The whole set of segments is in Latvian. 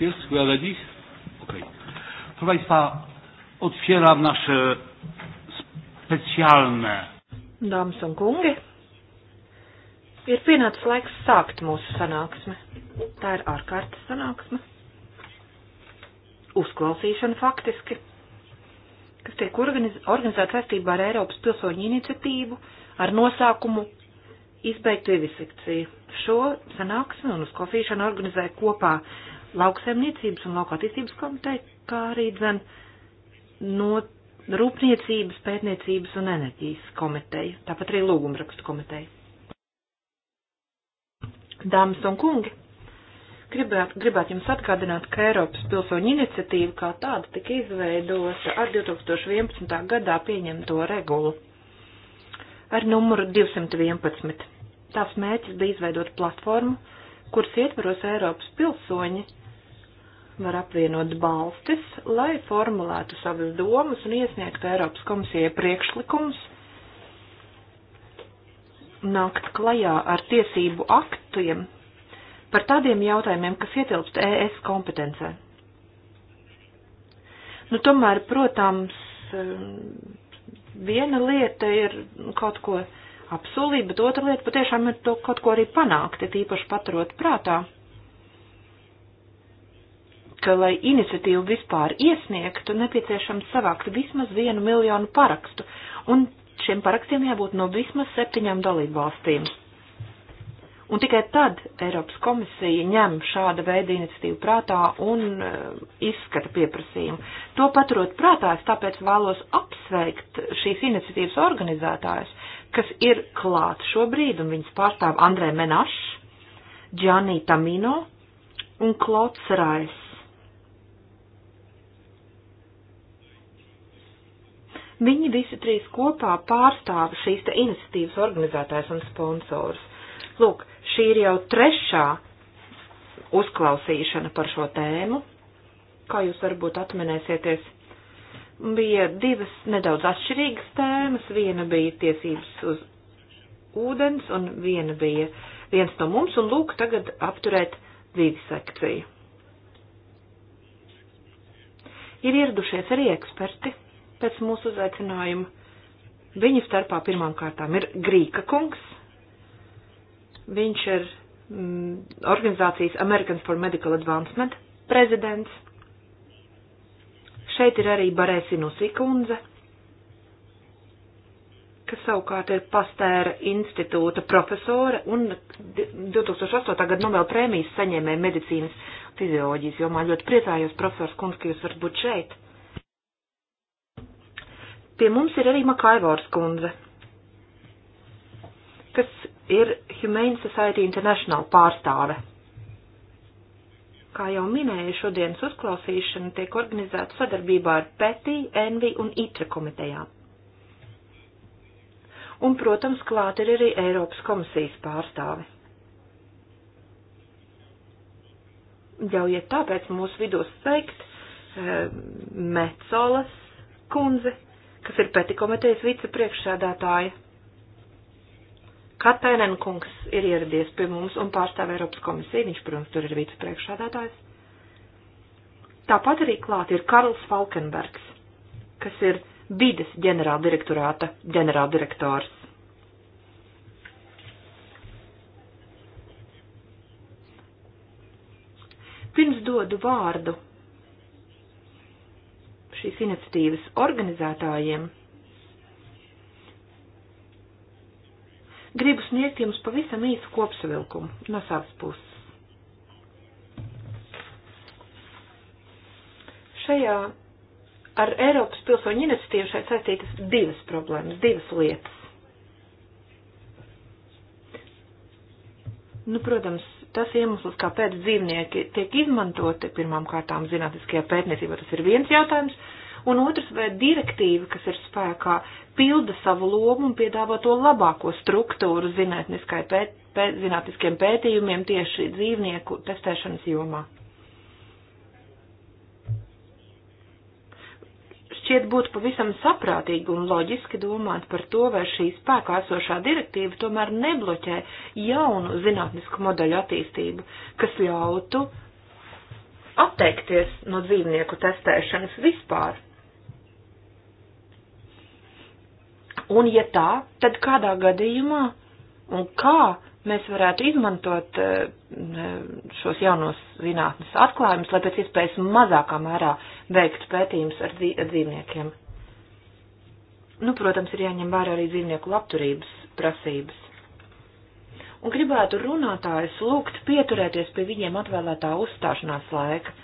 Jest chyba dla nich? Okej. Okay. Proszę Państwa, otwieram nasze specjalne. Dāmas un kungi, ir pienācis laiks sākt mūsu sanāksmi. Tā ir ārkārtas sanāksme. Uzklausīšana faktiski, kas tiek organiz organizēta saistībā ar Eiropas pilsoņu iniciatīvu ar nosākumu Izbeigt vivisekciju. Šo sanāksmi un uzklausīšanu organizēja kopā lauksaimniecības un lauka attīstības komiteja, kā arī dzen no rūpniecības, pētniecības un enerģijas komiteja, tāpat arī lūgumrakstu komiteja. Dāmas un kungi, gribētu, gribētu jums atgādināt, ka Eiropas pilsoņu iniciatīva kā tāda tika izveidota ar 2011. gadā pieņemto regulu ar numuru 211. Tās mērķis bija izveidot platformu, kuras ietvaros Eiropas pilsoņi var apvienot balstis, lai formulētu savas domas un iesniegtu Eiropas komisijai priekšlikums nākt klajā ar tiesību aktiem par tādiem jautājumiem, kas ietilpst ES kompetencē. Nu, tomēr, protams, viena lieta ir kaut ko apsolīt, bet otra lieta patiešām ir to kaut ko arī panākt, ir īpaši paturot prātā ka, lai iniciatīvu vispār iesniegtu, nepieciešams savākt vismaz vienu miljonu parakstu, un šiem parakstiem jābūt no vismaz septiņām dalību valstīm. Un tikai tad Eiropas komisija ņem šāda veida iniciatīvu prātā un uh, izskata pieprasījumu. To paturot prātā, es tāpēc vēlos apsveikt šīs iniciatīvas organizētājus, kas ir klāt šobrīd, un viņas pārstāv Andrē Menašs, Džanī Tamino un Klots Rais. Viņi visi trīs kopā pārstāv šīs te iniciatīvas organizētājs un sponsors. Lūk, šī ir jau trešā uzklausīšana par šo tēmu. Kā jūs varbūt atminēsieties, bija divas nedaudz atšķirīgas tēmas. Viena bija tiesības uz ūdens un viena bija viens no mums, un lūk, tagad apturēt vivisekciju. Ir ieradušies arī eksperti pēc mūsu uzaicinājuma. Viņu starpā pirmām kārtām ir Grīka kungs. Viņš ir mm, organizācijas Americans for Medical Advancement prezidents. Šeit ir arī Barēsinusi kundze, kas savukārt ir Pastēra institūta profesore un 2008. gada Nobel prēmijas saņēmē medicīnas fizioloģijas jomā. Ļoti priecājos, profesors Kungs, ka jūs varat būt šeit. Pie mums ir arī Makaivors kundze, kas ir Humane Society International pārstāve. Kā jau minēju, šodienas uzklausīšana tiek organizēta sadarbībā ar PETI, ENVI un ITRA komitejām. Un, protams, klāt ir arī Eiropas komisijas pārstāve. Ļaujiet tāpēc mūsu vidū sveikt e, eh, Mecolas kundzi, kas ir petikomitejas vicepriekšsēdētāja. Katainen kungs ir ieradies pie mums un pārstāv Eiropas komisiju, viņš, protams, tur ir vicepriekšsādātājs. Tāpat arī klāt ir Karls Falkenbergs, kas ir vides ģenerāldirektorāta ģenerāldirektors. Pirms dodu vārdu šīs iniciatīvas organizētājiem. Gribu sniegt jums pavisam īsu kopsavilkumu no savas puses. Šajā ar Eiropas pilsoņu iniciatīvu šeit saistītas divas problēmas, divas lietas. Nu, protams, tas iemesls, kāpēc dzīvnieki tiek izmantoti pirmām kārtām zinātniskajā pētniecībā, tas ir viens jautājums, un otrs, vai direktīva, kas ir spēkā, pilda savu lomu un piedāvā to labāko struktūru zinātniskai pēt, pēt, zinātniskiem pētījumiem tieši dzīvnieku testēšanas jomā. šķiet būtu pavisam saprātīgi un loģiski domāt par to, vai šī spēkā esošā direktīva tomēr nebloķē jaunu zinātnisku modeļu attīstību, kas ļautu atteikties no dzīvnieku testēšanas vispār. Un ja tā, tad kādā gadījumā un kā mēs varētu izmantot eh, šos jaunos zinātnes atklājumus, lai pēc iespējas mazākā mērā veiktu pētījumus ar, dzīv ar dzīvniekiem. Nu, protams, ir jāņem vērā arī dzīvnieku labturības prasības. Un gribētu runātājus lūgt pieturēties pie viņiem atvēlētā uzstāšanās laika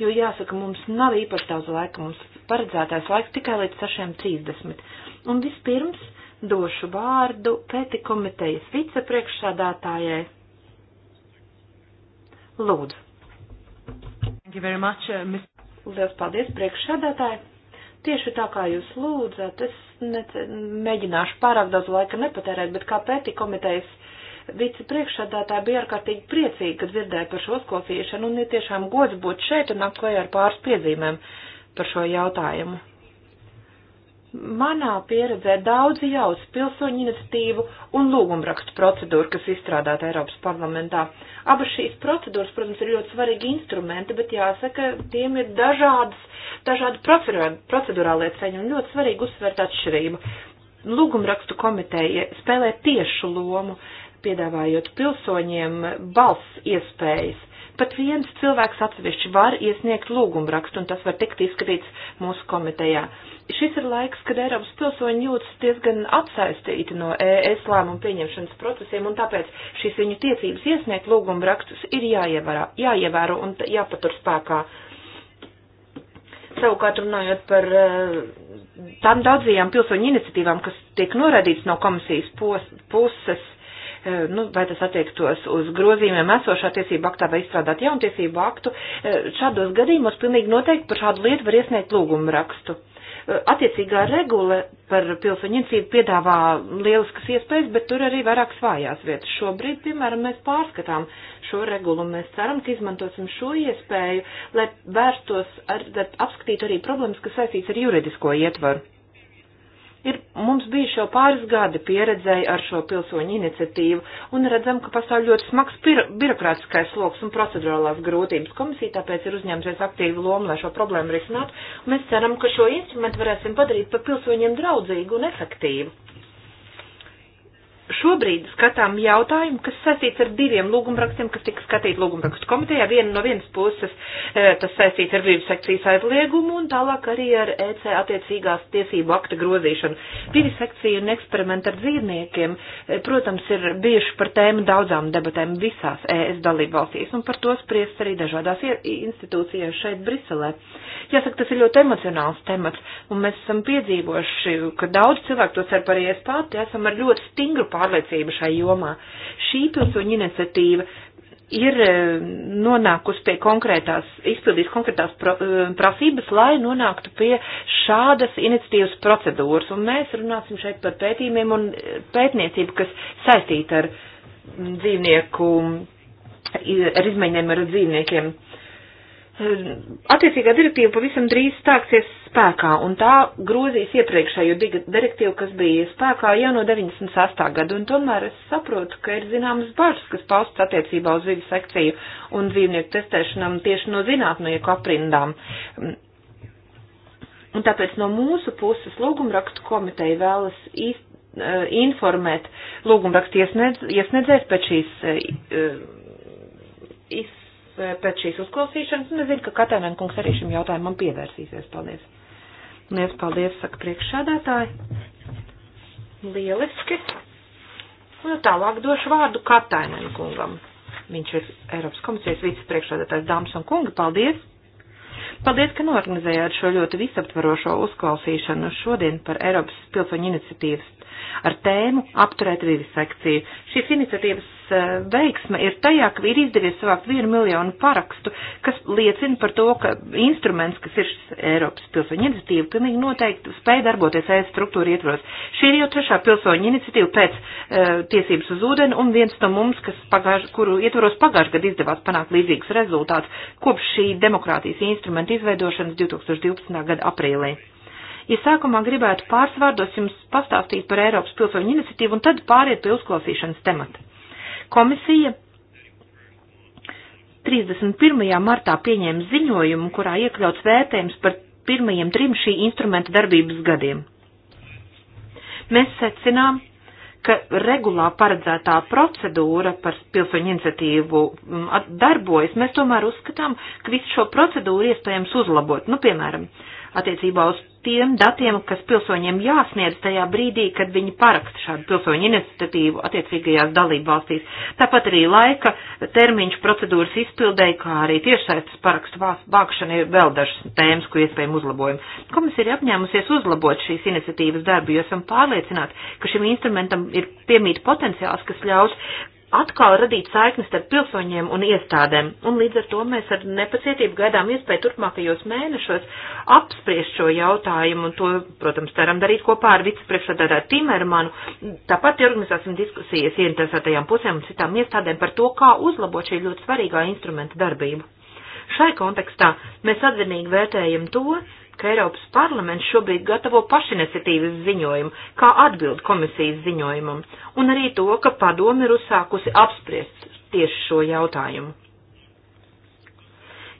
jo jāsaka, mums nav īpaši daudz laika, mums paredzētais laiks tikai līdz 6.30. Un vispirms došu vārdu pēti komitejas vicepriekšsādātājai. Lūdzu. Thank you very much, uh, Ms. Lielas paldies priekšsādātāji. Tieši tā kā jūs lūdzat, es ne, mēģināšu pārāk daudz laika nepatērēt, bet kā pēti komitejas vicepriekšsādātāja bija ārkārtīgi priecīga, kad dzirdēja par šo uzklausīšanu, un ir tiešām gods būt šeit un apklājā ar pāris piezīmēm par šo jautājumu. Manā pieredzē daudzi jauc pilsoņu iniciatīvu un lūgumrakstu procedūru, kas izstrādāta Eiropas parlamentā. Abas šīs procedūras, protams, ir ļoti svarīgi instrumenti, bet jāsaka, tiem ir dažādas, dažādi procedurālie ceļi un ļoti svarīgi uzsvērt atšķirību lūgumrakstu komiteja spēlē tiešu lomu piedāvājot pilsoņiem balss iespējas. Pat viens cilvēks atsevišķi var iesniegt lūgumrakstu, un tas var tikt izskatīts mūsu komitejā. Šis ir laiks, kad Eiropas pilsoņi jūtas diezgan atsaistīti no ES lēmumu pieņemšanas procesiem, un tāpēc šīs viņu tiecības iesniegt lūgumrakstus ir jāievērā, jāievēro un jāpatur spēkā. Savukārt runājot par eh, tām daudzajām pilsoņu iniciatīvām, kas tiek noradīts no komisijas puses, Eh, nu, vai tas attiektos uz grozījumiem esošā tiesība aktā vai izstrādāt jauntiesību aktu, eh, šādos gadījumos pilnīgi noteikti par šādu lietu var iesniegt lūgumu rakstu. Eh, attiecīgā regula par pilsoņu incību piedāvā lieliskas iespējas, bet tur arī vairāk svājās vietas. Šobrīd, piemēram, mēs pārskatām šo regulu un mēs ceram, ka izmantosim šo iespēju, lai vērstos ar, ar apskatītu arī problēmas, kas saistīts ar juridisko ietvaru ir mums bija šo pāris gadi pieredzēja ar šo pilsoņu iniciatīvu un redzam, ka pastāv ļoti smags birokrātiskais sloks un procedurālās grūtības. Komisija tāpēc ir uzņēmusies aktīvu lomu, lai šo problēmu risinātu. Mēs ceram, ka šo instrumentu varēsim padarīt par pilsoņiem draudzīgu un efektīvu šobrīd skatām jautājumu, kas saistīts ar diviem lūgumrakstiem, kas tika skatīti lūgumrakstu komitejā. Viena no vienas puses e, tas saistīts ar brīvas sekcijas aizliegumu un tālāk arī ar EC attiecīgās tiesību akta grozīšanu. Brīvas sekcija un eksperimenti ar dzīvniekiem, e, protams, ir bijuši par tēmu daudzām debatēm visās ES dalību valstīs un par to spriest arī dažādās institūcijās šeit Briselē. Jāsaka, tas ir ļoti emocionāls temats un mēs esam piedzīvojuši, ka daudz cilvēku to starp arī es pati esam ar ļoti stingru pārējumu pārliecība šai jomā. Šī pilsoņu iniciatīva ir eh, nonākusi pie konkrētās, izpildījis konkrētās eh, prasības, lai nonāktu pie šādas iniciatīvas procedūras. Un mēs runāsim šeit par pētījumiem un eh, pētniecību, kas saistīta ar mm, dzīvnieku, ar izmaiņiem ar dzīvniekiem. Attiecīgā direktīva pavisam drīz stāksies spēkā, un tā grozīs iepriekšējo direktīvu, kas bija spēkā jau no 98. gada, un tomēr es saprotu, ka ir zināmas bažas, kas paustas attiecībā uz zivis sekciju un dzīvnieku testēšanām tieši no zinātnieku aprindām. Un tāpēc no mūsu puses lūgumrakstu komiteja vēlas īst, eh, informēt lūgumrakstu iesniedz, iesniedzējs pēc šīs iz, eh, eh, E, pēc šīs uzklausīšanas, un es zinu, ka Katēnēn kungs arī šim jautājumam pievērsīsies. Paldies! Liels paldies, saka priekšsādātāji! Lieliski! Un tālāk došu vārdu Katēnēn kungam. Viņš ir Eiropas komisijas vicepriekšsādātājs Dāmas un kungi. Paldies! Paldies, ka norganizējāt šo ļoti visaptvarošo uzklausīšanu šodien par Eiropas pilsoņu iniciatīvas ar tēmu apturēt vivisekciju. Šīs iniciatīvas e, veiksme ir tajā, ka ir izdevies savākt vienu miljonu parakstu, kas liecina par to, ka instruments, kas ir šis Eiropas pilsoņu iniciatīva, pilnīgi noteikti spēja darboties ES struktūra ietvaros. Šī ir jau trešā pilsoņu iniciatīva pēc uh, tiesības uz ūdeni un viens no mums, kas pagāž, kuru ietvaros pagājušajā gadā izdevās panākt līdzīgs rezultāts kopš šī demokrātijas instrumenta izveidošanas 2012. gada aprīlī. Ja sākumā gribētu pāris vārdos jums pastāstīt par Eiropas pilsoņu iniciatīvu un tad pāriet pie uzklausīšanas temata. Komisija 31. martā pieņēma ziņojumu, kurā iekļauts vērtējums par pirmajiem trim šī instrumenta darbības gadiem. Mēs secinām, ka regulā paredzētā procedūra par pilsoņu iniciatīvu mm, darbojas, mēs tomēr uzskatām, ka visu šo procedūru iespējams uzlabot. Nu, piemēram, attiecībā uz tiem datiem, kas pilsoņiem jāsniedz tajā brīdī, kad viņi paraksta šādu pilsoņu iniciatīvu attiecīgajās dalību valstīs. Tāpat arī laika termiņš procedūras izpildēja, kā arī tiešsaistes parakstu vākšana ir vēl dažas tēmas, ko iespējami uzlabojam. Komisija ir apņēmusies uzlabot šīs iniciatīvas darbu, jo esam pārliecināti, ka šim instrumentam ir piemīt potenciāls, kas ļaus atkal radīt saiknes starp pilsoņiem un iestādēm, un līdz ar to mēs ar nepacietību gaidām iespēju turpmākajos mēnešos apspriest šo jautājumu, un to, protams, ceram darīt kopā ar vicepriekšsēdētāju Timermanu. Tāpat organizēsim diskusijas ieinteresētajām pusēm un citām iestādēm par to, kā uzlabot šī ļoti svarīgā instrumenta darbību. Šai kontekstā mēs atzinīgi vērtējam to, ka Eiropas parlaments šobrīd gatavo pašiniciatīvas ziņojumu, kā atbild komisijas ziņojumam, un arī to, ka padomi ir uzsākusi apspriest tieši šo jautājumu.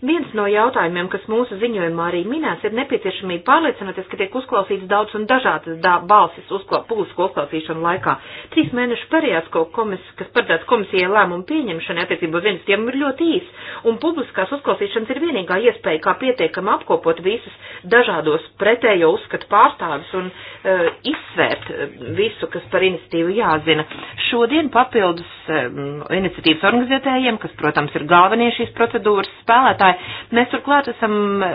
Viens no jautājumiem, kas mūsu ziņojumā arī minēts, ir nepieciešamība pārliecināties, ka tiek uzklausīts daudz un dažādas dā, balsis uzkla, publisku uzklausīšanu laikā. Trīs mēnešu periods, ko komis, kas paredzēts komisijai lēmumu pieņemšanai attiecībā uz viens tiem, ir ļoti īs, un publiskās uzklausīšanas ir vienīgā iespēja, kā pietiekam apkopot visus dažādos pretējo uzskatu pārstāvis un uh, izsvērt eh, visu, kas par iniciatīvu jāzina. Šodien papildus um, iniciatīvas organizētējiem, kas, protams, ir galvenie šīs procedūras spēlētāji, Mēs turklāt esam eh,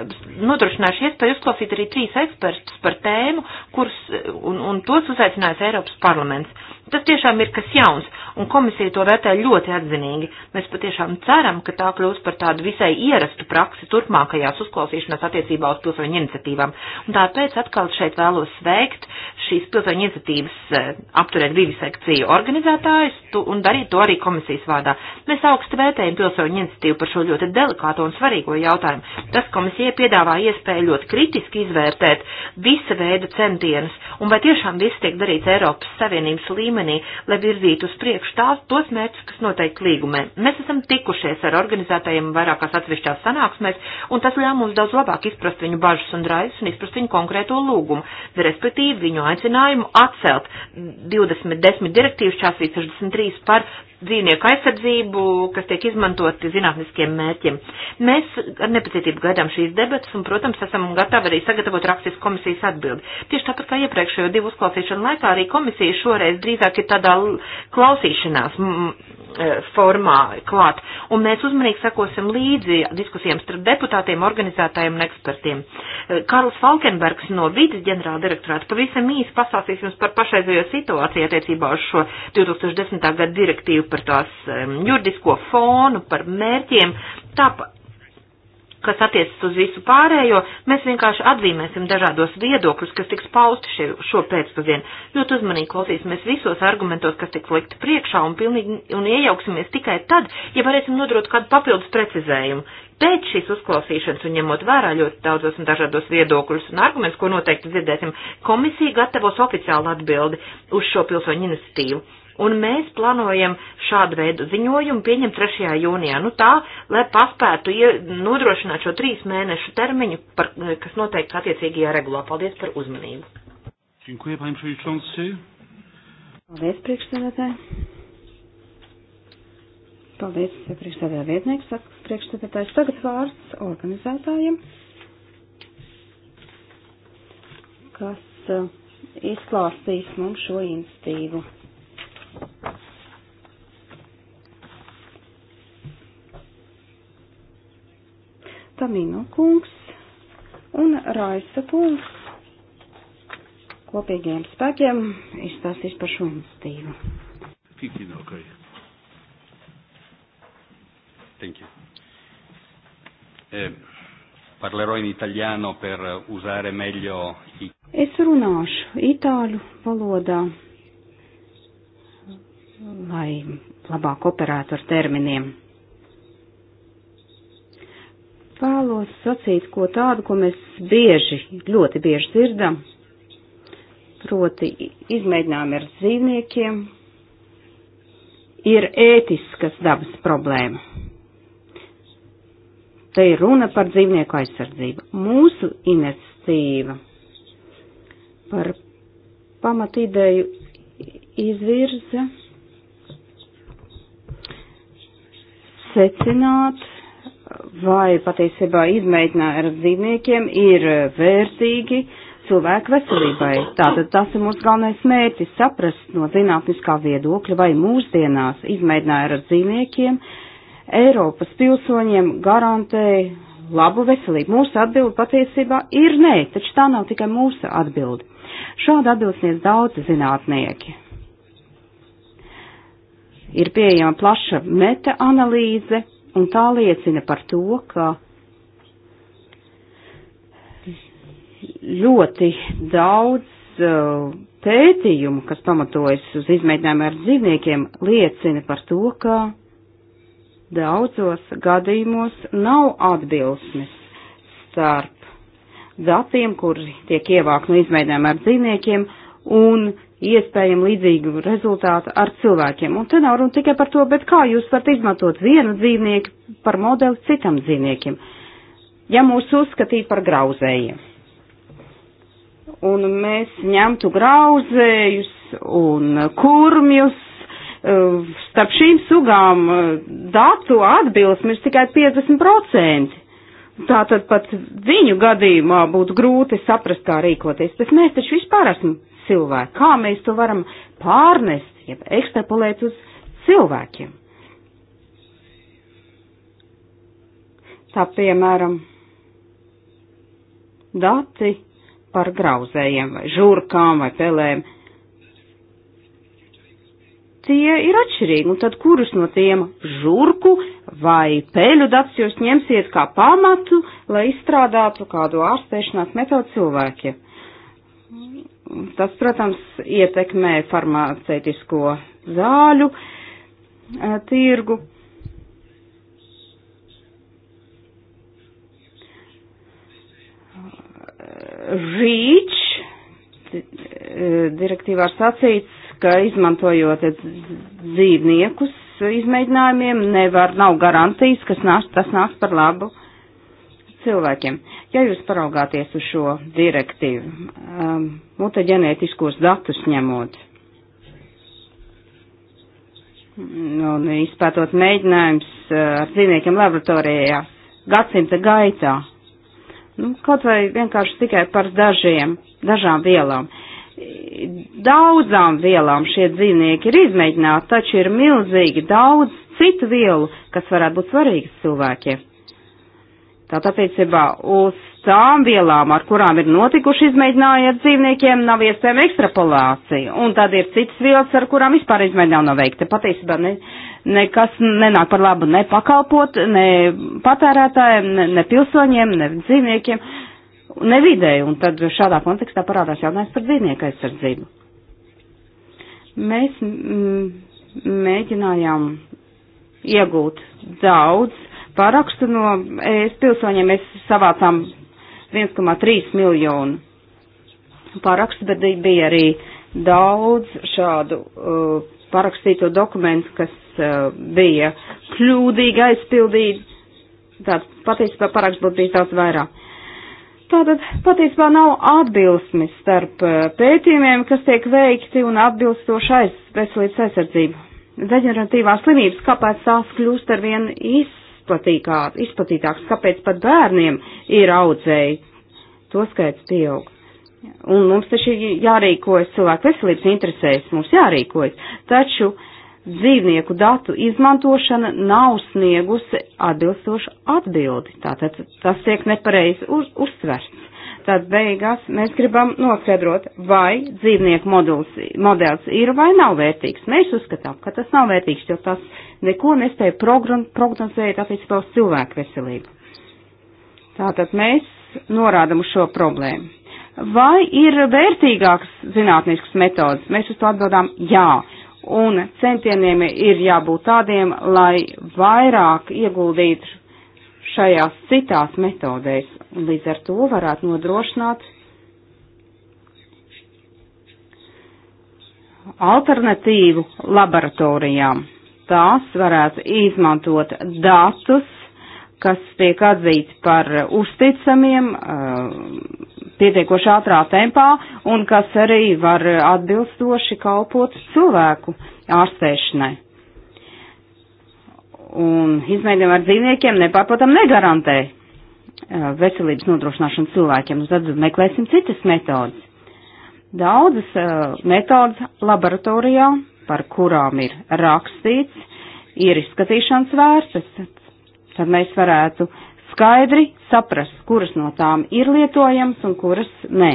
nodrošinājuši iespēju uzklausīt arī trīs ekspertus par tēmu, kurus eh, un, un tos uzaicinājis Eiropas parlaments. Tas tiešām ir kas jauns, un komisija to vērtē ļoti atzinīgi. Mēs patiešām ceram, ka tā kļūs par tādu visai ierastu praksi turpmākajās uzklausīšanās attiecībā uz pilsoņu iniciatīvām. Un tāpēc atkal šeit vēlos sveikt šīs pilsoņu iniciatīvas eh, apturēt vivisekciju organizētājus un darīt to arī komisijas vārdā. Mēs augstu vērtējam pilsoņu iniciatīvu par šo ļoti delikāto un svarīgo jautājumu. Tas komisija piedāvā iespēju ļoti kritiski izvērtēt visa veida centienus un vai tiešām viss tiek darīts Eiropas Savienības līmenī līmenī, lai virzītu uz priekšu tās tos mērķus, kas noteikti līgumē. Mēs esam tikušies ar organizētājiem vairākās atsevišķās sanāksmēs, un tas ļāva mums daudz labāk izprast viņu bažas un raizes un izprast viņu konkrēto lūgumu, respektīvi viņu aicinājumu atcelt 2010 direktīvas čāsvīt 63 par dzīvnieku aizsardzību, kas tiek izmantoti zinātniskiem mērķiem. Mēs ar nepacietību gaidām šīs debatas un, protams, esam gatavi arī sagatavot rakstisku komisijas atbildi. Tieši tāpat kā iepriekšējo divu uzklausīšanu laikā arī komisija šoreiz drīzāk ir tādā klausīšanās Eh, formā klāt. Un mēs uzmanīgi sakosim līdzi diskusijām starp deputātiem, organizētājiem un ekspertiem. Eh, Karls Falkenbergs no vidas ģenerāla direktorāta pavisam īsi pastāstīs jums par pašreizējo situāciju attiecībā uz šo 2010. gada direktīvu par tās um, juridisko fonu, par mērķiem. Tāpat kas attiecas uz visu pārējo, mēs vienkārši atzīmēsim dažādos viedokļus, kas tiks pausti še, šo pēcpazienu. Ļoti uzmanīgi klausīsimies visos argumentos, kas tiks likt priekšā un, pilnīgi, un iejauksimies tikai tad, ja varēsim nodrot kādu papildus precizējumu. Pēc šīs uzklausīšanas un ņemot vērā ļoti daudzos un dažādos viedokļus un argumentus, ko noteikti dzirdēsim, komisija gatavos oficiālu atbildi uz šo pilsoņu iniciatīvu Un mēs plānojam šādu veidu ziņojumu pieņemt 3. jūnijā. Nu tā, lai paspētu nodrošināt šo trīs mēnešu termiņu, par, kas noteikts attiecīgajā regulā. Paldies par uzmanību. Dziękuję, panie przewodniczący. Paldies, priekšsēdētāji. Paldies, priekšsēdētāja vietnieks, saka priekšsēdētājs. Tagad vārds organizētājiem, kas eh, izklāstīs mums šo institīvu. Tamino kungs un Raisa kungs kopīgiem spēkiem izstāstīs par šo institīvu. Tikinokai. Thank you. Eh, parlerò in italiano per usare meglio i... Es runāšu itāļu valodā lai labāk operētu ar terminiem. Vēlos sacīt ko tādu, ko mēs bieži, ļoti bieži dzirdam, proti izmēģinājumi ar dzīvniekiem, ir ētiskas dabas problēma. Te ir runa par dzīvnieku aizsardzību. Mūsu iniciatīva par pamatīdēju izvirza secināt, vai patiesībā izmēģinājumi ar dzīvniekiem ir vērtīgi cilvēku veselībai. Tātad tas ir mūsu galvenais mērķis - saprast no zinātniskā viedokļa, vai mūsdienās izmēģinājumi ar dzīvniekiem Eiropas pilsoņiem garantē labu veselību. Mūsu atbildi patiesībā ir nē, taču tā nav tikai mūsu atbildi. Šādu atbildi sniedz daudz zinātnieki ir pieejama plaša meta analīze, un tā liecina par to, ka ļoti daudz uh, pētījumu, kas pamatojas uz izmēģinājumu ar dzīvniekiem, liecina par to, ka daudzos gadījumos nav atbilsmes starp datiem, kuri tiek ievākt no izmēģinājuma ar dzīvniekiem, un iespējami līdzīgu rezultātu ar cilvēkiem. Un te nav runa tikai par to, bet kā jūs varat izmantot vienu dzīvnieku par modeli citam dzīvniekiem, ja mūs uzskatīt par grauzējiem. Un mēs ņemtu grauzējus un kurmjus. Eh, starp šīm sugām eh, datu atbilsmi ir tikai 50%. Tātad pat viņu gadījumā būtu grūti saprast, kā rīkoties, bet mēs taču vispār esam cilvēki. Kā mēs to varam pārnest, jeb ekstrapolēt uz cilvēkiem? Tā piemēram, dati par grauzējiem vai žurkām vai pelēm. Tie ir atšķirīgi, un tad kurus no tiem žurku vai pēļu datus jūs ņemsiet kā pamatu, lai izstrādātu kādu ārstēšanās metodu cilvēkiem? tas, protams, ietekmē farmaceitisko zāļu tirgu. Rīč direktīvā ir sacīts, ka izmantojot dzīvniekus izmēģinājumiem nevar, nav garantijas, ka tas nāks par labu cilvēkiem. Ja jūs paraugāties uz šo direktīvu, um, mutaģenētiskos datus ņemot un nu, nu, izpētot mēģinājums uh, ar dzīvniekiem laboratorijā gadsimta gaitā, nu, kaut vai vienkārši tikai par dažiem, dažām vielām. Daudzām vielām šie dzīvnieki ir izmēģināti, taču ir milzīgi daudz citu vielu, kas varētu būt svarīgas cilvēkiem Tātad, attiecībā uz tām vielām, ar kurām ir notikuši izmēģinājumi ar dzīvniekiem, nav iespējama ekstrapolācija. Un tad ir citas vielas, ar kurām vispār izmēģinājumi nav veikti. Patiesībā ne, nekas nenāk par labu ne pakalpot, ne patērētājiem, ne, ne pilsoņiem, ne dzīvniekiem, ne vidēji. Un tad šādā kontekstā parādās jautājums par dzīvnieku aizsardzību. Mēs m, mēģinājām iegūt daudz parakstu no ES pilsoņiem. Mēs savācām 1,3 miljonu parakstu, bet bija arī daudz šādu uh, parakstīto dokumentu, kas uh, bija kļūdīgi aizpildīti. Tātad patiesībā paraksts būtu bijis daudz vairāk. Tātad patiesībā nav atbilsmes starp uh, pētījumiem, kas tiek veikti un atbilstošais veselības aizsardzību. Deģeneratīvās slimības, kāpēc tās kļūst ar vien iz, izplatītāks, kāpēc pat bērniem ir audzēji. To skaits pieaug. Un mums taču jārīkojas cilvēku veselības interesēs, mums jārīkojas. Taču dzīvnieku datu izmantošana nav sniegusi atbilstošu atbildi. Tātad tas tiek nepareizi uz, uzsverts. Tad beigās mēs gribam noskaidrot, vai dzīvnieku modelis, modelis ir vai nav vērtīgs. Mēs uzskatām, ka tas nav vērtīgs, jo tas neko nespēja prognozēt attiecībā uz cilvēku veselību. Tātad mēs norādam uz šo problēmu. Vai ir vērtīgākas zinātniskas metodas? Mēs uz to atbildām jā. Un centieniem ir jābūt tādiem, lai vairāk ieguldītu šajās citās metodēs. Un līdz ar to varētu nodrošināt alternatīvu laboratorijām tās varētu izmantot datus, kas tiek atzīti par uzticamiem, eh, pietiekoši ātrā tempā un kas arī var atbilstoši kalpot cilvēku ārstēšanai. Un izmēģinājumi ar dzīvniekiem nepārprotam negarantē eh, veselības nodrošināšanu cilvēkiem, tad meklēsim citas metodas. Daudzas eh, metodas laboratorijā par kurām ir rakstīts, ir izskatīšanas vērtas. Tad mēs varētu skaidri saprast, kuras no tām ir lietojamas un kuras nē.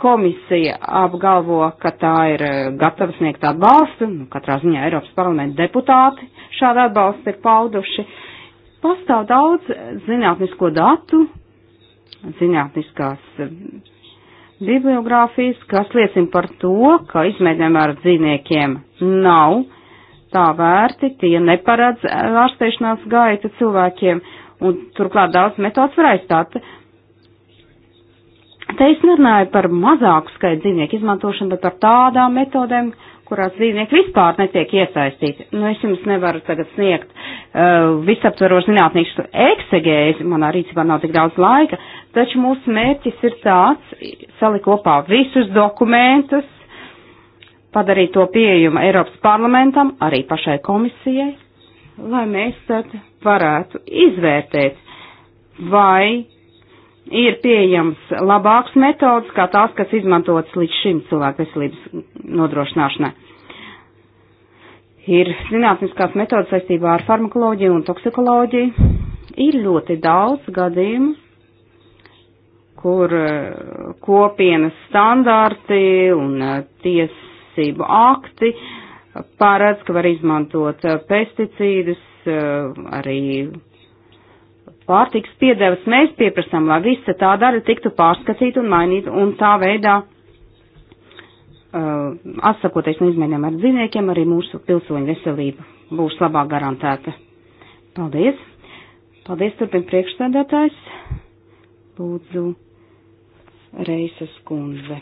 Komisija apgalvo, ka tā ir eh, gatava sniegt atbalstu, nu, katrā ziņā Eiropas parlamenta deputāti šādu atbalstu ir pauduši. Pastāv daudz zinātnisko datu, zinātniskās eh, bibliogrāfijas, kas liecina par to, ka izmēģinājumi ar dzīvniekiem nav tā vērti, tie neparedz ārsteišanās gaita cilvēkiem, un turklāt daudz metodas var aizstāt. Te es nerunāju par mazāku skaitu dzīvnieku izmantošanu, bet par tādām metodēm, kurās dzīvnieki vispār netiek iesaistīti. Nu, es jums nevaru tagad sniegt uh, visaptverošu zinātnīšu eksegēzi, manā rīcībā nav tik daudz laika, uh, Taču mūsu mērķis ir tāds, salikt kopā visus dokumentus, padarīt to pieejumu Eiropas parlamentam, arī pašai komisijai, lai mēs tad varētu izvērtēt, vai ir pieejams labāks metods, kā tās, kas izmantotas līdz šim cilvēku veselības nodrošināšanai. Ir zinātniskās metodas saistībā ar farmakoloģiju un toksikoloģiju. Ir ļoti daudz gadījumu, kur eh, kopienas standarti un eh, tiesību akti paredz, ka var izmantot eh, pesticīdus, arī pārtiks piedevas. Mēs pieprasām, lai visa tā dara tiktu pārskatīta un mainīta un tā veidā uh, atsakoties no izmaiņām ar dzīvniekiem, arī mūsu pilsoņu veselība būs labāk garantēta. Paldies! Paldies, turpin priekšsēdētājs. Lūdzu. Reisas kundze.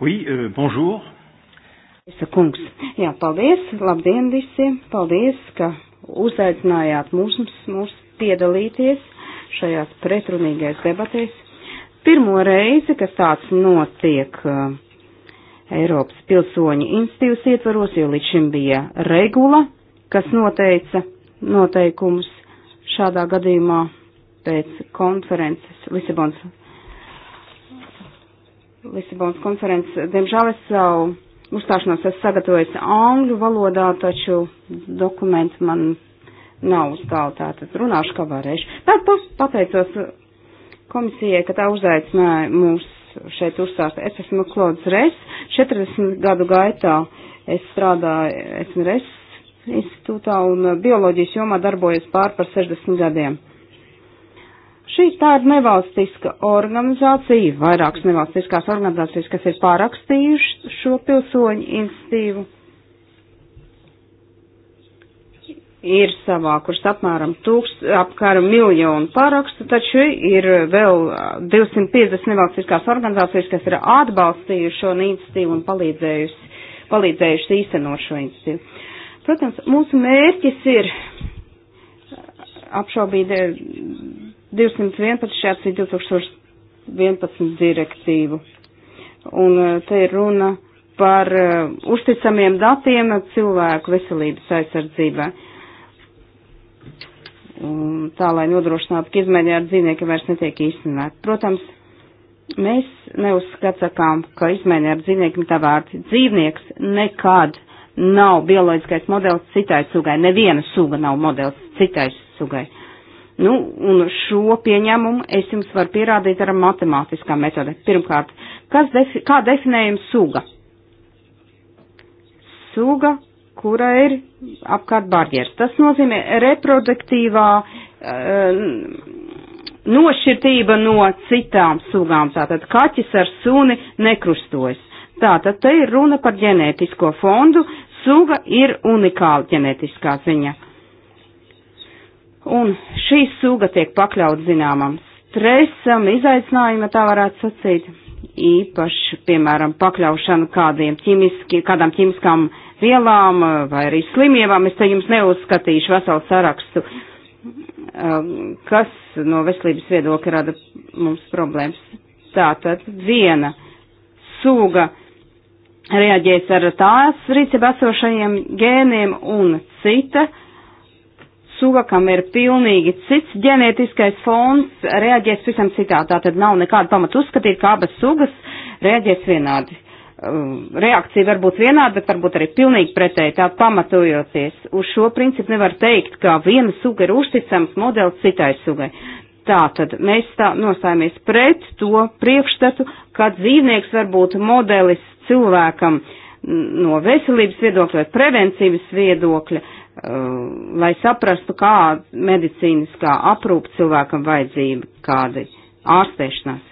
Oui, euh, bonjour. Reisa kungs. Jā, paldies. Labdien visiem. Paldies, ka uzaicinājāt mūs, mūs piedalīties šajās pretrunīgais debatēs. Pirmo reizi, kas tāds notiek uh, Eiropas pilsoņu institīvas ietvaros, jo līdz šim bija regula, kas noteica noteikumus šādā gadījumā pēc konferences Lisabons. Lisabons konferences, diemžēl es savu uzstāšanos esmu sagatavojis angļu valodā, taču dokumenti man nav uz galda, tātad runāšu, kā varēšu. Tad pateicos komisijai, ka tā uzaicināja mūs šeit uzstāst. Es esmu Klods Res, 40 gadu gaitā es strādāju, esmu Res institūtā un bioloģijas jomā darbojos pār par 60 gadiem. Šī tā ir nevalstiska organizācija, vairākas nevalstiskās organizācijas, kas ir pārakstījušas šo pilsoņu institīvu. ir savākuši apmēram, tūkst, apmēram miljonu parakstu, taču ir vēl 250 nevalstiskās organizācijas, kas ir atbalstījuši šo iniciatīvu un palīdzējuši, palīdzējuši īstenot šo iniciatīvu. Protams, mūsu mērķis ir apšaubīt 211 šķērts 2011 direktīvu. Un eh, te ir runa par uh, uzticamiem datiem cilvēku veselības aizsardzībā. Un tā, lai nodrošinātu, ka izmaiņa ar dzīvniekiem vairs netiek īstenēt. Protams, mēs neuzskatām, ka izmaiņa ar dzīvniekiem tā vārds dzīvnieks nekad nav bioloģiskais modelis citai sugai. Neviena suga nav modelis citai sugai. Nu, un šo pieņēmumu es jums varu pierādīt ar matemātiskām metodēm. Pirmkārt, kas defi kā definējam suga? Suga, kura ir apkārt barjeras. Tas nozīmē reproduktīvā uh, nošķirtība no citām sugām. Tātad kaķis ar suni nekrustojas. Tātad te ir runa par ģenētisko fondu. Suga ir unikāla ģenētiskā ziņa. Un šī suga tiek pakļaut zināmam stresam, izaicinājuma tā varētu sacīt, īpaši, piemēram, pakļaušanu kādiem ķimiski, kādām ķimiskām vielām eh, vai arī slimībām. Es te jums neuzskatīšu veselu sarakstu, um, kas no veselības viedokļa rada mums problēmas. Tātad viena suga reaģēs ar tās rīcībā esošajiem gēniem un cita suga, kam ir pilnīgi cits ģenētiskais fons, reaģēs visam citādi. Tātad nav nekāda pamata uzskatīt, ka abas sugas reaģēs vienādi. Um, reakcija var būt vienāda, bet varbūt arī pilnīgi pretēji tā pamatojoties. Uz šo principu nevar teikt, ka viena suga ir uzticams modelis citai sugai. Tātad mēs tā nostājamies pret to priekšstatu, ka dzīvnieks var būt modelis cilvēkam no veselības viedokļa vai prevencības viedokļa, Eh, lai saprastu, kāda medicīniskā aprūpa cilvēkam vajadzība, kāda ārstēšanās.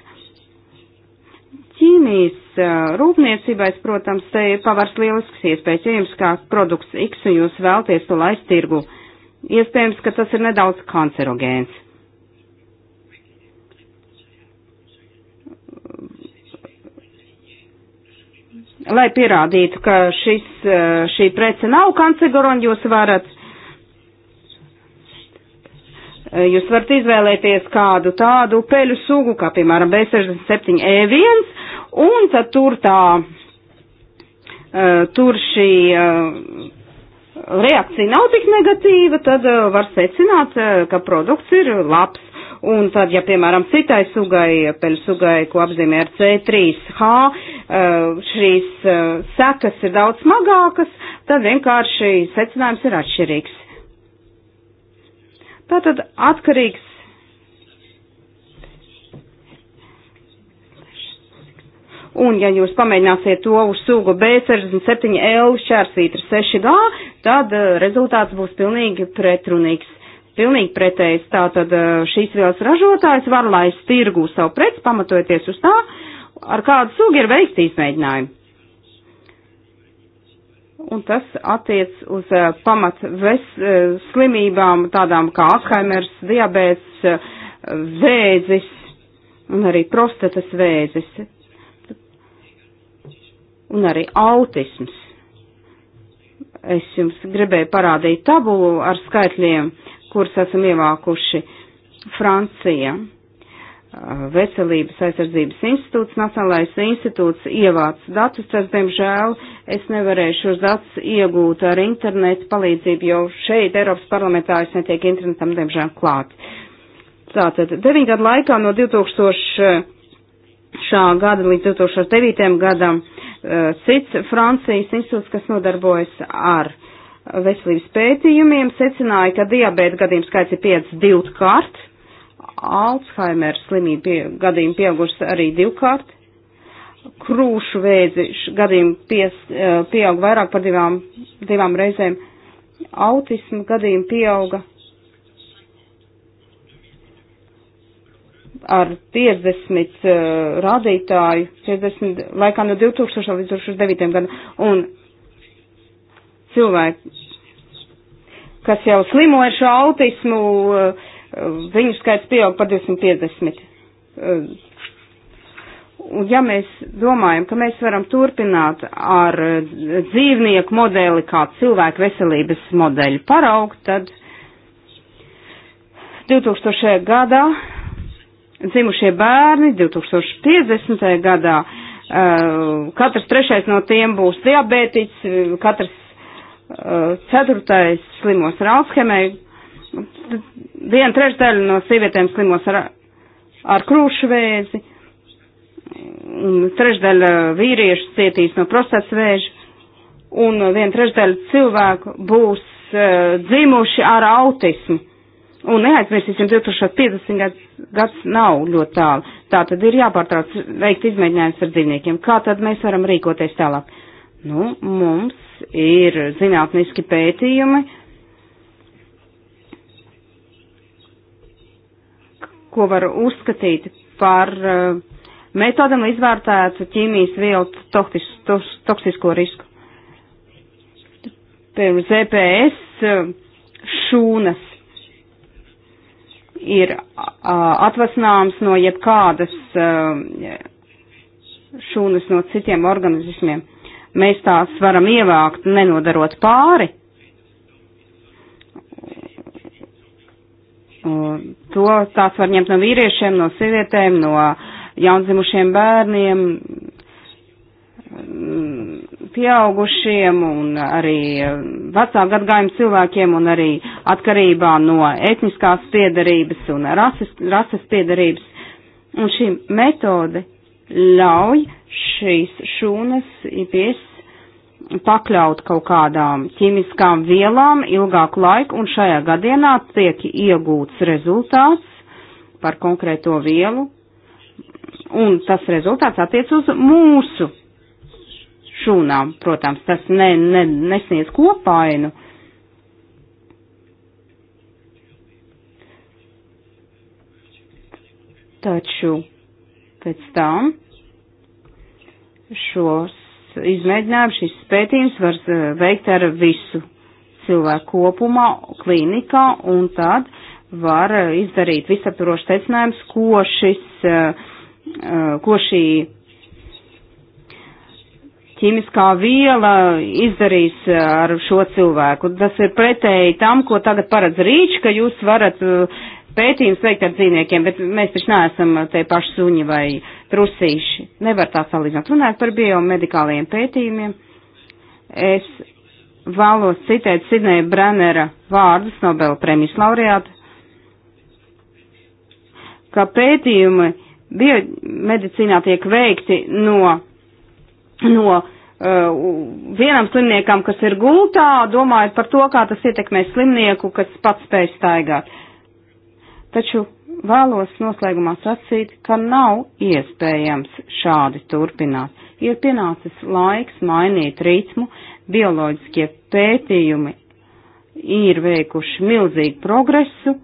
Ķīmijas eh, rūpniecībais, protams, te ir pavars lielisks iespējas, ja jums kā produkts X un jūs vēlties to laist tirgu. Iespējams, ka tas ir nedaudz kancerogēns. lai pierādītu, ka šis, eh, šī prece nav kancerogona, jūs varat. Eh, jūs varat izvēlēties kādu tādu peļu sugu, kā piemēram B67E1, e un tad tur tā, eh, tur šī reakcija nav tik negatīva, tad var secināt, ka produkts ir labs. Un tad, ja, piemēram, citai sugai, peļu sugai, ko apzīmē ar C3H, eh, šīs eh, sekas ir daudz smagākas, tad vienkārši secinājums ir atšķirīgs. Tātad atkarīgs Un, ja jūs pamēģināsiet to uz sugu B67L šķērsvītra 6G, tad eh, rezultāts būs pilnīgi pretrunīgs pilnīgi pretējs. Tātad šīs vielas ražotājs var laist tirgu savu preci, pamatojoties uz tā, ar kādu sugu ir veikts izmēģinājumi. Un tas attiec uz uh, pamat ves, uh, slimībām, tādām kā Alzheimers, diabēts, uh, vēzis un arī prostatas vēzis. Un arī autisms. Es jums gribēju parādīt tabulu ar skaitļiem. Uh, kuras esam ievākuši Francija. Veselības aizsardzības institūts, Nacionālais institūts ievāc datus, tas, diemžēl, es nevarēšu šos datus iegūt ar internetu palīdzību, jo šeit Eiropas parlamentā es netiek internetam, diemžēl, klāt. Tātad, deviņu gadu laikā no 2000 šā gada līdz 2009. gadam cits Francijas institūts, kas nodarbojas ar veselības pētījumiem secināja, ka diabēta gadījumu skaits ir 5 divkārt, Alzheimer slimību pie, gadījumu pieaugušas arī divkārt, krūšu vēzi gadījumu pies, pieaug vairāk par divām, divām reizēm, autismu gadījumu pieauga ar 50 uh, rādītāju, 50, laikā no 2000 līdz 2009 gadam, un cilvēki, kas jau slimo ar šo autismu, eh, viņu skaits pieaug par 250. Eh, un ja mēs domājam, ka mēs varam turpināt ar eh, dzīvnieku modeli kā cilvēku veselības modeļu paraugu, tad 2000. gadā dzimušie bērni 2050. gadā katrs trešais no tiem būs diabētiķis, katrs ceturtais slimos ar Alzheimeru, viena trešdaļa no sievietēm slimos ar, ar krūšvēzi, un trešdaļa vīriešu cietīs no prostats vēža, un viena trešdaļa cilvēku būs uh, dzimuši ar autismu. Un neaizmirsīsim, 2050 gads, gads nav ļoti tālu. Tā tad ir jāpārtrauc veikt izmēģinājums ar dzīvniekiem. Kā tad mēs varam rīkoties tālāk? Nu, mums ir zinātniski pētījumi, ko var uzskatīt par eh, metodam, lai izvērtētu ķīmijas vielu tohtis, tos, toksisko risku. Piemēram, ZPS eh, šūnas ir atvasināms no jebkādas eh, šūnas no citiem organismiem mēs tās varam ievākt, nenodarot pāri. To tās var ņemt no vīriešiem, no sievietēm, no jaundzimušiem bērniem, pieaugušiem un arī vecā gadgājuma cilvēkiem un arī atkarībā no etniskās piedarības un rases, rases piedarības. Un šī metode ļauj šīs šūnas IPS pakļaut kaut kādām ķimiskām vielām ilgāku laiku, un šajā gadienā tiek iegūts rezultāts par konkrēto vielu, un tas rezultāts attiec uz mūsu šūnām. Protams, tas ne, ne, nesniedz kopainu. Taču Pēc tam šos izmēģinājumus, šis pētījums var eh, veikt ar visu cilvēku kopumā, klīnikā, un tad var eh, izdarīt visaptvarošu secinājumus, ko šis, eh, ko šī ķīmiskā viela izdarīs ar šo cilvēku. Tas ir pretēji tam, ko tagad paredz rīč, ka jūs varat pētījums veikt ar dzīvniekiem, bet mēs taču neesam tie paši suņi vai trusīši. Nevar tā salīdzināt. Runājot par biomedikāliem pētījumiem, es vēlos citēt Sidneja Brennera vārdus Nobela prēmijas laureāta, ka pētījumi biomedicīnā tiek veikti no, no uh, vienam slimniekam, kas ir gultā, domājot par to, kā tas ietekmē slimnieku, kas pats spēj staigāt. Uh, Taču vēlos noslēgumā sacīt, ka nav iespējams šādi turpināt. Ir pienācis laiks mainīt ritmu, bioloģiskie pētījumi ir veikuši milzīgu progresu,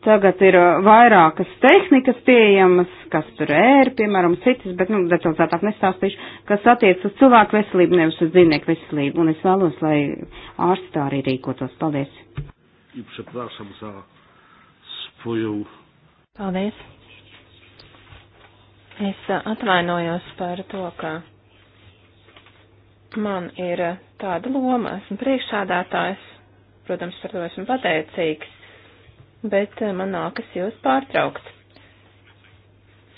Tagad ir uh, vairākas tehnikas pieejamas, kas tur ir, piemēram, citas, bet, nu, detalizētāk nestāstīšu, kas attiec uz cilvēku veselību, nevis uz dzīvnieku veselību, un es vēlos, lai ārsti tā arī rīkotos. Paldies! Paldies! Es uh, atvainojos par to, ka man ir uh, tāda loma, esmu priekšsādātājs, protams, par to esmu pateicīgs bet eh, man nākas jūs pārtraukt.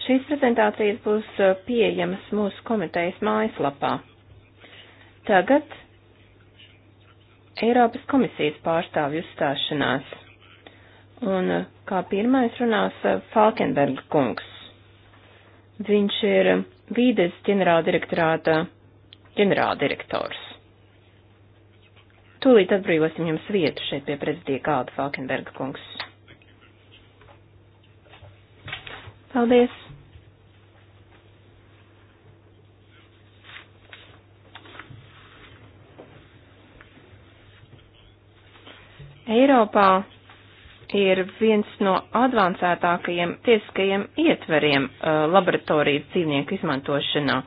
Šīs prezentācijas būs eh, pieejamas mūsu komitejas mājaslapā. Tagad Eiropas komisijas pārstāvju uzstāšanās. Un eh, kā pirmais runās Falkenberga kungs. Viņš ir vīdes ģenerāldirektorāta ģenerāldirektors. Tūlīt atbrīvosim jums vietu šeit pie prezidija kāda Falkenberga kungs. Paldies! Eiropā ir viens no advancētākajiem tiesiskajiem ietveriem uh, laboratorijas dzīvnieku izmantošanā,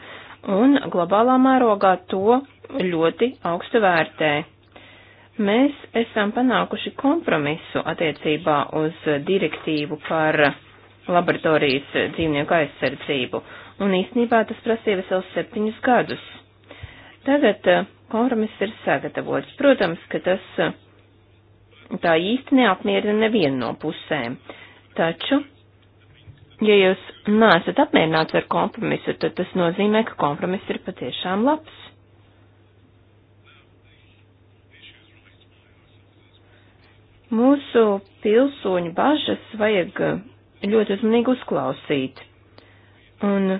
un globālā mērogā to ļoti augstu vērtē. Mēs esam panākuši kompromisu attiecībā uz direktīvu par laboratorijas dzīvnieku aizsardzību, un īstenībā tas prasīja vesels septiņus gadus. Tagad eh, kompromiss ir sagatavots. Protams, ka tas eh, tā īsti neapmierina nevienu no pusēm, taču, ja jūs neesat apmierināts ar kompromisu, tad tas nozīmē, ka kompromiss ir patiešām labs. Mūsu pilsoņu bažas vajag eh, ļoti uzmanīgi uzklausīt. Un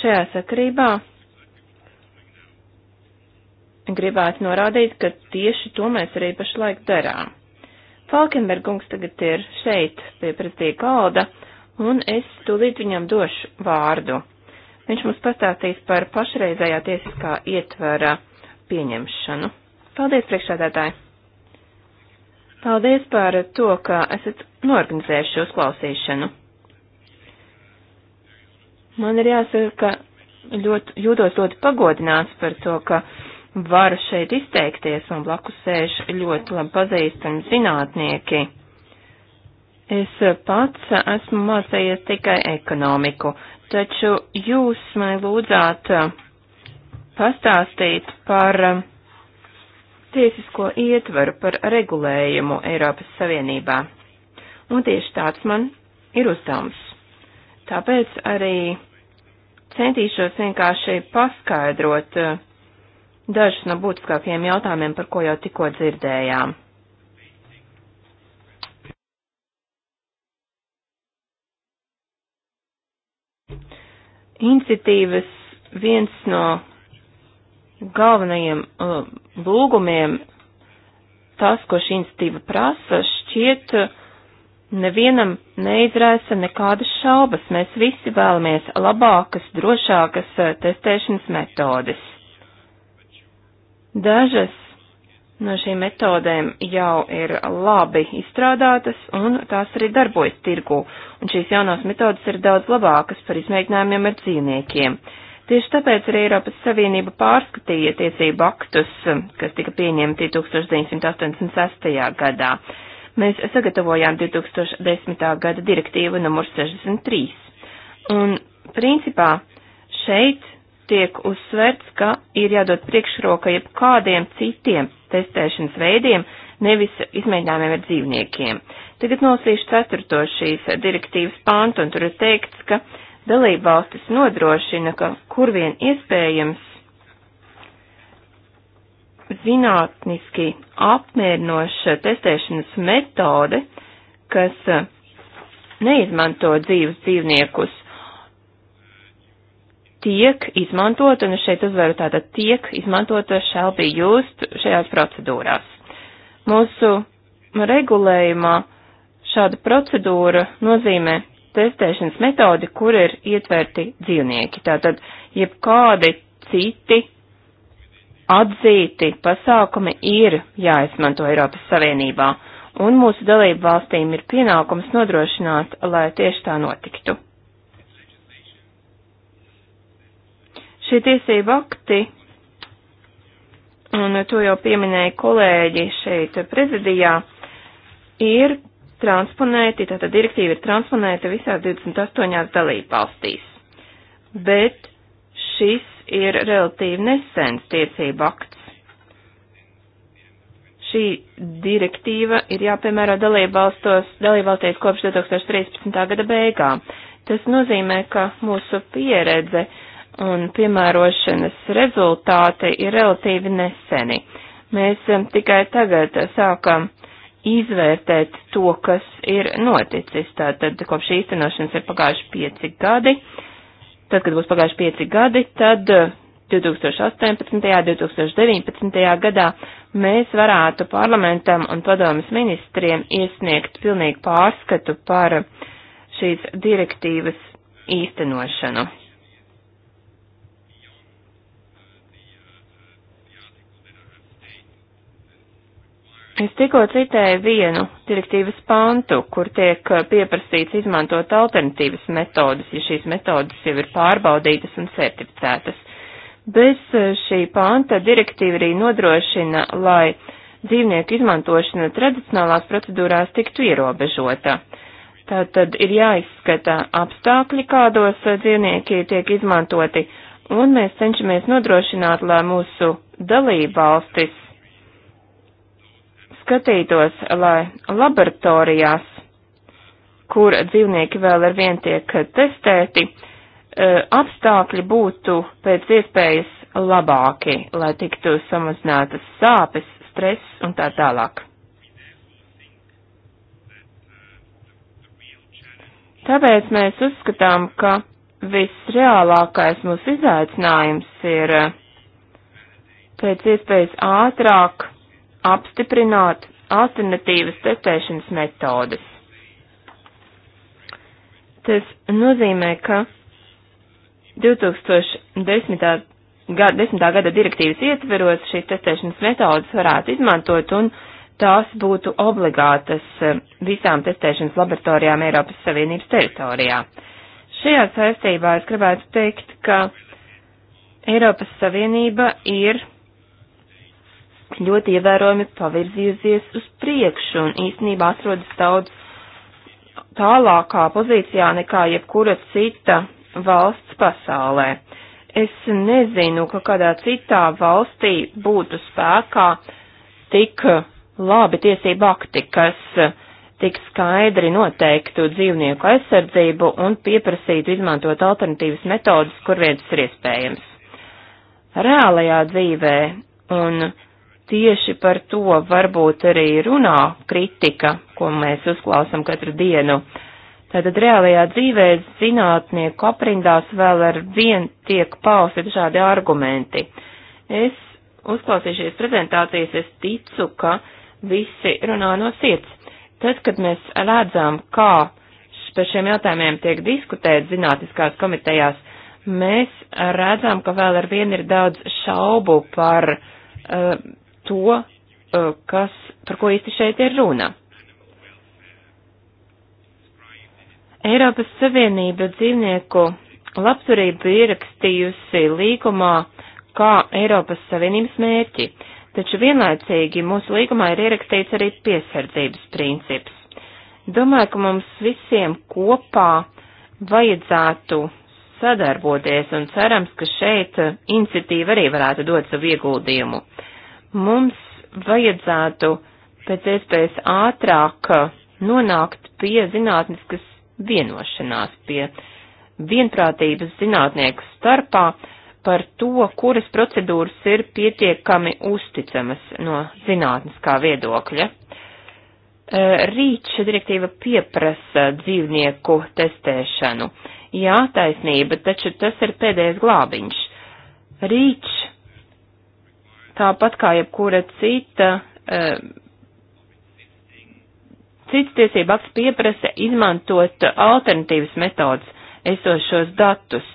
šajā sakarībā gribētu norādīt, ka tieši to mēs arī pašlaik darām. Falkenbergungs tagad ir šeit pie pretī kalda, un es tūlīt viņam došu vārdu. Viņš mums pastāstīs par pašreizējā tiesiskā ietvara pieņemšanu. Paldies, priekšsēdētāji! Paldies par to, ka esat norganizējuši šo klausīšanu. Man ir jāsaka, ka ļoti, jūtos ļoti pagodināts par to, ka varu šeit izteikties un blakus sēž ļoti labi pazīstami zinātnieki. Es pats esmu mācējies tikai ekonomiku, taču jūs man lūdzāt pastāstīt par tiesisko ietvaru par regulējumu Eiropas Savienībā. Un tieši tāds man ir uzdevums. Tāpēc arī centīšos vienkārši paskaidrot eh, dažus no būtiskākajiem jautājumiem, par ko jau tikko dzirdējām. Iniciatīvas viens no galvenajiem uh, lūgumiem tas, ko šī institīva prasa, šķiet uh, nevienam neizraisa nekādas šaubas. Mēs visi vēlamies labākas, drošākas uh, testēšanas metodes. Dažas no šīm metodēm jau ir labi izstrādātas un tās arī darbojas tirgu, un šīs jaunās metodas ir daudz labākas par izmēģinājumiem ar dzīvniekiem. Uh, Tieši tāpēc arī Eiropas Savienība pārskatīja tiesību aktus, kas tika pieņemti 1986. gadā. Mēs sagatavojām 2010. gada direktīvu numur 63. Un, principā, šeit tiek uzsverts, ka ir jādod priekšroka jebkādiem citiem testēšanas veidiem, nevis izmēģinājumiem ar dzīvniekiem. Tagad nolasīšu ceturto šīs direktīvas pāntu, un tur ir teikts, ka dalībvalstis nodrošina, ka kur vien iespējams zinātniski apmierinoša testēšanas metode, kas uh, neizmanto dzīvus dzīvniekus, tiek izmantota, un šeit uzvaru tātad tiek izmantota uh, shall be used šajās procedūrās. Mūsu regulējumā šāda procedūra nozīmē testēšanas metodi, kur ir ietverti dzīvnieki. Tātad, jebkādi citi atzīti pasākumi ir jāizmanto Eiropas Savienībā, un mūsu dalību valstīm ir pienākums nodrošināt, lai tieši tā notiktu. Šie tiesību akti, un to jau pieminēja kolēģi šeit prezidijā, ir transponēti, tātad direktīva ir transponēta visās 28 dalību valstīs. Bet šis ir relatīvi nesens tiesību akts. Šī direktīva ir jāpiemēro dalībvalstīs kopš 2013. gada beigām. Tas nozīmē, ka mūsu pieredze un piemērošanas rezultāti ir relatīvi neseni. Mēs um, tikai tagad sākam uh, izvērtēt to, kas ir noticis. Tātad kopš īstenošanas ir pagājuši pieci gadi. Tad, kad būs pagājuši pieci gadi, tad 2018. un 2019. gadā mēs varētu parlamentam un padomas ministriem iesniegt pilnīgu pārskatu par šīs direktīvas īstenošanu. Es tikko citēju vienu direktīvas pantu, kur tiek uh, pieprasīts izmantot alternatīvas metodas, ja šīs metodas jau ir pārbaudītas un certificētas. Bez uh, šī panta direktīva arī nodrošina, lai dzīvnieku izmantošana tradicionālās procedūrās tiktu ierobežota. Tātad ir jāizskata apstākļi, kādos uh, dzīvnieki tiek izmantoti, un mēs cenšamies nodrošināt, lai mūsu dalībvalstis skatītos, lai laboratorijās, kur dzīvnieki vēl ar vien tiek testēti, eh, apstākļi būtu pēc iespējas labāki, lai tiktu samazinātas sāpes, stress un tā tālāk. Tāpēc mēs uzskatām, ka visreālākais mūsu izaicinājums ir eh, pēc iespējas ātrāk apstiprināt alternatīvas testēšanas metodas. Tas nozīmē, ka 2010. Gada, 10. gada direktīvas ietveros šīs testēšanas metodas varētu izmantot un tās būtu obligātas eh, visām testēšanas laboratorijām Eiropas Savienības teritorijā. Šajā saistībā es gribētu teikt, ka Eiropas Savienība ir tik ļoti ievērojami pavirzījusies uz priekšu un īstenībā atrodas daudz tālākā pozīcijā nekā jebkura cita valsts pasaulē. Es nezinu, ka kādā citā valstī būtu spēkā tik labi tiesība akti, kas tik skaidri noteiktu dzīvnieku aizsardzību un pieprasītu izmantot alternatīvas metodas, kur vietas ir iespējams. Reālajā dzīvē un tieši par to varbūt arī runā kritika, ko mēs uzklausam katru dienu. Tātad reālajā dzīvē zinātnieku aprindās vēl ar vien tiek pausti dažādi argumenti. Es uzklausīju šīs prezentācijas, es ticu, ka visi runā no sirds. Tad, kad mēs redzam, kā par šiem jautājumiem tiek diskutēts zinātniskās komitejās, mēs redzam, ka vēl ar vien ir daudz šaubu par uh, to, uh, kas, par ko īsti šeit ir runa. Eiropas Savienība dzīvnieku labturību ierakstījusi līgumā kā Eiropas Savienības mērķi, taču vienlaicīgi mūsu līgumā ir ierakstīts arī piesardzības princips. Domāju, ka mums visiem kopā vajadzētu sadarboties un cerams, ka šeit iniciatīva arī varētu dot savu ieguldījumu mums vajadzētu pēc iespējas ātrāk nonākt pie zinātniskas vienošanās, pie vienprātības zinātnieku starpā par to, kuras procedūras ir pietiekami uzticamas no zinātniskā viedokļa. Rīt šī direktīva pieprasa dzīvnieku testēšanu. Jā, taisnība, taču tas ir pēdējais glābiņš. Rīčs tāpat kā jebkura cita, eh, cits tiesība akts pieprasa izmantot alternatīvas metodas esošos datus,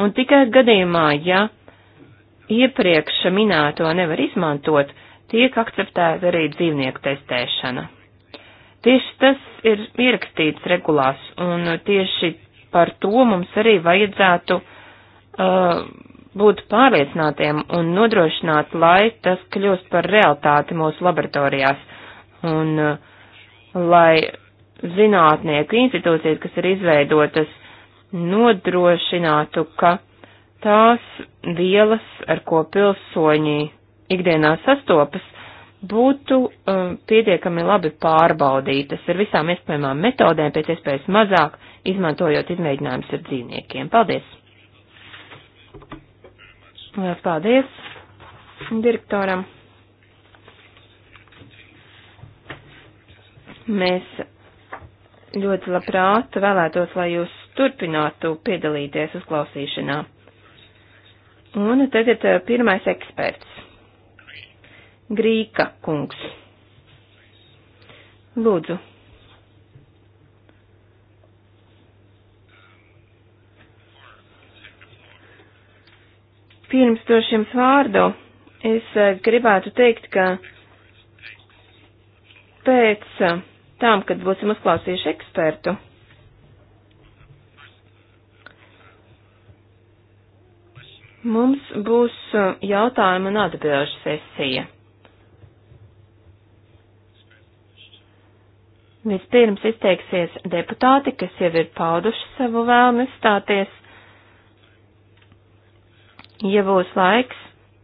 un tikai gadījumā, ja iepriekš minēto nevar izmantot, tiek akceptēta arī dzīvnieku testēšana. Tieši tas ir ierakstīts regulās, un tieši par to mums arī vajadzētu uh, būt pārliecinātiem un nodrošināt, lai tas kļūst par realitāti mūsu laboratorijās. Un uh, lai zinātnieku institūcijas, kas ir izveidotas, nodrošinātu, ka tās vielas, ar ko pilsoņi ikdienā sastopas, būtu um, pietiekami labi pārbaudītas ar visām iespējamām metodēm, pēc iespējas mazāk, izmantojot izmēģinājumus ar dzīvniekiem. Paldies! Lielas paldies direktoram. Mēs ļoti labprāt vēlētos, lai jūs turpinātu piedalīties uzklausīšanā. Un tagad eh, pirmais eksperts. Grīka kungs. Lūdzu. Pirms došu jums vārdu, es eh, gribētu teikt, ka pēc eh, tam, kad būsim uzklausījuši ekspertu, mums būs eh, jautājuma un atbilžu sesija. Vispirms izteiksies deputāti, kas jau ir pauduši savu vēlmi stāties Ja būs laiks,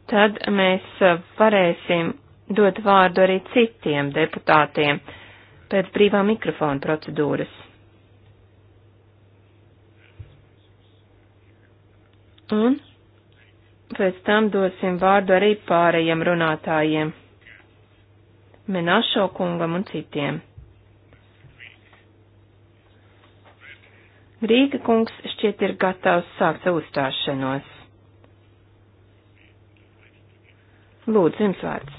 tad mēs uh, varēsim dot vārdu arī citiem deputātiem pēc brīvā mikrofona procedūras. Un pēc tam dosim vārdu arī pārējiem runātājiem, Menašo kungam un citiem. Grīga kungs šķiet ir gatavs sākt uzstāšanos. Lūdzu, jums vārds.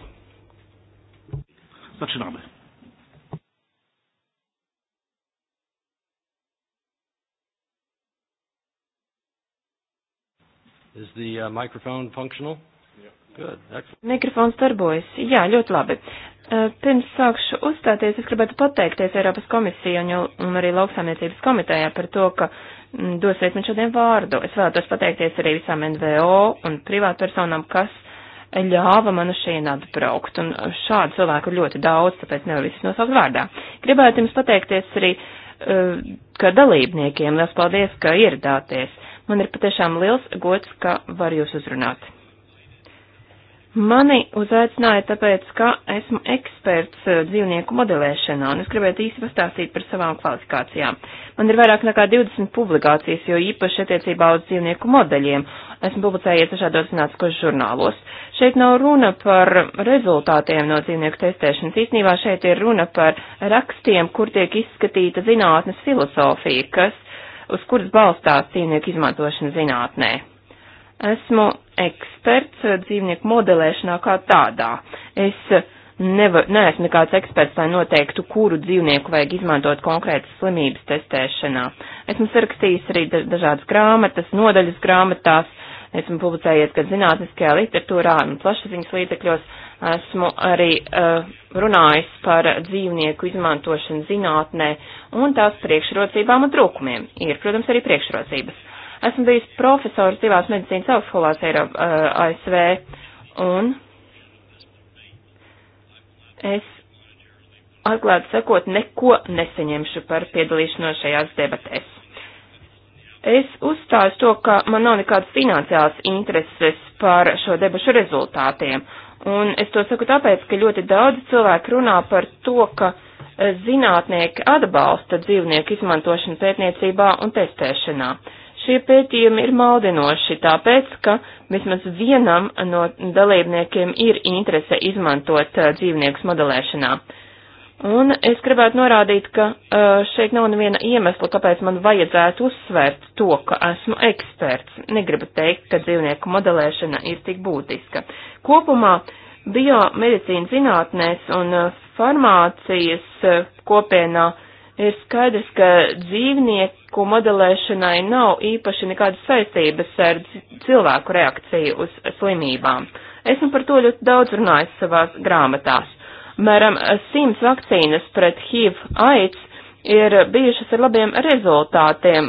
Začināmi. Is the uh, microphone functional? Yeah. Good. Excellent. Mikrofons darbojas. Jā, ļoti labi. Uh, pirms sākšu uzstāties, es gribētu pateikties Eiropas komisiju un, un arī lauksaimniecības komitējā par to, ka mm, dosiet man šodien vārdu. Es vēlētos pateikties arī visām NVO un privātpersonām, kas ļāva man šeit atbraukt, un šādu cilvēku ļoti daudz, tāpēc nevar visus nosaukt vārdā. Gribētu jums pateikties arī, eh, ka dalībniekiem, liels paldies, ka ieradāties. Man ir patiešām liels gods, ka var jūs uzrunāt. Mani uzaicināja tāpēc, ka esmu eksperts eh, dzīvnieku modelēšanā, un es gribētu īsi pastāstīt par savām kvalifikācijām. Man ir vairāk nekā 20 publikācijas, jo īpaši attiecībā uz dzīvnieku modeļiem esmu publicējies dažādos zinātniskos žurnālos. Šeit nav runa par rezultātiem no dzīvnieku testēšanas. Īstenībā šeit ir runa par rakstiem, kur tiek izskatīta zinātnes filozofija, kas, uz kuras balstās dzīvnieku izmantošana zinātnē. Esmu eksperts dzīvnieku modelēšanā kā tādā. Es nevar, neesmu nekāds eksperts, lai noteiktu, kuru dzīvnieku vajag izmantot konkrētas slimības testēšanā. Esmu sarakstījis arī dažādas grāmatas, nodaļas grāmatās esmu publicējies gan zinātniskajā literatūrā, gan plašsaziņas līdzekļos, esmu arī uh, runājis par dzīvnieku izmantošanu zinātnē un tās priekšrocībām un trūkumiem. Ir, protams, arī priekšrocības. Esmu bijis profesors divās medicīnas augstskolās Eiropā, uh, eh, ASV, un es atklāti sakot, neko nesaņemšu par piedalīšanos šajās debatēs. Es uzstāju to, ka man nav nekādas finansiālas intereses par šo debašu rezultātiem. Un es to saku tāpēc, ka ļoti daudz cilvēku runā par to, ka eh, zinātnieki atbalsta dzīvnieku izmantošanu pētniecībā un testēšanā. Šie pētījumi ir maldinoši, tāpēc, ka vismaz vienam no dalībniekiem ir interese izmantot eh, dzīvniekus modelēšanā. Uh, Un es gribētu norādīt, ka eh, šeit nav neviena iemesla, kāpēc man vajadzētu uzsvērt to, ka esmu eksperts. Negribu teikt, ka dzīvnieku modelēšana ir tik būtiska. Kopumā biomedicīnas zinātnēs un eh, farmācijas eh, kopienā ir skaidrs, ka dzīvnieku modelēšanai nav īpaši nekādas saistības ar cilvēku reakciju uz slimībām. Esmu par to ļoti daudz runājis savās grāmatās. Mēram, simts vakcīnas pret HIV aids ir bijušas ar labiem rezultātiem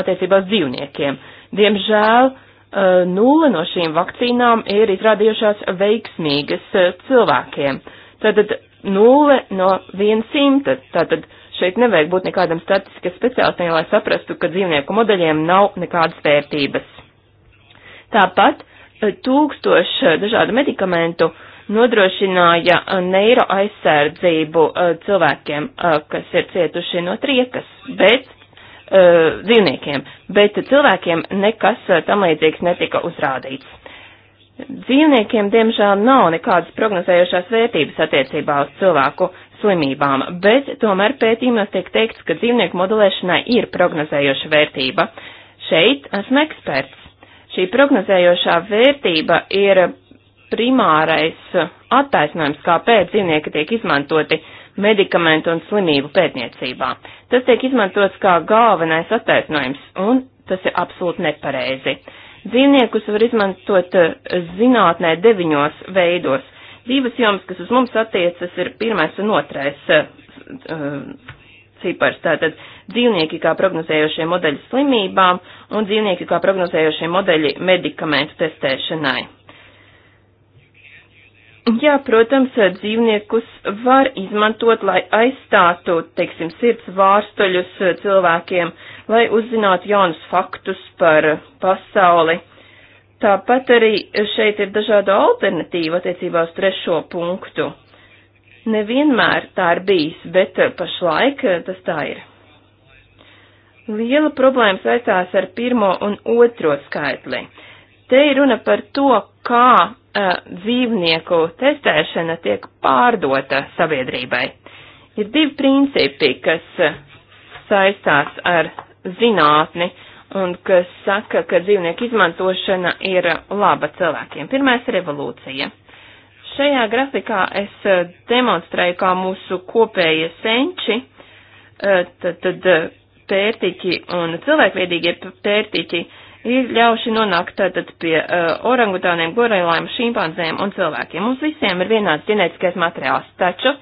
attiecībā uz dzīvniekiem. Diemžēl eh, nulle no šīm vakcīnām ir izrādījušās veiksmīgas eh, cilvēkiem. Tātad nulle no viena simta. Tātad šeit nevajag būt nekādam statistikas speciālistam, lai saprastu, ka dzīvnieku modeļiem nav nekādas vērtības. Tāpat eh, tūkstoši dažādu medikamentu uh, nodrošināja uh, neiro aizsardzību uh, cilvēkiem, uh, kas ir cietuši no triekas, bet dzīvniekiem, bet cilvēkiem nekas tam līdzīgs netika uzrādīts. Dzīvniekiem, diemžēl, nav nekādas prognozējušās vērtības attiecībā uz cilvēku slimībām, bet tomēr pētījumos tiek teikts, ka dzīvnieku modelēšanai ir prognozējoša vērtība. Šeit esmu eksperts. Šī prognozējošā vērtība ir primārais attaisnojums, kāpēc dzīvnieki tiek izmantoti medikamentu un slimību pētniecībā. Tas tiek izmantots kā galvenais attaisnojums, un tas ir absolūti nepareizi. Dzīvniekus var izmantot eh, zinātnē deviņos veidos. Divas jomas, kas uz mums attiecas, ir pirmais un otrais eh, eh, cipars. Tātad dzīvnieki kā prognozējošie modeļi slimībām un dzīvnieki kā prognozējošie modeļi medikamentu testēšanai. Jā, protams, dzīvniekus var izmantot, lai aizstātu, teiksim, sirds vārstoļus cilvēkiem, lai uzzinātu jaunus faktus par pasauli. Tāpat arī šeit ir dažāda alternatīva attiecībā uz trešo punktu. Nevienmēr tā ir bijis, bet pašlaik tas tā ir. Liela problēma saistās ar pirmo un otro skaitli. Te ir runa par to, kā uh, dzīvnieku testēšana tiek pārdota sabiedrībai. Ir divi principi, kas uh, saistās ar zinātni un kas saka, ka dzīvnieku izmantošana ir laba cilvēkiem. Pirmais ir evolūcija. Šajā grafikā es uh, demonstrēju, kā mūsu kopējie senči, uh, tad, tad pērtiķi un cilvēkviedīgie pērtiķi uh, ir ļauši nonākt tātad pie uh, orangutāniem, gorilām, šimpanzēm un cilvēkiem. Mums visiem ir vienāds ģenētiskais materiāls, taču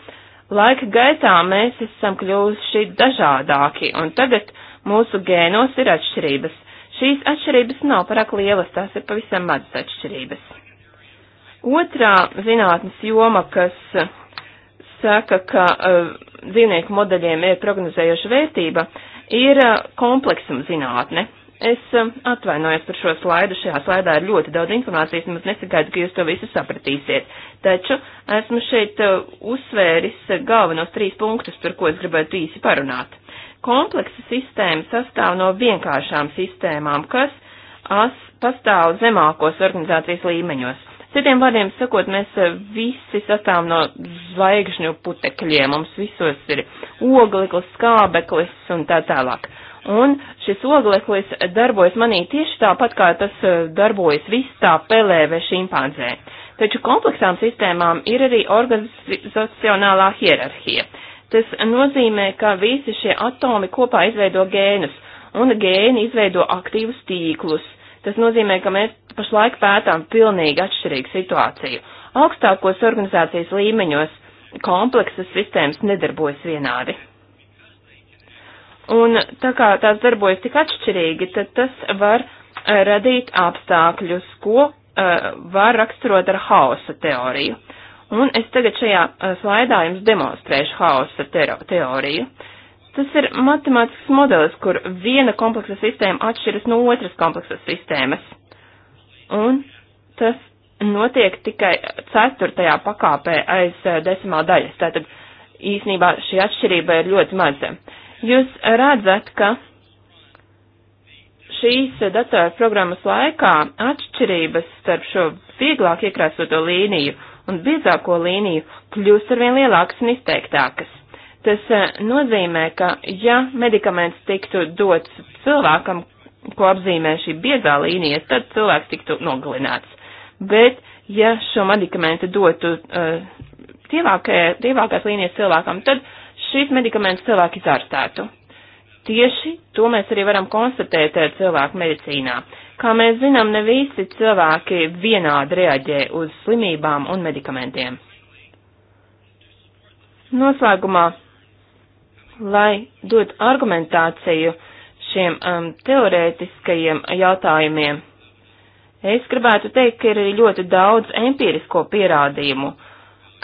laika gaitā mēs esam kļuvuši dažādāki, un tagad mūsu gēnos ir atšķirības. Šīs atšķirības nav parāk lielas, tās ir pavisam mazas atšķirības. Otrā zinātnes joma, kas saka, ka uh, dzīvnieku modeļiem ir prognozējoša vērtība, ir uh, kompleksuma zinātne. Es um, atvainojos par šo slaidu. Šajā slaidā ir ļoti daudz informācijas, un es nesagaidu, ka jūs to visu sapratīsiet. Taču esmu šeit uh, uzsvēris uh, galvenos trīs punktus, par ko es gribētu īsi parunāt. Kompleksa sistēma sastāv no vienkāršām sistēmām, kas as, pastāv zemākos organizācijas līmeņos. Citiem vārdiem sakot, mēs uh, visi sastāvam no zvaigžņu putekļiem, mums visos ir ogleklis, skābeklis un tā tālāk. Un šis ogleklis darbojas manī tieši tāpat, kā tas eh, darbojas vistā, pelē vai šimpanzē. Taču kompleksām sistēmām ir arī organizacionālā hierarhija. Tas nozīmē, ka visi šie atomi kopā izveido gēnus, un gēni izveido aktīvus tīklus. Tas nozīmē, ka mēs pašlaik pētām pilnīgi atšķirīgu situāciju. Augstākos organizācijas līmeņos kompleksas sistēmas nedarbojas vienādi. Un tā kā tās darbojas tik atšķirīgi, tad tas var eh, radīt apstākļus, ko uh, var raksturot ar hausa teoriju. Un es tagad šajā eh, slaidā jums demonstrēšu hausa teoriju. Tas ir matemātisks modelis, kur viena kompleksa sistēma atšķiras no otras kompleksas sistēmas. Un tas notiek tikai ceturtajā pakāpē aiz uh, desimāla daļas. Tātad īsnībā šī atšķirība ir ļoti maza. Uh, Jūs redzat, ka šīs datorprogrammas laikā atšķirības starp šo vieglāk iekrāsoto līniju un biezāko līniju kļūst arvien lielākas un izteiktākas. Tas eh, nozīmē, ka ja medikaments tiktu dots cilvēkam, ko apzīmē šī biezā līnija, tad cilvēks tiktu nogalināts. Bet, ja šo medikamentu dotu uh, eh, tievākajā, tievākās līnijas cilvēkam, tad uh, šīs medikamentus cilvēki izārstētu. Tieši to mēs arī varam konstatēt eh, cilvēku medicīnā. Kā mēs zinām, ne visi cilvēki vienādi reaģē uz slimībām un medikamentiem. Noslēgumā, lai dot argumentāciju šiem um, teorētiskajiem jautājumiem, es gribētu teikt, ka ir ļoti daudz empirisko pierādījumu,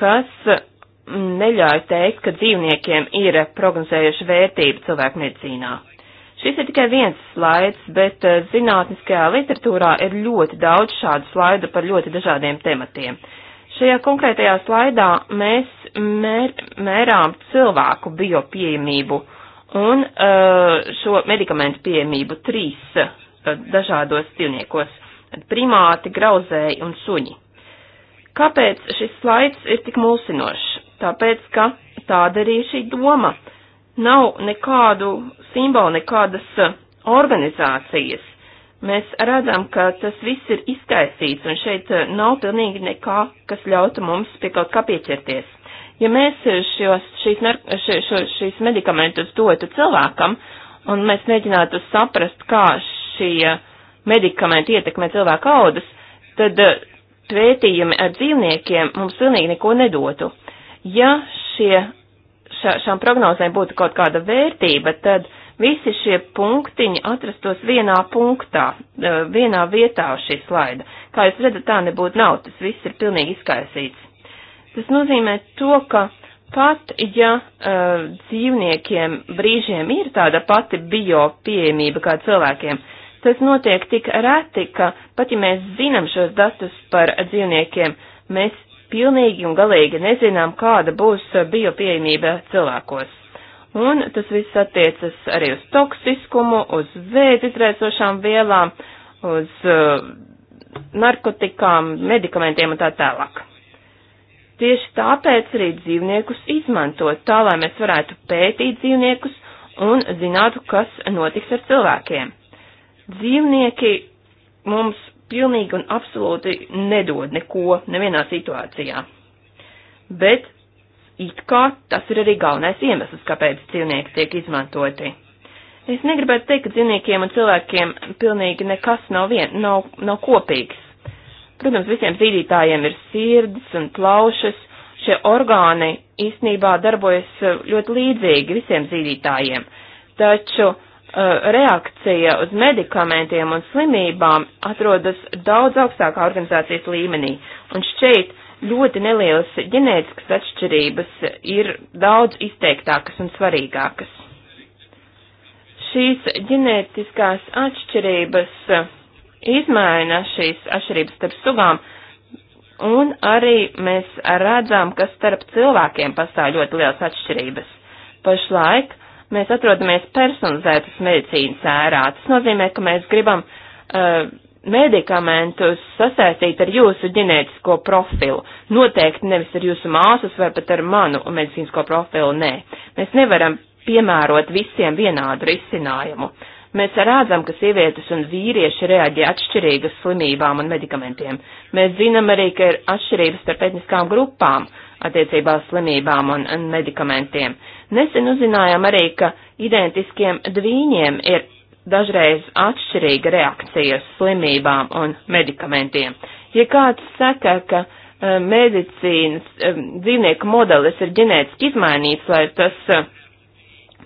kas neļauj teikt, ka dzīvniekiem ir prognozējuša vērtība cilvēku medicīnā. Šis ir tikai viens slaids, bet eh, zinātniskajā literatūrā ir ļoti daudz šādu slaidu par ļoti dažādiem tematiem. Šajā konkrētajā slaidā mēs mēr, mērām cilvēku biopiemību un eh, šo medikamentu piemību trīs eh, dažādos dzīvniekos - primāti, grauzēji un suņi. Kāpēc šis slaids ir tik mulsinošs? tāpēc, ka tāda arī ir šī doma. Nav nekādu simbolu, nekādas e, organizācijas. Mēs redzam, ka tas viss ir izkaisīts, un šeit e, nav pilnīgi nekā, kas ļautu mums pie kaut kā pieķerties. Ja mēs šos, šīs, šo, šīs medikamentus dotu cilvēkam, un mēs mēģinātu saprast, kā šie medikamenti ietekmē cilvēku audas, tad e, pētījumi ar dzīvniekiem mums pilnīgi neko nedotu. Ja šie, šā, šām prognozēm būtu kaut kāda vērtība, tad visi šie punktiņi atrastos vienā punktā, e, vienā vietā uz šī slaida. Kā jūs redzat, tā nebūtu nav, tas viss ir pilnīgi izkaisīts. Tas nozīmē to, ka pat ja uh, dzīvniekiem brīžiem ir tāda pati bio pieejamība kā cilvēkiem, tas notiek tik reti, ka pat ja mēs zinām šos datus par dzīvniekiem, mēs pilnīgi un galīgi nezinām, kāda būs uh, biopieejamība cilvēkos. Un tas viss attiecas arī uz toksiskumu, uz vēzi izraisošām vielām, uz uh, narkotikām, medikamentiem un tā tālāk. Tieši tāpēc arī dzīvniekus izmantot, tā lai mēs varētu pētīt dzīvniekus un zinātu, kas notiks ar cilvēkiem. Dzīvnieki mums pilnīgi un absolūti nedod neko nevienā situācijā. Bet it kā tas ir arī galvenais iemesls, kāpēc dzīvnieki tiek izmantoti. Es negribētu teikt, ka dzīvniekiem un cilvēkiem pilnīgi nekas nav, vien, nav, nav kopīgs. Protams, visiem zīdītājiem ir sirds un plaušas. Šie orgāni īstenībā darbojas ļoti līdzīgi visiem zīdītājiem, taču uh, reakcija uz medikamentiem un slimībām atrodas daudz augstākā organizācijas līmenī. Un šķiet, ļoti nelielas ģenētiskas atšķirības ir daudz izteiktākas un svarīgākas. Šīs ģenētiskās atšķirības izmaina šīs atšķirības starp sugām, un arī mēs redzam, ka starp cilvēkiem pastāv ļoti lielas atšķirības. Pašlaik uh, Mēs atrodamies personalizētas medicīnas ērā. Tas nozīmē, ka mēs gribam uh, medikamentus sasaistīt ar jūsu ģenētisko profilu. Noteikti nevis ar jūsu māsas vai pat ar manu medicīnisko profilu, nē. Mēs nevaram piemērot visiem vienādu risinājumu. Mēs rādzam, ka sievietes un vīrieši reaģē atšķirīgi uz slimībām un medikamentiem. Mēs zinām arī, ka ir atšķirības starp etniskām grupām attiecībā uz slimībām un, un medikamentiem. Nesen uzzinājām arī, ka identiskiem dvīņiem ir dažreiz atšķirīga reakcija uz slimībām un medikamentiem. Ja kāds saka, ka e, medicīnas e, dzīvnieku modelis ir ģenētiski izmainīts, lai tas e,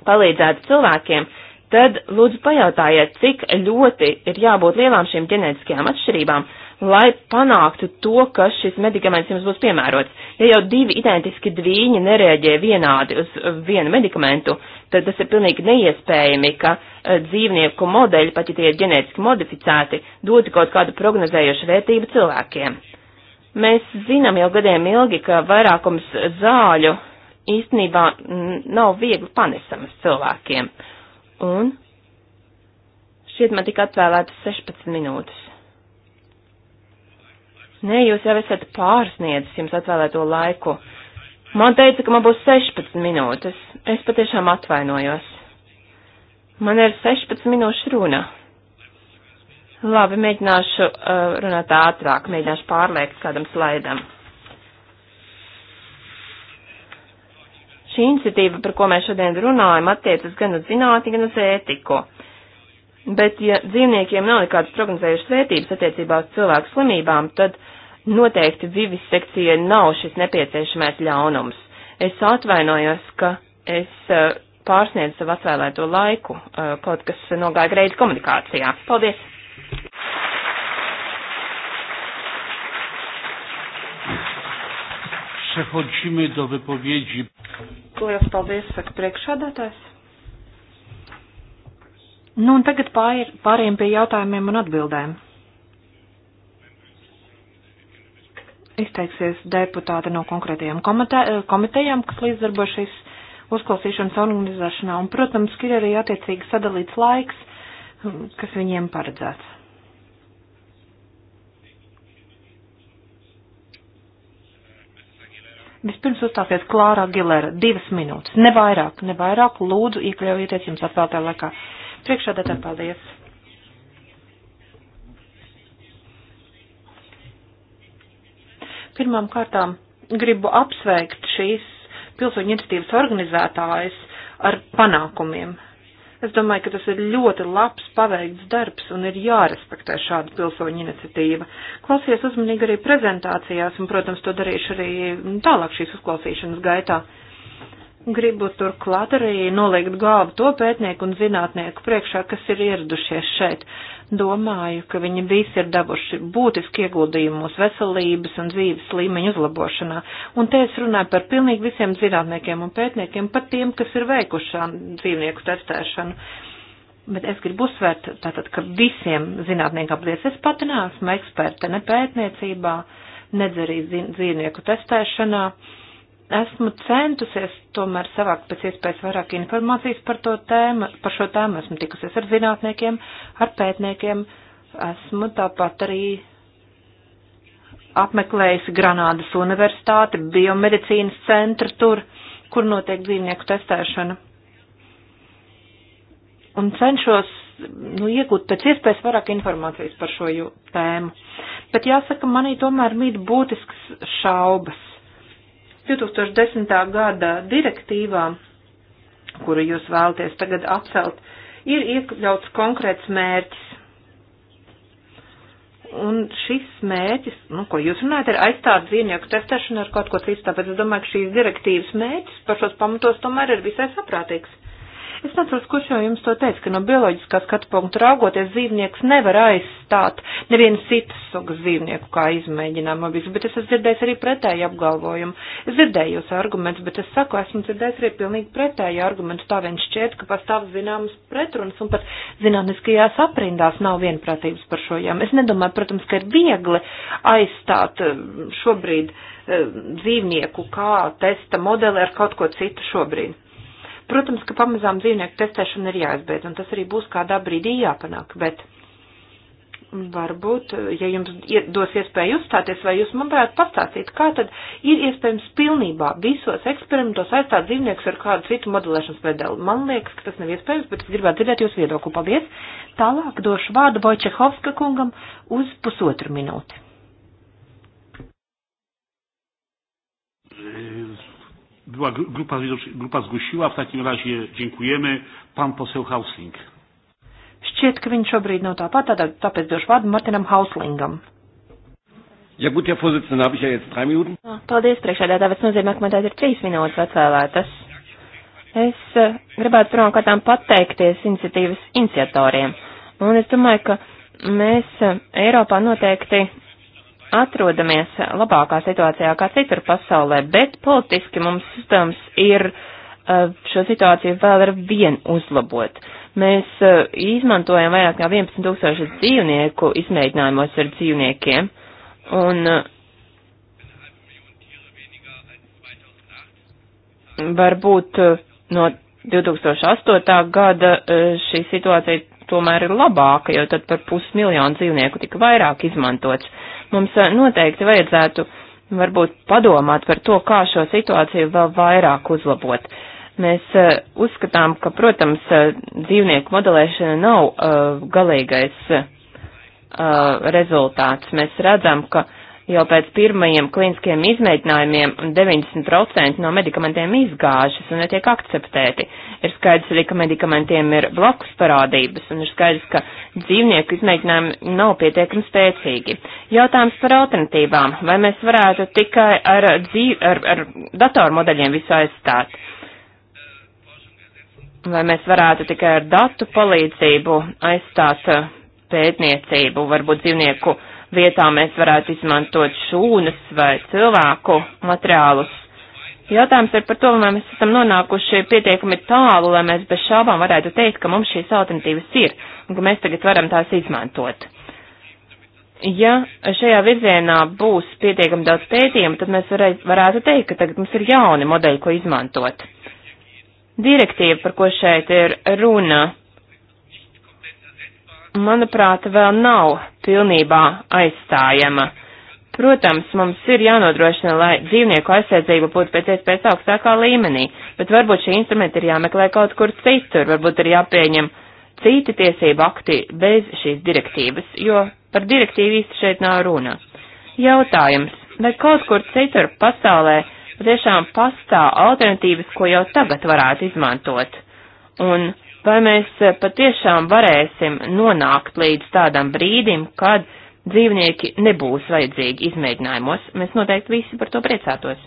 palīdzētu cilvēkiem, tad lūdzu pajautājiet, cik ļoti ir jābūt lielām šīm ģenētiskajām atšķirībām, lai panāktu to, ka šis medikaments jums būs piemērots. Ja jau divi identiski dvīņi nereaģē vienādi uz uh, vienu medikamentu, tad tas ir pilnīgi neiespējami, ka uh, dzīvnieku modeļi, pat ja tie ir ģenētiski modificēti, dotu kaut kādu prognozējošu vērtību cilvēkiem. Mēs zinām jau gadiem ilgi, ka vairākums zāļu īstenībā nav viegli panesamas cilvēkiem. Un šķiet man tika atvēlētas 16 minūtes. Nē, jūs jau esat pārsniedzis jums atvēlēto laiku. Man teica, ka man būs 16 minūtes. Es patiešām atvainojos. Man ir 16 minūšu runa. Labi, mēģināšu uh, runāt ātrāk, mēģināšu pārliekt kādam slaidam. Šī iniciatīva, par ko mēs šodien runājam, attiecas gan uz zinātni, gan uz ētiku. Bet, ja dzīvniekiem nav nekādas prognozējušas vērtības attiecībā uz cilvēku slimībām, tad uh, noteikti vivisekcija nav šis nepieciešamais ļaunums. Es atvainojos, ka es eh, pārsniedzu savu atvēlēto laiku, eh, kaut kas nogāja greizi komunikācijā. Paldies! Przechodzimy do wypowiedzi. Lielas paldies, saka priekšādātājs. Nu, un tagad pār, pāriem pie jautājumiem un atbildēm. izteiksies deputāti no konkrētajām eh, komitejām, kas līdzdarbo šīs uzklausīšanas organizēšanā, un, protams, ir arī attiecīgi sadalīts laiks, mm, kas viņiem paredzēts. Vispirms uzstāsies Klāra Gilera, divas minūtes, ne vairāk, ne vairāk, lūdzu, iekļaujieties jums atvēltā laikā. Priekšādā tā paldies. Pirmām kārtām gribu apsveikt šīs pilsoņu iniciatīvas organizētājas ar panākumiem. Es domāju, ka tas ir ļoti labs paveikts darbs un ir jārespektē šāda pilsoņa iniciatīva. Klausies uzmanīgi arī prezentācijās un, protams, to darīšu arī tālāk šīs uzklausīšanas gaitā. Gribu turklāt arī noliegt galvu to pētnieku un zinātnieku priekšā, kas ir ieradušies šeit. Uh, Domāju, ka viņi visi ir devuši būtiski ieguldījumu mūsu veselības un dzīves līmeņa uzlabošanā. Un te es runāju par pilnīgi visiem zinātniekiem un pētniekiem, pat tiem, kas ir veikušā dzīvnieku testēšanu. Bet es gribu uzsvērt, tātad, ka visiem zinātniekiem aplies. Es pati neesmu eksperte ne pētniecībā, nedz arī dzīvnieku testēšanā. Uh, esmu centusies tomēr savākt pēc iespējas vairāk informācijas par, tēmu, par šo tēmu. Esmu tikusies ar zinātniekiem, ar pētniekiem. Esmu tāpat arī apmeklējusi Granādas universitāti, biomedicīnas centru tur, kur notiek dzīvnieku testēšana. Un cenšos nu, iegūt pēc iespējas vairāk informācijas par šo tēmu. Bet jāsaka, manī tomēr mīt būtisks šaubas 2010. gada direktīvā, kuru jūs vēlaties tagad atcelt, ir iekļauts konkrēts mērķis. Un šis mērķis, nu, ko jūs runājat, ir aizstāt dzīvnieku testēšanu ar kaut ko citu, tāpēc es domāju, ka šīs direktīvas mērķis par šos pamatos tomēr ir visai saprātīgs. Es nesaprotu, kurš jau jums to teica, ka no bioloģiskā skatu punktu raugoties dzīvnieks nevar aizstāt nevienu citu sugas dzīvnieku kā izmēģinājumu objektu, bet es esmu dzirdējis arī pretēju apgalvojumu. Es dzirdēju jūsu argumentus, bet es saku, esmu dzirdējis arī pilnīgi pretēju argumentu. Tā viens šķiet, ka pastāv zināmas pretrunas un pat zinātniskajās aprindās nav vienprātības par šo jām. Es nedomāju, protams, ka ir viegli aizstāt eh, šobrīd eh, dzīvnieku kā testa modeli ar kaut ko citu šobrīd. Protams, ka pamazām dzīvnieku testēšana ir jāizbeidz, un tas arī būs kādā brīdī jāpanāk, bet varbūt, ja jums dos iespēju uzstāties, vai jūs man varētu pastāstīt, kā tad ir iespējams pilnībā visos eksperimentos aizstāt dzīvniekus ar kādu citu modelēšanas vedelu. Man liekas, ka tas nav iespējams, bet es gribētu dzirdēt jūsu viedokli. Paldies! Tālāk došu vārdu Vojčehovska kungam uz pusotru minūti była grupa, grupa zgłosiła, w takim razie dziękujemy. Pan poseł Hausling. Šķiet, ka viņš šobrīd nav tāpat, tātad, tāpēc došu vārdu Martinam Hauslingam. Ja, gut, ja, Vorsitzende, habe ich ja jetzt drei Minuten. Paldies, priekšādātāj, tas nozīmē, ka man tagad ir trīs minūtes atvēlētas. Es gribētu pirmkārtām pateikties iniciatīvas iniciatoriem. Un es domāju, ka mēs Eiropā noteikti atrodamies labākā situācijā kā citur pasaulē, bet politiski mums uzdevums ir eh, šo situāciju vēl ar vienu uzlabot. Mēs eh, izmantojam vairāk kā 11 tūkstošus dzīvnieku izmēģinājumos ar dzīvniekiem, un eh, varbūt no 2008. gada šī situācija tomēr ir labāka, jo tad par pusmiljonu dzīvnieku tika vairāk izmantots. Mums eh, noteikti vajadzētu varbūt padomāt par to, kā šo situāciju vēl vairāk uzlabot. Mēs eh, uzskatām, ka, protams, eh, dzīvnieku modelēšana nav uh, galīgais uh, rezultāts. Mēs redzam, ka uh, Jau pēc pirmajiem klīniskiem izmēģinājumiem 90% no medikamentiem izgāžas un netiek akceptēti. Ir skaidrs arī, ka medikamentiem ir blakus parādības un ir skaidrs, ka dzīvnieku izmēģinājumi nav pietiekami spēcīgi. Jautājums par alternatīvām. Vai mēs varētu tikai ar, dzīv, ar, ar datormodeļiem visu aizstāt? Vai mēs varētu tikai ar datu palīdzību aizstāt uh, pētniecību, varbūt dzīvnieku uh, vietā mēs varētu izmantot šūnas vai cilvēku materiālus. Jautājums ir par to, vai mēs esam nonākuši pietiekami tālu, lai mēs bez šābām varētu teikt, ka mums šīs alternatīvas ir un ka mēs tagad varam tās izmantot. Ja šajā virzienā būs pietiekami daudz pētījumu, tad mēs varēs, varētu teikt, ka tagad mums ir jauni modeļi, ko izmantot. Direktīva, par ko šeit ir runa, manuprāt, vēl nav pilnībā aizstājama. Protams, mums ir jānodrošina, lai dzīvnieku aizsardzība būtu pēc iespējas augstākā līmenī, bet varbūt šie instrumenti ir jāmeklē kaut kur citur, varbūt ir jāpieņem citi tiesību akti bez šīs direktīvas, jo par direktīvu īsti šeit nav runa. Jautājums, vai kaut kur citur pasaulē patiešām pastāv alternatīvas, ko jau tagad varētu izmantot? Un Vai mēs eh, patiešām varēsim nonākt līdz tādam brīdim, kad dzīvnieki nebūs vajadzīgi izmēģinājumos? Mēs noteikti visi par to priecātos.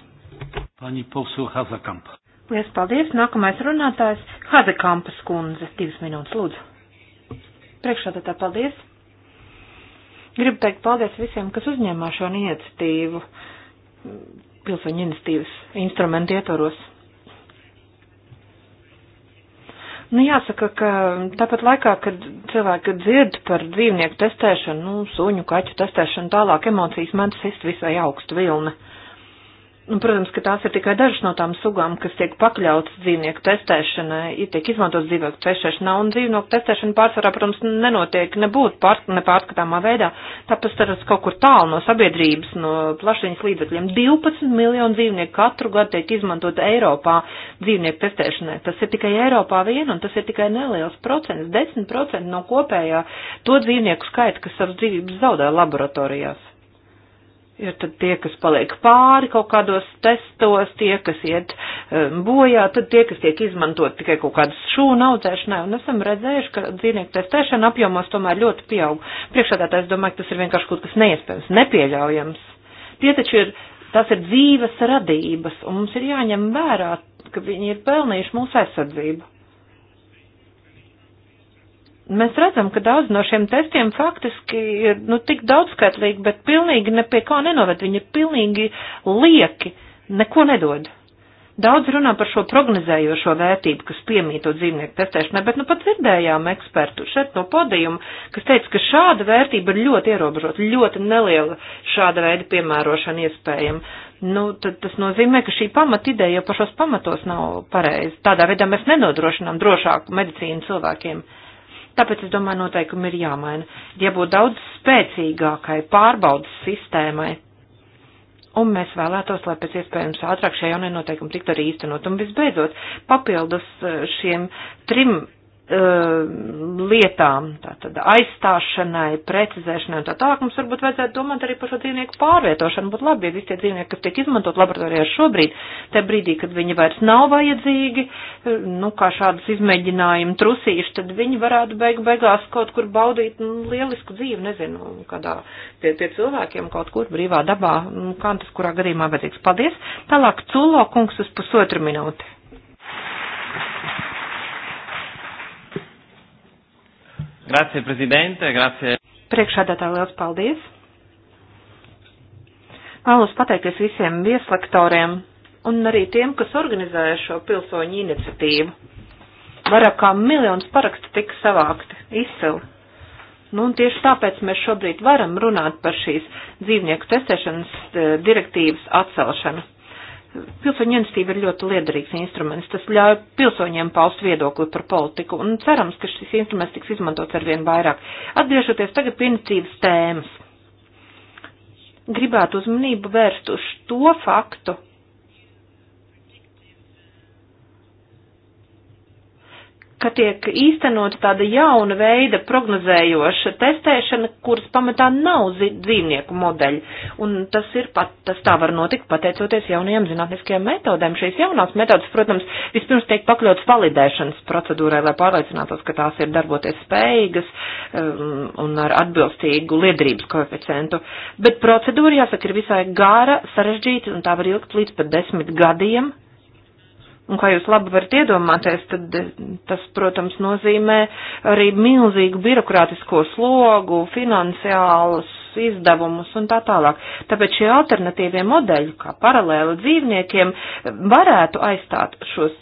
Pani Pausu Hazakamp. Lielas paldies. Nākamais runātājs Hazakampas kundze. Divas minūtes, lūdzu. Priekšādā paldies. Gribu teikt paldies visiem, kas uzņēmā šo iniciatīvu mm, pilsoņu iniciatīvas instrumentu ietvaros. Nu, jāsaka, ka tāpat laikā, kad cilvēki dzird par dzīvnieku testēšanu, nu, suņu, kaķu testēšanu, tālāk emocijas mēdz sist visai augstu vilni. Nu, protams, ka tās ir tikai dažas no tām sugām, kas tiek pakļautas dzīvnieku testēšanai, ir tiek izmantos dzīvnieku testēšanā, un dzīvnieku testēšana pārsvarā, protams, nenotiek nebūt pār, nepārskatāmā veidā, tāpēc tas kaut kur tālu no sabiedrības, no plašiņas līdzekļiem. 12 miljonu dzīvnieku katru gadu tiek izmantot Eiropā dzīvnieku testēšanai. Tas ir tikai Eiropā vien, un tas ir tikai neliels procents, 10% no kopējā to dzīvnieku skaita, kas savas dzīvības zaudē laboratorijās ir tad tie, kas paliek pāri kaut kādos testos, tie, kas iet um, bojā, tad tie, kas tiek izmantot tikai kaut kādas šūnu audzēšanai, un esam redzējuši, ka dzīvnieku testēšana apjomos tomēr ļoti pieaug. Priekšādātājs domāju, ka tas ir vienkārši kaut kas neiespējams, nepieļaujams. Tie taču ir, tas ir dzīves radības, un mums ir jāņem vērā, ka viņi ir pelnījuši mūsu aizsardzību mēs redzam, ka daudz no šiem testiem faktiski ir, nu, tik daudzskaitlīgi, bet pilnīgi ne pie kā nenoved. Viņi ir pilnīgi lieki, neko nedod. Daudz runā par šo prognozējošo vērtību, kas piemīto dzīvnieku testēšanai, bet nu pat dzirdējām ekspertu šeit no podījuma, kas teica, ka šāda vērtība ir ļoti ierobežota, ļoti neliela šāda veida piemērošana iespējama. Nu, tad tas nozīmē, ka šī pamatideja jau pašos pamatos nav pareiza. Tādā veidā mēs nenodrošinām drošāku medicīnu cilvēkiem. Uh, Tāpēc, es domāju, noteikumi ir jāmaina. Jābūt daudz spēcīgākai pārbaudas sistēmai. Un mēs vēlētos, lai pēc iespējams ātrāk šie jaunie noteikumi tiktu arī īstenot. Un visbeidzot, papildus eh, šiem trim Eh, lietām, tātad aizstāšanai, precizēšanai un tā tālāk, mums varbūt vajadzētu domāt arī par šo dzīvnieku pārvietošanu. Būtu labi, ja visi tie dzīvnieki, kas tiek izmantot laboratorijā šobrīd, te brīdī, kad viņi vairs nav vajadzīgi, eh, nu, kā šādas izmēģinājuma trusīši, tad viņi varētu beig beigās kaut kur baudīt nu, lielisku dzīvi, nezinu, kādā pie, pie cilvēkiem kaut kur brīvā dabā, nu, kā tas kurā gadījumā vajadzīgs. Paldies! Tālāk Culo kungs uz pusotru minūti. Grazie, prezidente, grazie. Priekšādātā liels paldies. Vēlos pateikties visiem vieslektoriem un arī tiem, kas organizēja šo pilsoņu iniciatīvu. Vairāk kā miljons parakstu tika savākti. Izcili. Nu, un tieši tāpēc mēs šobrīd varam runāt par šīs dzīvnieku testēšanas eh, direktīvas atcelšanu pilsoņu iniciatīva ir ļoti liederīgs instruments. Tas ļauj pilsoņiem paust viedokli par politiku un cerams, ka šis instruments tiks izmantots arvien vairāk. Atgriežoties tagad pie iniciatīvas tēmas. Gribētu uzmanību vērst uz to faktu, ka tiek īstenota tāda jauna veida prognozējoša testēšana, kuras pamatā nav dzīvnieku modeļi. Un tas ir pat, tas tā var notikt pateicoties jaunajām zinātniskajām metodēm. Šīs jaunās metodas, protams, vispirms tiek pakļautas validēšanas procedūrai, lai pārliecinātos, ka tās ir darboties spējīgas um, un ar atbilstīgu liedrības koeficientu. Bet procedūra, jāsaka, ir visai gara, sarežģīta un tā var ilgt līdz pat desmit gadiem, Un kā jūs labi varat iedomāties, tad eh, tas, protams, nozīmē arī milzīgu birokrātisko slogu, finansiālus izdevumus un tā tālāk. Tāpēc šie alternatīvie modeļi, kā paralēli dzīvniekiem, varētu aizstāt šos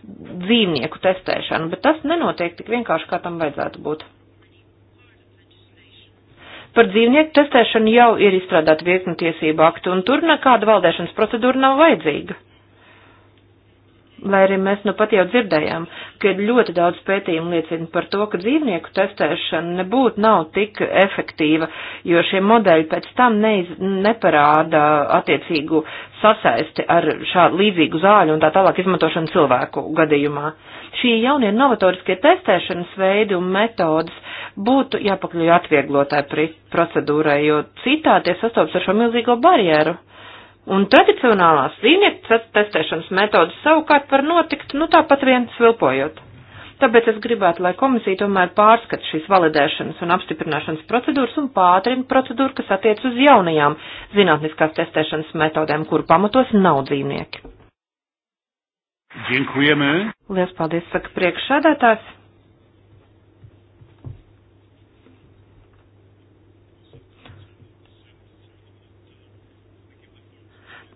dzīvnieku testēšanu, bet tas nenotiek tik vienkārši, kā tam vajadzētu būt. Par dzīvnieku testēšanu jau ir izstrādāta virkni tiesību aktu, un tur nekāda valdēšanas procedūra nav vajadzīga. Lai arī mēs nu pat jau dzirdējām, ka ļoti daudz pētījumu liecina par to, ka dzīvnieku testēšana nebūtu nav tik efektīva, jo šie modeļi pēc tam neiz, neparāda attiecīgu sasaisti ar šādu līdzīgu zāļu un tā tālāk izmantošanu cilvēku gadījumā. Šī jaunie novatoriskie testēšanas veidi un metodas būtu jāpakļauj atvieglotāju procedūrai, jo citādi sastopas ar šo milzīgo barjeru Un tradicionālās zīmju testēšanas metodas savukārt var notikt, nu tāpat vien svilpojot. Tāpēc es gribētu, lai komisija tomēr pārskata šīs validēšanas un apstiprināšanas procedūras un pātrina procedūru, kas attiec uz jaunajām zinātniskās testēšanas metodēm, kuru pamatos nav dzīvnieki. Dziękujemy. Lielas paldies, saka priekšsādātājs.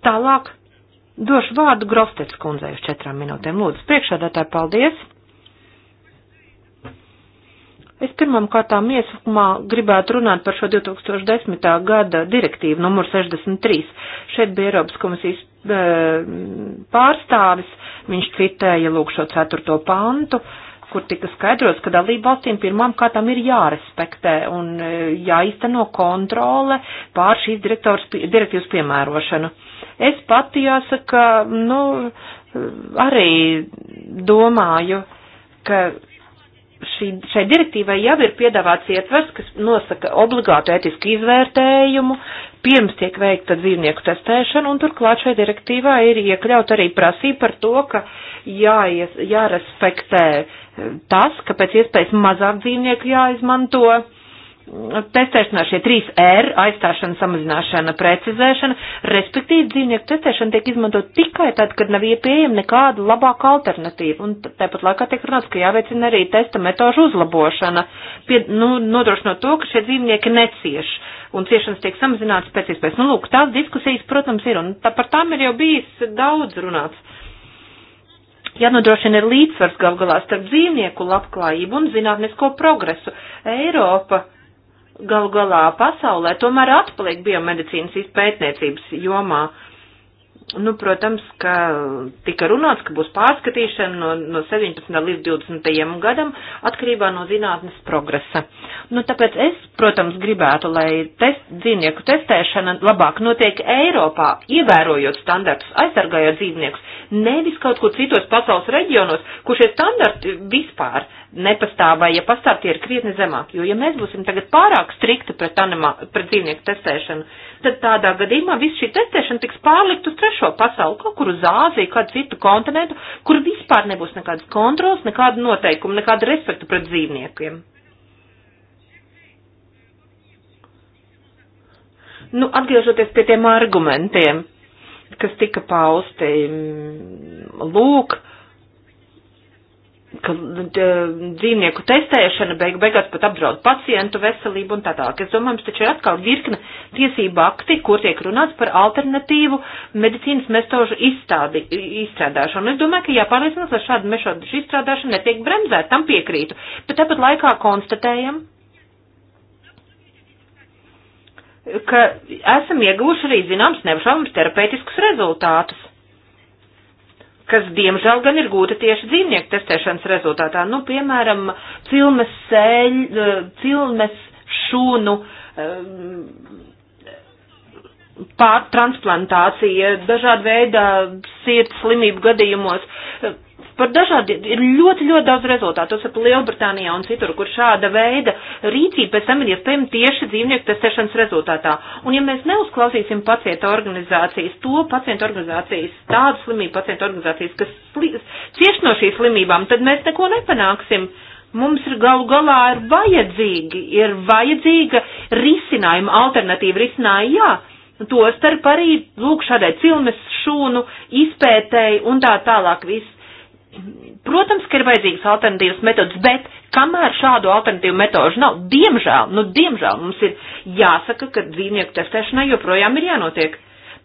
Tālāk došu vārdu Grostets kundzei uz četrām minūtēm. Lūdzu, priekšādātāji, paldies! Es pirmam kārtām iesaukumā gribētu runāt par šo 2010. gada direktīvu numur 63. Šeit bija Eiropas komisijas e, pārstāvis, viņš citēja lūk šo ceturto pantu, kur tika skaidrots, ka dalību valstīm pirmām kārtām ir jārespektē un e, jāizteno kontrole pār šīs direktīvas piemērošanu. Es pati jāsaka, nu, arī domāju, ka šī, šai direktīvai jau ir piedāvāts ietvers, kas nosaka obligātu ētisku izvērtējumu, pirms tiek veikta dzīvnieku testēšana, un turklāt šai direktīvā ir iekļaut arī prasība par to, ka jāies, jārespektē tas, ka pēc iespējas mazāk dzīvnieku jāizmanto testēšanā šie 3 R - aizstāšana, samazināšana, precizēšana, respektīvi dzīvnieku testēšana tiek izmantot tikai tad, kad nav iepējama nekāda labāka alternatīva. Un tāpat laikā tiek runāts, ka jāveicina arī testa metožu uzlabošana, pie, nu, nodrošinot to, ka šie dzīvnieki necieš un ciešanas tiek samazināts pēc iespējas. Nu, lūk, tās diskusijas, protams, ir, un tā par tām ir jau bijis daudz runāts. Jānodrošina ir līdzsvars gal galā starp dzīvnieku labklājību un zinātnisko progresu. Eiropa Galu galā pasaulē tomēr atpaliek biomedicīnas izpētniecības jomā. Uh, Nu, protams, ka tika runāts, ka būs pārskatīšana no, no 17. līdz 20. gadam atkarībā no zinātnes progresa. Nu, tāpēc es, protams, gribētu, lai test, dzīvnieku testēšana labāk notiek Eiropā, ievērojot standartus, aizsargājot dzīvniekus, nevis kaut kur citos pasaules reģionos, kur šie standarti vispār nepastāv vai, ja pastāv, tie ir krietni zemāk. Jo, ja mēs būsim tagad pārāk strikti pret, animā, pret dzīvnieku testēšanu, tad tādā gadījumā viss šī testēšana tiks pārlikt uz trešo pasauli, kaut kur uz Āziju, kādu citu kontinentu, kur vispār nebūs nekādas kontrols, nekāda noteikuma, nekāda respekta pret dzīvniekiem. Nu, atgriežoties pie tiem argumentiem, kas tika pausti, mm, lūk, ka dzīvnieku testēšana beig, beigās pat apdraud pacientu veselību un tā tālāk. Es domāju, mums taču ir atkal virkne tiesība akti, kur tiek runāts par alternatīvu medicīnas metožu izstādi, izstrādāšanu. Es domāju, ka jāpārliecinās, lai šāda metožu izstrādāšana netiek bremzēta, tam piekrītu. Bet tāpat laikā konstatējam, ka esam ieguvuši arī zināms neapšaubams terapeitiskus rezultātus kas diemžēl gan ir gūti tieši dzīvnieku testēšanas rezultātā. Nu, piemēram, cilmes sēļ, eh, cilmes šūnu eh, pārtransplantācija, dažāda veida sirds slimību gadījumos par dažādi, ir ļoti, ļoti daudz rezultātu. Tas ir Lielbritānijā un citur, kur šāda veida rīcība pēc tam ir iespējama tieši dzīvnieku testēšanas rezultātā. Un ja mēs neuzklausīsim pacienta organizācijas, to pacienta organizācijas, tādu slimību pacienta organizācijas, kas sli, cieš no šīs slimībām, tad mēs neko nepanāksim. Mums ir galu galā ir vajadzīgi, ir vajadzīga risinājuma, alternatīva risinājuma, jā. Tostarp arī lūk šādai cilmes šūnu izpētēji un tā tālāk viss Protams, ka ir vajadzīgas alternatīvas metodas, bet kamēr šādu alternatīvu metožu nav, diemžēl, nu diemžēl mums ir jāsaka, ka dzīvnieku testēšanai joprojām ir jānotiek.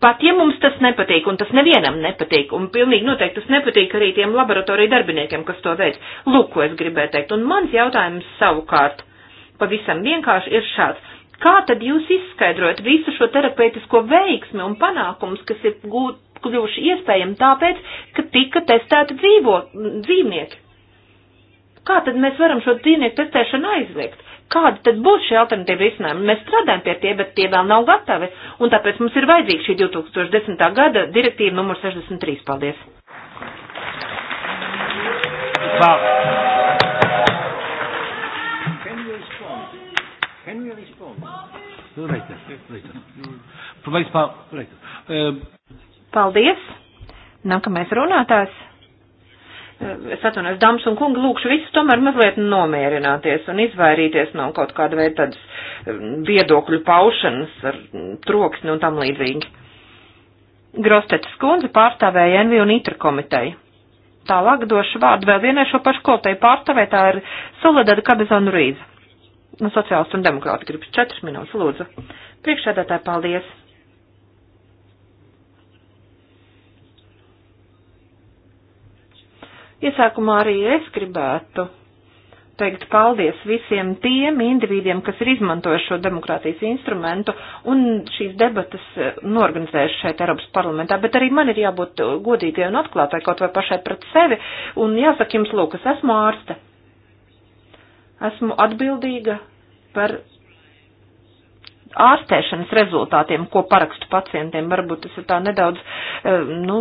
Pat ja mums tas nepatīk, un tas nevienam nepatīk, un pilnīgi noteikti tas nepatīk arī tiem laboratoriju darbiniekiem, kas to veids. Lūk, ko es gribēju teikt. Un mans jautājums savukārt pavisam vienkārši ir šāds. Kā tad jūs izskaidrojat visu šo terapeitisko veiksmi un panākums, kas ir gūt, kļuvuši iespējami tāpēc, ka tika testēti dzīvo, dzīvnieki. Kā tad mēs varam šo dzīvnieku testēšanu aizliegt? Kādi tad būs šie alternatīvi risinājumi? Mēs strādājam pie tie, bet tie vēl nav gatavi, un tāpēc mums ir vajadzīga šī 2010. gada direktīva numur 63. Paldies! Wow. Can we respond? Later, later. Proszę Państwa, later. Um. Paldies! Nākamais runātājs. Es atvainojos, dāmas un kungi, lūkšu visus tomēr mazliet nomierināties un izvairīties no kaut kāda veida tādas um, viedokļu paušanas ar um, troksni un tam līdzīgi. Grostetas kundze pārstāvēja Envi un Itra komiteju. Tālāk došu vārdu vēl vienai šo pašu koltei pārstāvē, tā ir Soledada Kabezonu Rīza. No sociālistu un demokrāti gribas četras minūtes, lūdzu. Priekšēdētāji, paldies! Iesākumā arī es gribētu teikt paldies visiem tiem individiem, kas ir izmantojuši šo demokrātijas instrumentu un šīs debatas eh, norganizējuši šeit Eiropas parlamentā, bet arī man ir jābūt godīgai un atklātai kaut vai pašai pret sevi un jāsaka jums, lūk, es esmu ārste. Esmu atbildīga par ārstēšanas rezultātiem, ko parakstu pacientiem. Varbūt tas ir tā nedaudz, eh, nu,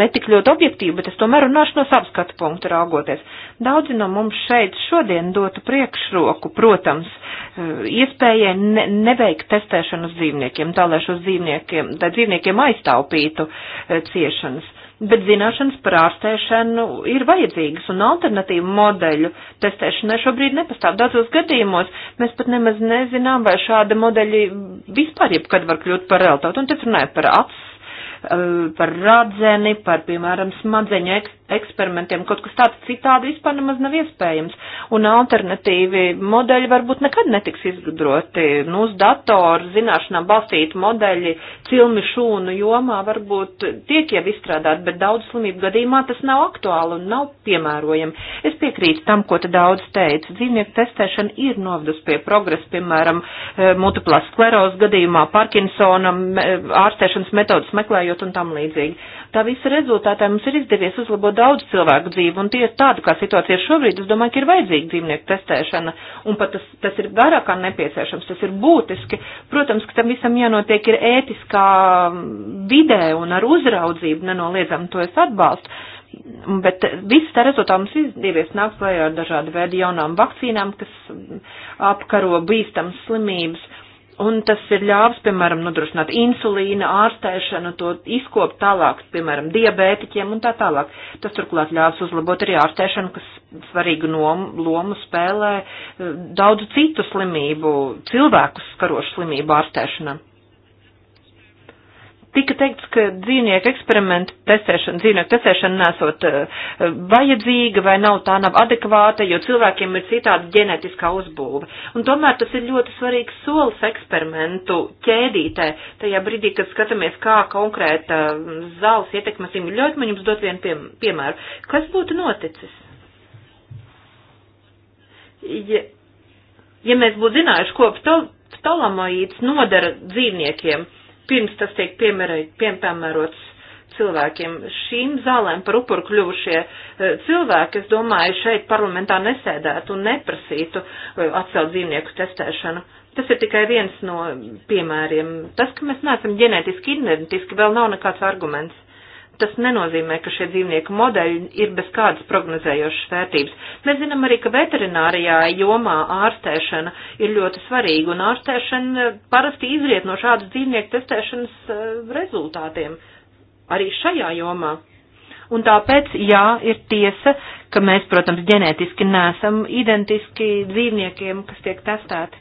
netik ļoti objektīvi, bet es tomēr runāšu no savas skatu punktu raugoties. Daudzi no mums šeit šodien dotu priekšroku, protams, eh, iespējai ne, neveikt testēšanu uz dzīvniekiem, tā lai šos dzīvniekiem, tā dzīvniekiem aiztaupītu eh, ciešanas bet zināšanas par ārstēšanu ir vajadzīgas un alternatīvu modeļu testēšanai šobrīd nepastāv. Daudzos gadījumos mēs pat nemaz nezinām, vai šāda modeļa vispār jebkad var kļūt par realitāti. Un te runājot par acis Eh, par radzeni, par, piemēram, smadzeņu eksperimentiem, kaut kas tāds citādi vispār nemaz nav iespējams. Un alternatīvi modeļi varbūt nekad netiks izgudroti. Nu, uz datoru zināšanām balstīti modeļi cilmi šūnu jomā varbūt tiek jau izstrādāti, bet daudz slimību gadījumā tas nav aktuāli un nav piemērojami. Es piekrītu tam, ko te daudz teica. Dzīvnieku testēšana ir novedus pie progresa, piemēram, eh, multiplās skleros gadījumā, Parkinsonam, ārstēšanas metodas meklējot strādājot un tam līdzīgi. Tā visa rezultātā mums ir izdevies uzlabot daudz cilvēku dzīvi, un tie ir tādu, kā situācija ir šobrīd, es domāju, ka ir vajadzīga dzīvnieku testēšana, un pat tas, tas ir garāk kā nepieciešams, tas ir būtiski. Protams, ka tam visam jānotiek ir ētiskā vidē un ar uzraudzību, nenoliedzam, to es atbalstu. Bet viss tā rezultātā mums izdevies nākt klajā ar dažādu veidu jaunām vakcīnām, kas apkaro bīstamas slimības. Un tas ir ļāvis, piemēram, nodrošināt insulīna ārstēšanu, to izkopt tālāk, piemēram, diabētiķiem un tā tālāk. Tas turklāt ļāvis uzlabot arī ārstēšanu, kas svarīgu nom, lomu spēlē eh, daudzu citu slimību, cilvēkus skarošu slimību ārstēšanu. Tika teikts, ka dzīvnieku eksperimentu testēšana, dzīvnieku testēšana nesot eh, vajadzīga vai nav tā nav adekvāta, jo cilvēkiem ir citāda ģenetiskā uzbūve. Un tomēr tas ir ļoti svarīgs solis eksperimentu ķēdītē. Tajā brīdī, kad skatāmies, kā konkrēta mm, zāles ietekmesim, ļoti man jums dot vienu piem piemēru. Kas būtu noticis? Ja, ja mēs būtu zinājuši, ko ptalamoīds nodara dzīvniekiem, pirms tas tiek piemērots cilvēkiem. Šīm zālēm par upuru kļuvušie e, cilvēki, es domāju, šeit parlamentā nesēdētu un neprasītu e, atcelt dzīvnieku testēšanu. Tas ir tikai viens no piemēriem. Tas, ka mēs neesam ģenētiski identiski, vēl nav nekāds arguments tas nenozīmē, ka šie dzīvnieku modeļi ir bez kādas prognozējošas vērtības. Mēs zinām arī, ka veterinārijā jomā ārstēšana ir ļoti svarīga, un ārstēšana parasti izriet no šādas dzīvnieku testēšanas eh, rezultātiem arī šajā jomā. Un tāpēc, jā, ir tiesa, ka mēs, protams, ģenētiski nesam identiski dzīvniekiem, kas tiek testēti.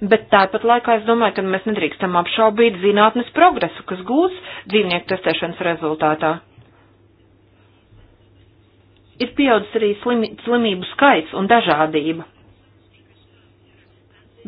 bet tāpat laikā es domāju, ka mēs nedrīkstam apšaubīt zinātnes progresu, kas gūs dzīvnieku testēšanas rezultātā. Ir pieaudzis arī slim, slimību skaits un dažādība.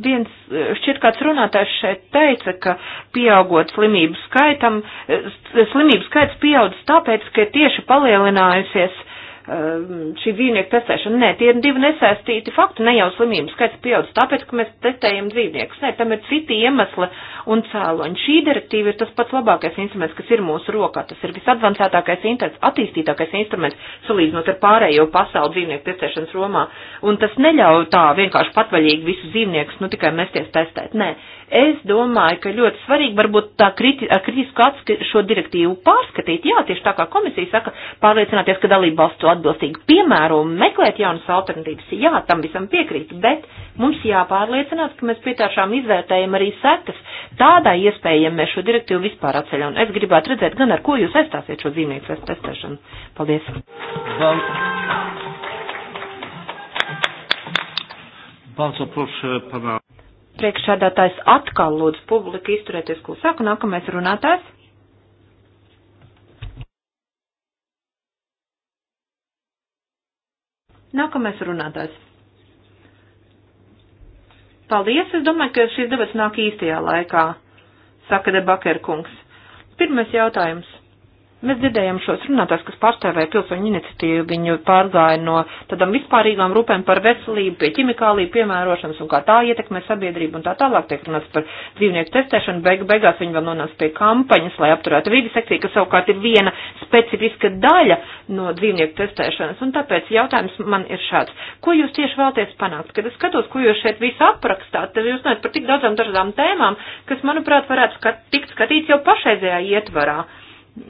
Viens šķiet kāds runātājs šeit teica, ka pieaugot slimību skaitam, slimību skaits pieaudzis tāpēc, ka tieši palielinājusies Ehm, šī dzīvnieku testēšana. Nē, tie ir divi nesaistīti fakti, ne jau slimību skaits pieaudz, tāpēc, ka mēs testējam dzīvniekus. Nē, tam ir citi iemesli un cēloņi. Šī direktīva ir tas pats labākais instruments, kas ir mūsu rokā. Tas ir visadvancētākais, attīstītākais instruments, salīdzinot ar pārējo pasauli dzīvnieku testēšanas romā. Un tas neļauj tā vienkārši patvaļīgi visus dzīvniekus, nu tikai mesties testēt. Nē, Es domāju, ka ļoti svarīgi varbūt tā kriti, ar kritisku acu šo direktīvu pārskatīt. Jā, tieši tā kā komisija saka, pārliecināties, ka dalība valsts to atbilstīgi piemēro un meklēt jaunas alternatīvas. Jā, tam visam piekrīt, bet mums jāpārliecinās, ka mēs pietāšām izvērtējam arī sekas tādai iespējai, ja mēs šo direktīvu vispār atceļam. Un es gribētu redzēt, gan ar ko jūs aizstāsiet šo dzīvnieku testēšanu. Paldies! Bardzo proszę pana Priekšsēdētājs atkal lūdz publiku izturēties klusāk, nākamais runātājs. Nākamais runātājs. Paldies, es domāju, ka šīs debats nāk īstajā laikā, saka debakerkungs. Pirmais jautājums. Mēs dzirdējām šos runātājs, kas pārstāvēja pilsoņu iniciatīvu, viņu pārgāja no tādām vispārīgām rūpēm par veselību, pie ķimikālī piemērošanas un kā tā ietekmē sabiedrību un tā tālāk tiek runāts par dzīvnieku testēšanu. Beig, beigās viņi vēl nonāca pie kampaņas, lai apturētu vīdi sekciju, kas savukārt ir viena specifiska daļa no dzīvnieku testēšanas. Un tāpēc jautājums man ir šāds. Ko jūs tieši vēlties panākt? Kad es skatos, ko jūs šeit visu aprakstāt, tad jūs runājat par tik daudzām dažādām tēmām, kas, manuprāt, varētu skat, tikt skatīts jau pašreizējā ietvarā.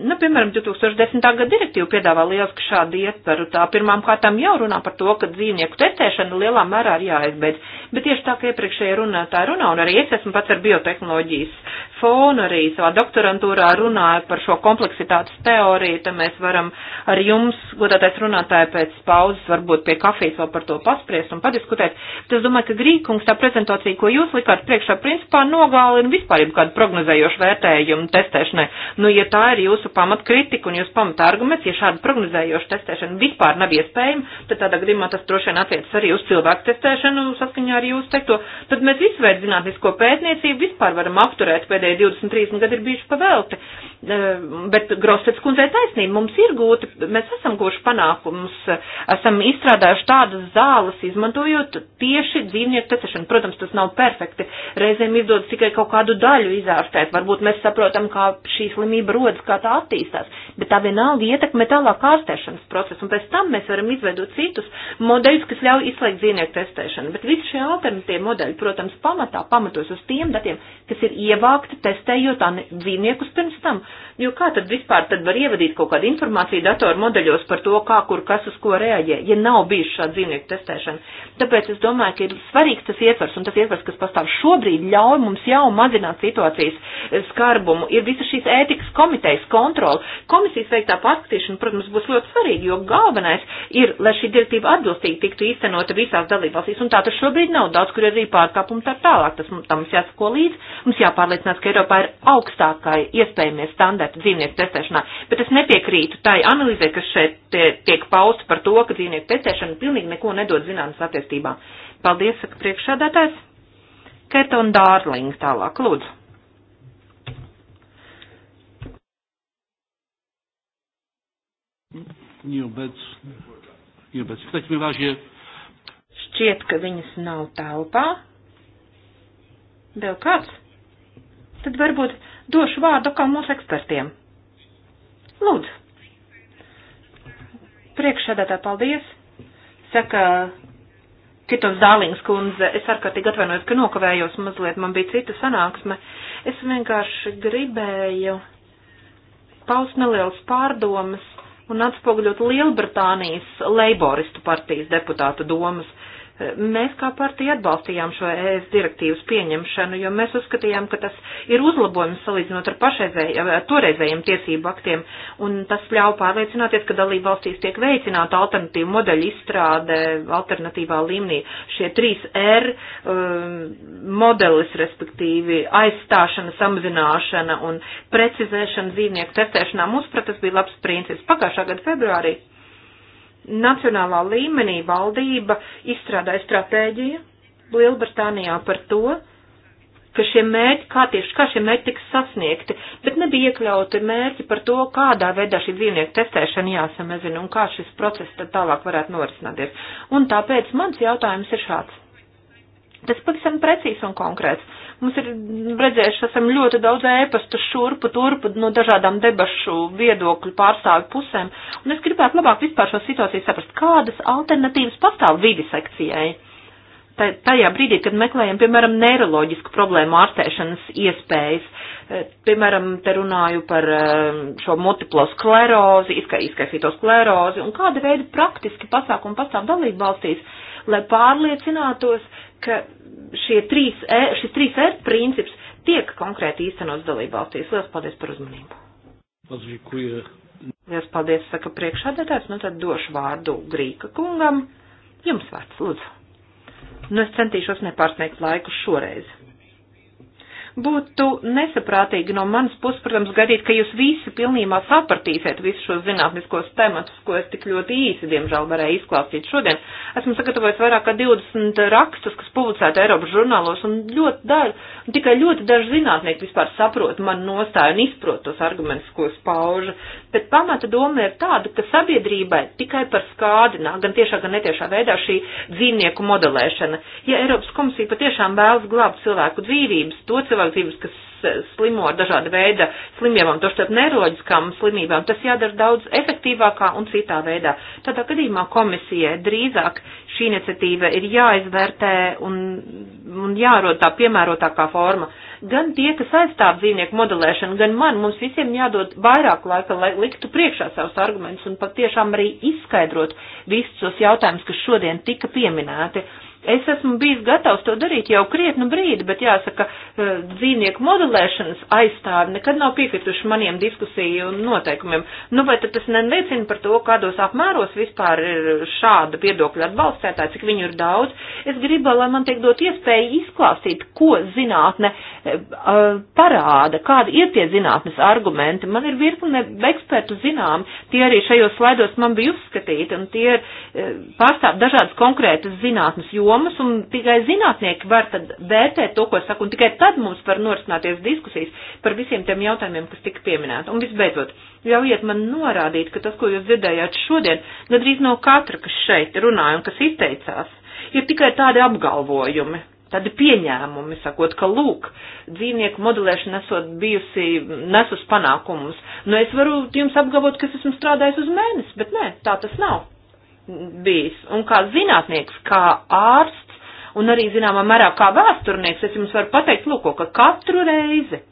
Nu, piemēram, 2010. gada direktīva piedāvā lielu šādu ietveru. Tā pirmām kārtām jau runā par to, ka dzīvnieku tetēšana lielā mērā ir jāizbeidz. Bet tieši tā, ka iepriekšējā runātāja runā, un arī es esmu pats ar biotehnoloģijas fonu, arī savā doktorantūrā runāju par šo kompleksitātes teoriju, tad mēs varam ar jums, godātais runātāja, pēc pauzes varbūt pie kafijas vēl par to paspriest un padiskutēt. Bet es domāju, ka Grīkungs tā prezentācija, ko jūs likāt priekšā, principā nogālina vispār jau kādu prognozējošu vērtējumu testēšanai. Nu, ja tā ir jūs jūsu pamatkritika un jūsu pamatarguments, ja šāda prognozējoša testēšana vispār nav iespējama, tad tādā gadījumā tas droši vien attiecas arī uz cilvēku testēšanu saskaņā ar jūsu teikto, tad mēs visu veidu zinātnisko pētniecību vispār varam apturēt, pēdējie 23 gadi ir bijuši pavelti, e, bet Grostets kundzei taisnība, mums ir gūti, mēs esam guvuši panākumus, esam izstrādājuši tādas zāles, izmantojot tieši dzīvnieku testēšanu. Protams, tas nav perfekti, reizēm izdodas tikai kaut kādu daļu izārstēt, varbūt mēs saprotam, kā šī slimība rodas, kā tā attīstās, bet tā vienalga ietekmē tālāk ārstēšanas procesu, un pēc tam mēs varam izveidot citus modeļus, kas ļauj izslēgt dzīvnieku testēšanu. Bet visi šie alternatīvie modeļi, protams, pamatā pamatos uz tiem datiem, kas ir ievākti testējot dzīvniekus pirms tam. Jo kā tad vispār tad var ievadīt kaut kādu informāciju datoru modeļos par to, kā, kur, kas uz ko reaģē, ja nav bijis šāda dzīvnieku testēšana? Tāpēc es domāju, ka ir svarīgs tas ietvers, un tas ietvers, kas pastāv šobrīd, ļauj mums jau mazināt situācijas eh, skarbumu. Ir visa šīs ētikas komitejas kontrola. Komisijas veiktā pārskatīšana, protams, būs ļoti svarīga, jo galvenais ir, lai šī direktīva atbilstīgi tiktu īstenota visās dalībvalstīs, un tā tas šobrīd nav daudz, kur ir arī pārkāpumi tā tālāk. Tas mums, tā mums jāsako līdz, mums jāpārliecinās, ka Eiropā ir augstākai iespējamie standarti standarti dzīvnieku testēšanā, bet es nepiekrītu tai analīzē, kas šeit tiek pausta par to, ka dzīvnieku testēšana pilnīgi neko nedod zināmas attiestībā. Paldies, saka priekšādātājs. Kertona Dārlinga tālāk, lūdzu. Nieobecny. Nieobecny. W takim razie. Šķiet, ka viņas nav telpā. Vēl kāds? Tad varbūt došu vārdu kā mūsu ekspertiem. Lūdzu. Priekšsēdētā paldies. Saka Kitos Dālings kundze, es ārkārtīgi atvainojos, ka nokavējos mazliet, man bija cita sanāksme. Es vienkārši gribēju paust nelielas pārdomas un atspoguļot Lielbritānijas leiboristu partijas deputātu domas. Mēs kā partija atbalstījām šo ES direktīvas pieņemšanu, jo mēs uzskatījām, ka tas ir uzlabojums salīdzinot ar pašreizējiem, toreizējiem tiesību aktiem, un tas ļauj pārliecināties, ka dalība valstīs tiek veicināta alternatīva modeļa izstrāde alternatīvā līmenī. Šie 3R um, modelis, respektīvi aizstāšana, samazināšana un precizēšana dzīvnieku testēšanā, mums, protams, bija labs princips. Pagājušā gada februārī nacionālā līmenī valdība izstrādāja stratēģiju Lielbritānijā par to, ka šie mērķi, kā tieši, kā šie mērķi tiks sasniegti, bet nebija iekļauti mērķi par to, kādā veidā šī dzīvnieku testēšana jāsamazina un kā šis process tad tālāk varētu norisināties. Un tāpēc mans jautājums ir šāds. Tas pavisam precīzi un konkrēts. Mums ir redzējuši, esam ļoti daudz ēpastu šurpu, turpu no dažādām debašu viedokļu pārstāvi pusēm, un es gribētu labāk vispār šo situāciju saprast, kādas alternatīvas pastāv vidisekcijai. Tajā brīdī, kad meklējam, piemēram, neiroloģisku problēmu ārstēšanas iespējas, eh, piemēram, te runāju par eh, šo multiplo sklerozi, izkaisīto sklerozi, un kāda veida praktiski pasākumi pastāv dalību valstīs, lai pārliecinātos, ka šie trīs, e, šis 3R e princips tiek konkrēti īstenots dalībvalstīs. Lielas paldies par uzmanību. Paldies, Lielas paldies, saka priekšādātājs. Nu tad došu vārdu Grīka kungam. Jums vārds, lūdzu. Nu es centīšos nepārsniegt laiku šoreiz. Būtu nesaprātīgi no manas puses, protams, gaidīt, ka jūs visi pilnībā sapratīsiet visus šos zinātniskos tematus, ko es tik ļoti īsi, diemžēl, varēju izklāstīt šodien. Esmu sagatavojis vairāk kā 20 rakstus, kas publicēti Eiropas žurnālos, un ļoti dar, un tikai ļoti daži zinātnieki vispār saprot manu nostāju un izprot tos argumentus, ko es paužu. Bet pamata doma ir tāda, ka sabiedrībai tikai par skādinā, gan tiešā, gan netiešā veidā šī dzīvnieku modelēšana. Ja Eiropas komisija patiešām vēlas glābt cilvēku dzīvības, to cilvēku, cilvēku dzīves, kas eh, slimo ar dažāda veida slimībām, to starp neroģiskām slimībām, tas jādara daudz efektīvākā un citā veidā. Tādā gadījumā komisijai drīzāk šī iniciatīva ir jāizvērtē un, un jārod tā piemērotākā forma. Gan tie, kas aizstāv dzīvnieku modelēšanu, gan man, mums visiem jādod vairāk laika, lai liktu priekšā savus argumentus un patiešām arī izskaidrot visus tos jautājumus, kas šodien tika pieminēti Es esmu bijis gatavs to darīt jau krietnu brīdi, bet jāsaka, eh, dzīvnieku modelēšanas aizstāvi nekad nav piekrituši maniem diskusiju noteikumiem. Nu, vai tad tas neliecina par to, kādos apmēros vispār ir šāda viedokļa atbalstētāja, cik viņu ir daudz? Es gribu, lai man tiek dot iespēja izklāstīt, ko zinātne eh, eh, parāda, kādi ir tie zinātnes argumenti. Man ir virkne ekspertu zinām, tie arī šajos slaidos man bija uzskatīti, un tie ir pārstāv dažādas konkrētas zinātnes jomas jomas, un tikai zinātnieki var tad vērtēt to, ko saka, un tikai tad mums var norisināties diskusijas par visiem tiem jautājumiem, kas tika pieminēti. Un visbeidzot, ļaujiet man norādīt, ka tas, ko jūs dzirdējāt šodien, gadrīz no katra, kas šeit runāja un kas izteicās, ir tikai tādi apgalvojumi, tādi pieņēmumi, sakot, ka lūk, dzīvnieku modelēšana esot bijusi nesus panākumus. Nu, es varu jums apgalvot, ka es esmu strādājis uz mēnesi, bet nē, tā tas nav bijis. Un kā zinātnieks, kā ārsts un arī zināmā mērā kā vēsturnieks, es jums varu pateikt, lūk, ka katru reizi,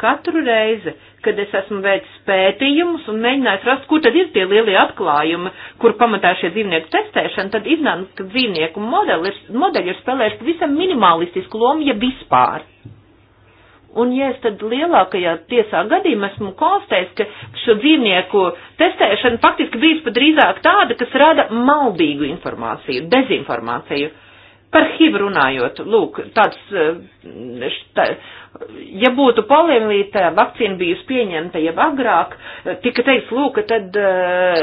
katru reizi, kad es esmu veicis pētījumus un mēģinājis rast, kur tad ir tie lielie atklājumi, kur pamatā šie dzīvnieku testēšana, tad iznāca, ka dzīvnieku modeļi ir, modeļi ir spēlējuši pavisam minimalistisku lomu, ja vispār. Un, ja es tad lielākajā tiesā gadījumā esmu konstatējis, ka šo dzīvnieku testēšana faktiski bijis pat drīzāk tāda, kas rada maldīgu informāciju, dezinformāciju. Par HIV runājot, lūk, tāds, eh, tā, ja būtu poliomielīta vakcīna bijusi pieņemta jau agrāk, tika teiks, lūk, tad eh,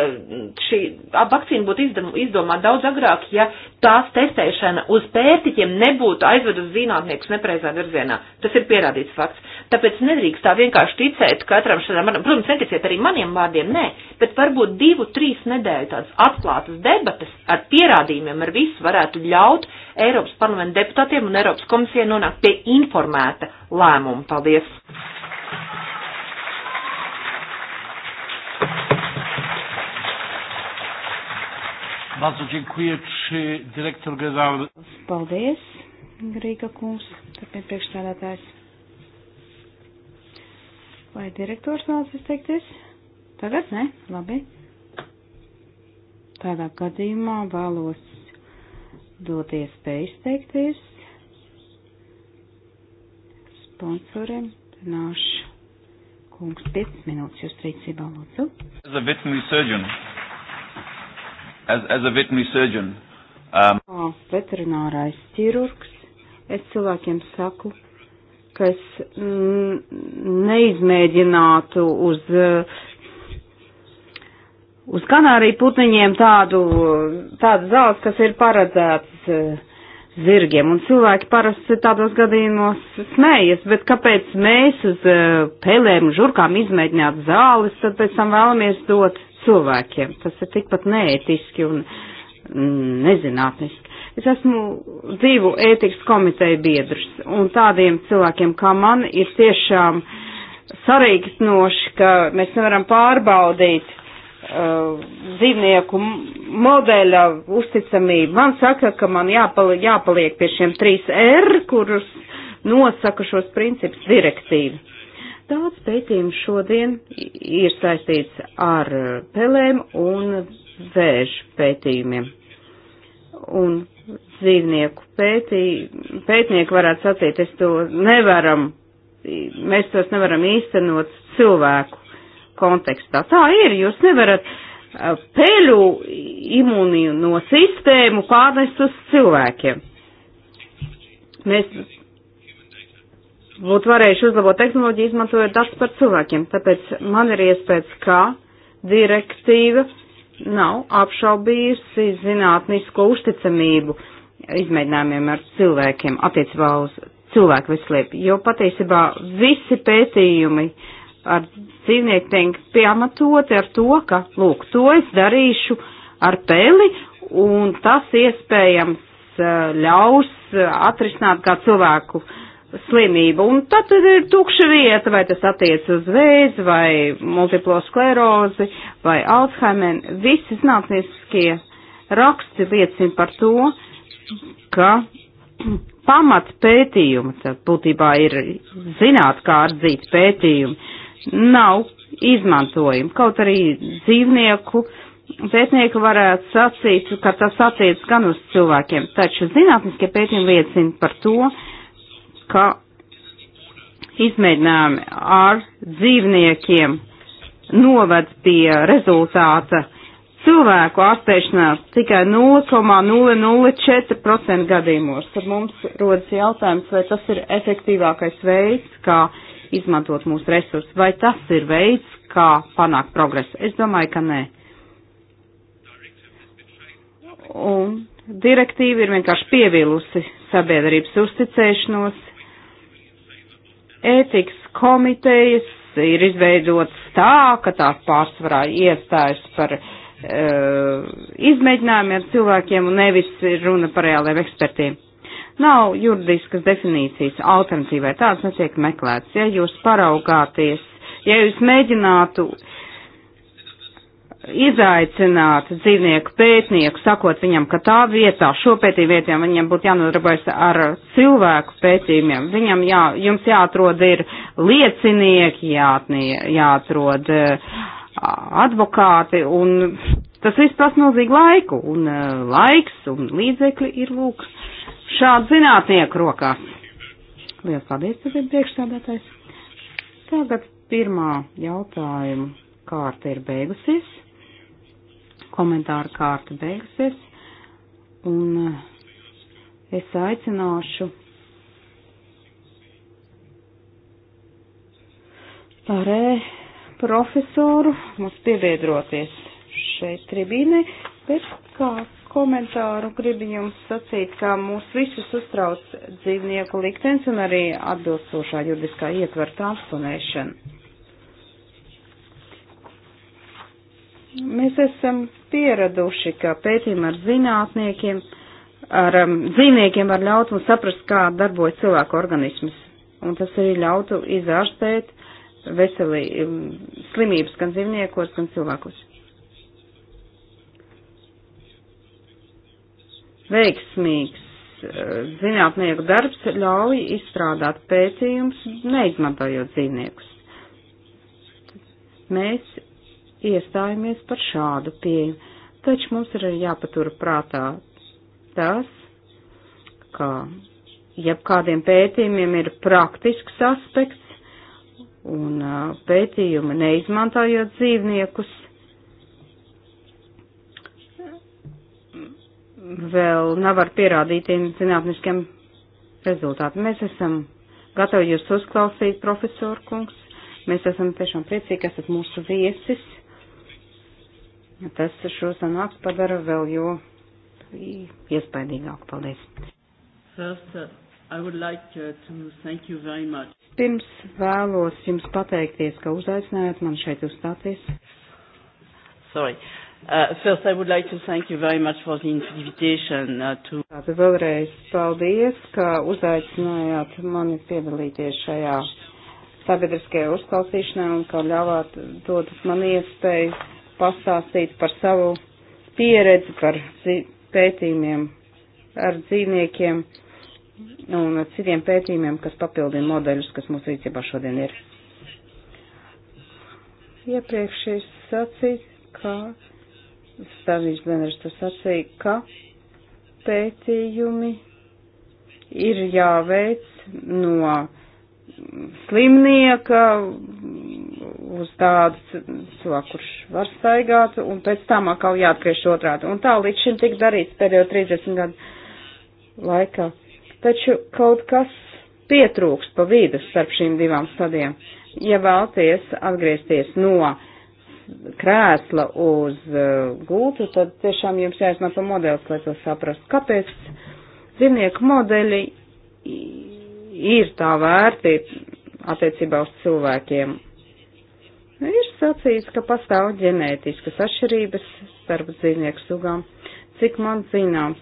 šī vakcīna būtu izdomāta daudz agrāk, ja tās testēšana uz pētiķiem nebūtu aizvedusi zinātniekus nepreizā virzienā. Tas ir pierādīts fakts. Tāpēc nedrīkst tā vienkārši ticēt katram šādam, protams, neticiet arī maniem vārdiem, nē, bet varbūt divu, trīs nedēļu tādas atklātas debatas ar pierādījumiem, ar visu varētu ļaut Eiropas parlamenta deputātiem un Eiropas komisija nonāk pie informēta lēmuma. Paldies! Bardzo dziękuję. Czy dyrektor generalny. Paldies, Grīga kungs, tāpēc priekšstādātājs. Vai direktors vēlas izteikties? Tagad ne, labi. Tādā gadījumā vēlos dot iespēju izteikties sponsoriem. Nāšu kungs 5 minūtes jūs rīcībā lūdzu. As a veterinary surgeon, as, as a veterinary surgeon. Um... Kā veterinārais ķirurgs, es cilvēkiem saku, ka es neizmēģinātu uz uh, uz Kanāriju putniņiem tādu, tādu zāles, kas ir paredzēts eh, zirgiem, un cilvēki parasti tādos gadījumos smējas, bet kāpēc mēs uz eh, pelēm un žurkām izmēģināt zāles, tad pēc tam vēlamies dot cilvēkiem. Tas ir tikpat neētiski un mm, nezinātniski. Es esmu dzīvu ētikas komiteju biedrs, un tādiem cilvēkiem kā man ir tiešām sarīkstnoši, ka mēs nevaram pārbaudīt uh, dzīvnieku modeļa uzticamību. Man saka, ka man jāpaliek, jāpaliek pie šiem 3R, kurus nosaka šos principus direktīvi. Daudz pētījumu šodien ir saistīts ar pelēm un vēžu pētījumiem. Un dzīvnieku pētī, pētnieki varētu sacīt, es to nevaram, mēs tos nevaram īstenot cilvēku kontekstā. Tā ir, jūs nevarat peļu imuniju no sistēmu pārnest uz cilvēkiem. Mēs būtu varējuši uzlabot tehnoloģiju, izmantojot datus par cilvēkiem, tāpēc man ir iespējas, ka direktīva nav apšaubījusi zinātnisko uzticamību izmēģinājumiem ar cilvēkiem attiecībā uz cilvēku veselību, jo patiesībā visi pētījumi uh, ar dzīvnieku tiek piematoti ar to, ka, lūk, to es darīšu ar peli, un tas iespējams eh, ļaus eh, atrisināt kā cilvēku slimību. Un tad ir tukša vieta, vai tas attiec uz vēzi, vai multiplo sklerozi, vai Alzheimer. Visi zinātniskie raksti liecina par to, ka pamat pētījumi, tad būtībā ir zināt, kā ardzīt pētījumi, nav izmantojumi. Kaut arī dzīvnieku pētnieki varētu sacīt, ka tas attiec gan uz cilvēkiem, taču zinātniskie pētījumi liecina par to, ka izmēģinājumi ar dzīvniekiem noved pie rezultāta cilvēku ārstēšanās tikai 0,004% gadījumos. Tad mums rodas jautājums, vai tas ir efektīvākais veids, kā izmantot mūsu resursus. Vai tas ir veids, kā panākt progresu? Es domāju, ka nē. Un direktīva ir vienkārši pievilusi sabiedrības uzticēšanos. Ētikas komitejas ir izveidotas tā, ka tās pārsvarā iestājas par uh, izmēģinājumiem ar cilvēkiem un nevis runa par reāliem ekspertiem. Nav juridiskas definīcijas alternatīvai, tās netiek meklētas. Ja jūs paraugāties, ja jūs mēģinātu izaicināt dzīvnieku pētnieku, sakot viņam, ka tā vietā, šo pētījumu vietām viņam būtu jānodarbojas ar cilvēku pētījumiem. Viņam jā, jums jāatrod ir liecinieki, jāatnie, jāatrod eh, advokāti, un tas viss prasa milzīgu laiku, un eh, laiks un līdzekļi ir lūks šādu zinātnieku rokās. Lielas paldies, tas ir priekšstādātais. Tagad pirmā jautājuma kārta ir beigusies, komentāra kārta beigusies, un eh, es aicināšu Arē profesoru mums pieviedroties šeit tribīnē, bet kā komentāru gribu jums sacīt, ka mūs visus uztrauc dzīvnieku liktenis un arī atbilstošā juridiskā ietvara transponēšana. Mēs esam pieraduši, ka pētījumi ar zinātniekiem, ar um, dzīvniekiem var ļaut mums saprast, kā darbojas cilvēku organisms. Un tas arī ļautu izārstēt veselī, um, slimības gan dzīvniekos, gan cilvēkus. Veiksmīgs eh, zinātnieku darbs ļauj izstrādāt pētījums, neizmantojot dzīvniekus. Mēs iestājamies par šādu pieeju, taču mums ir jāpatura prātā tas, ka jebkādiem pētījumiem ir praktisks aspekts, un eh, pētījumi neizmantojot dzīvniekus vēl nav ar pierādītiem zinātniskiem rezultātiem. Mēs esam gatavi jūs uzklausīt, profesor kungs. Mēs esam tiešām priecīgi, ka esat mūsu viesis. Tas šo sanāks padara vēl jo iespaidīgāk. Paldies. First, uh, I would like uh, to thank you very much. Pirms vēlos jums pateikties, ka uzaicinājāt man šeit uzstāties. Sorry. Uh, Uh, first, I would like to thank you very much for the invitation uh, to. Tātad vēlreiz paldies, ka uzaicinājāt mani piedalīties šajā sabiedriskajā uzklausīšanā un ka ļāvāt dodat man iespēju pastāstīt par savu pieredzi, par pētījumiem ar dzīvniekiem un citiem pētījumiem, kas papildina modeļus, kas mūsu rīcībā šodien ir. Iepriekš es sacīju, ka Savīgs Beners tas sacīja, ka pētījumi ir jāveic no slimnieka uz tādu cilvēku, kurš var staigāt, un pēc tam atkal jāatgriež otrādi. Un tā līdz šim tika darīts pēdējo 30 gadu laikā. Taču kaut kas pietrūkst pa vīdu starp šīm divām stadijām. Ja vēlties atgriezties no krēsla uz e, gultu, tad tiešām jums jāizmanto modelis, lai to saprastu. Kāpēc dzīvnieku modeļi ir tā vērti attiecībā uz cilvēkiem? Nu, ir sacījis, ka pastāv ģenētiskas atšķirības starp dzīvnieku sugām. Cik man zināms,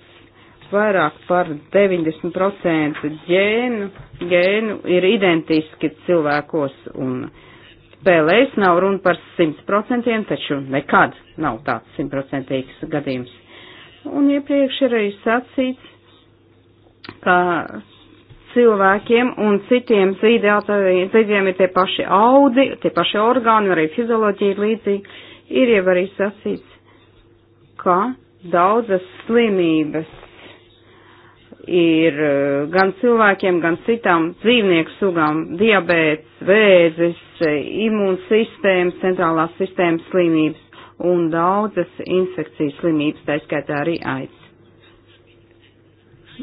vairāk par 90% gēnu, gēnu ir identiski cilvēkos un cilvēkos spēlēs nav runa par 100%, taču nekad nav tāds 100% gadījums. Un iepriekš ir arī sacīts, ka cilvēkiem un citiem zīdiem ir tie paši audi, tie paši orgāni, arī fizioloģija ir līdzīga. Ir jau arī sacīts, ka daudzas slimības ir eh, gan cilvēkiem, gan citām dzīvnieku sugām - diabēts, vēzis, eh, imūnsistēmas, centrālās sistēmas slimības un daudzas infekcijas slimības, tā skaitā arī aids.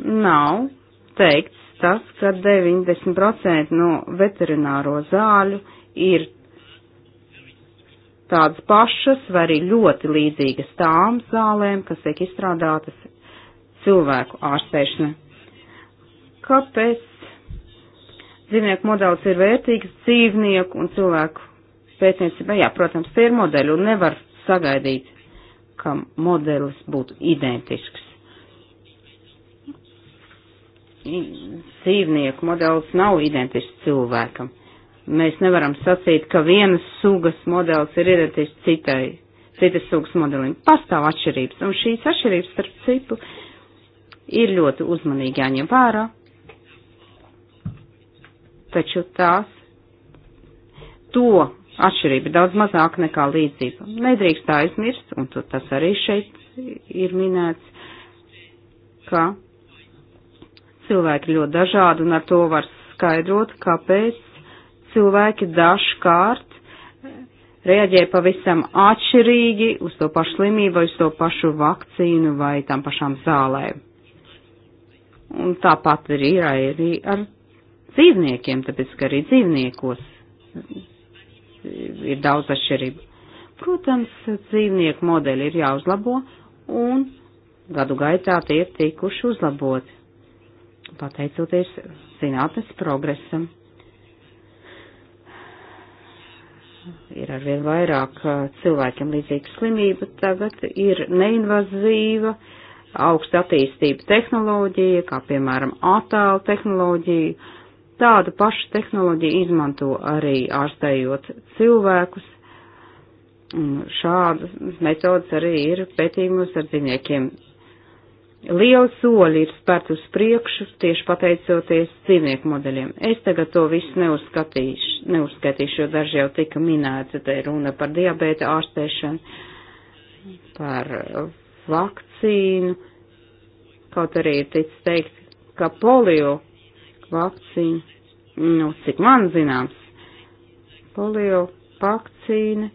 Nav teikts tas, ka 90% no veterināro zāļu ir tādas pašas vai arī ļoti līdzīgas tām zālēm, kas tiek izstrādātas cilvēku ārstēšana. Kāpēc dzīvnieku modelis ir vērtīgs dzīvnieku un cilvēku pētniecībai? Jā, protams, tie ir modeļi un nevar sagaidīt, ka modelis būtu identisks. Dzīvnieku modelis nav identisks cilvēkam. Mēs nevaram sacīt, ka vienas sugas modelis ir identisks citai citas sūgas modelim. Pastāv atšķirības, un šīs atšķirības, starp citu, ir ļoti uzmanīgi jāņem vērā, taču tās to atšķirība ir daudz mazāka nekā līdzība. Nedrīkst tā aizmirst, un tas arī šeit ir minēts, ka cilvēki ļoti dažādi, un ar to var skaidrot, kāpēc cilvēki dažkārt reaģē pavisam atšķirīgi uz to pašu slimību, vai uz to pašu vakcīnu vai tam pašām zālēm. Un tāpat ir arī ar dzīvniekiem, tāpēc, ka arī dzīvniekos ir daudz atšķirību. Protams, dzīvnieku modeļi ir jāuzlabo, un gadu gaitā tie ir tikuši uzlaboti, pateicoties zinātnes progresam. Ir arvien vairāk cilvēkiem līdzīga slimība, tagad ir neinvazīva, uh, augsta attīstība tehnoloģija, kā piemēram attēlu tehnoloģija. Tādu pašu tehnoloģiju izmanto arī ārstējot cilvēkus. Un šādas metodas arī ir pētījumos ar dzīvniekiem. Liela soļi ir spērt uz priekšu tieši pateicoties dzīvnieku modeļiem. Es tagad to visu neuzskatīšu, neuzskatīšu jo daži jau tika minēti, te runa par diabēta ārstēšanu, par vakcīnu, kaut arī ir ticis teikt, ka polio vakcīna, nu, cik man zināms, polio vakcīna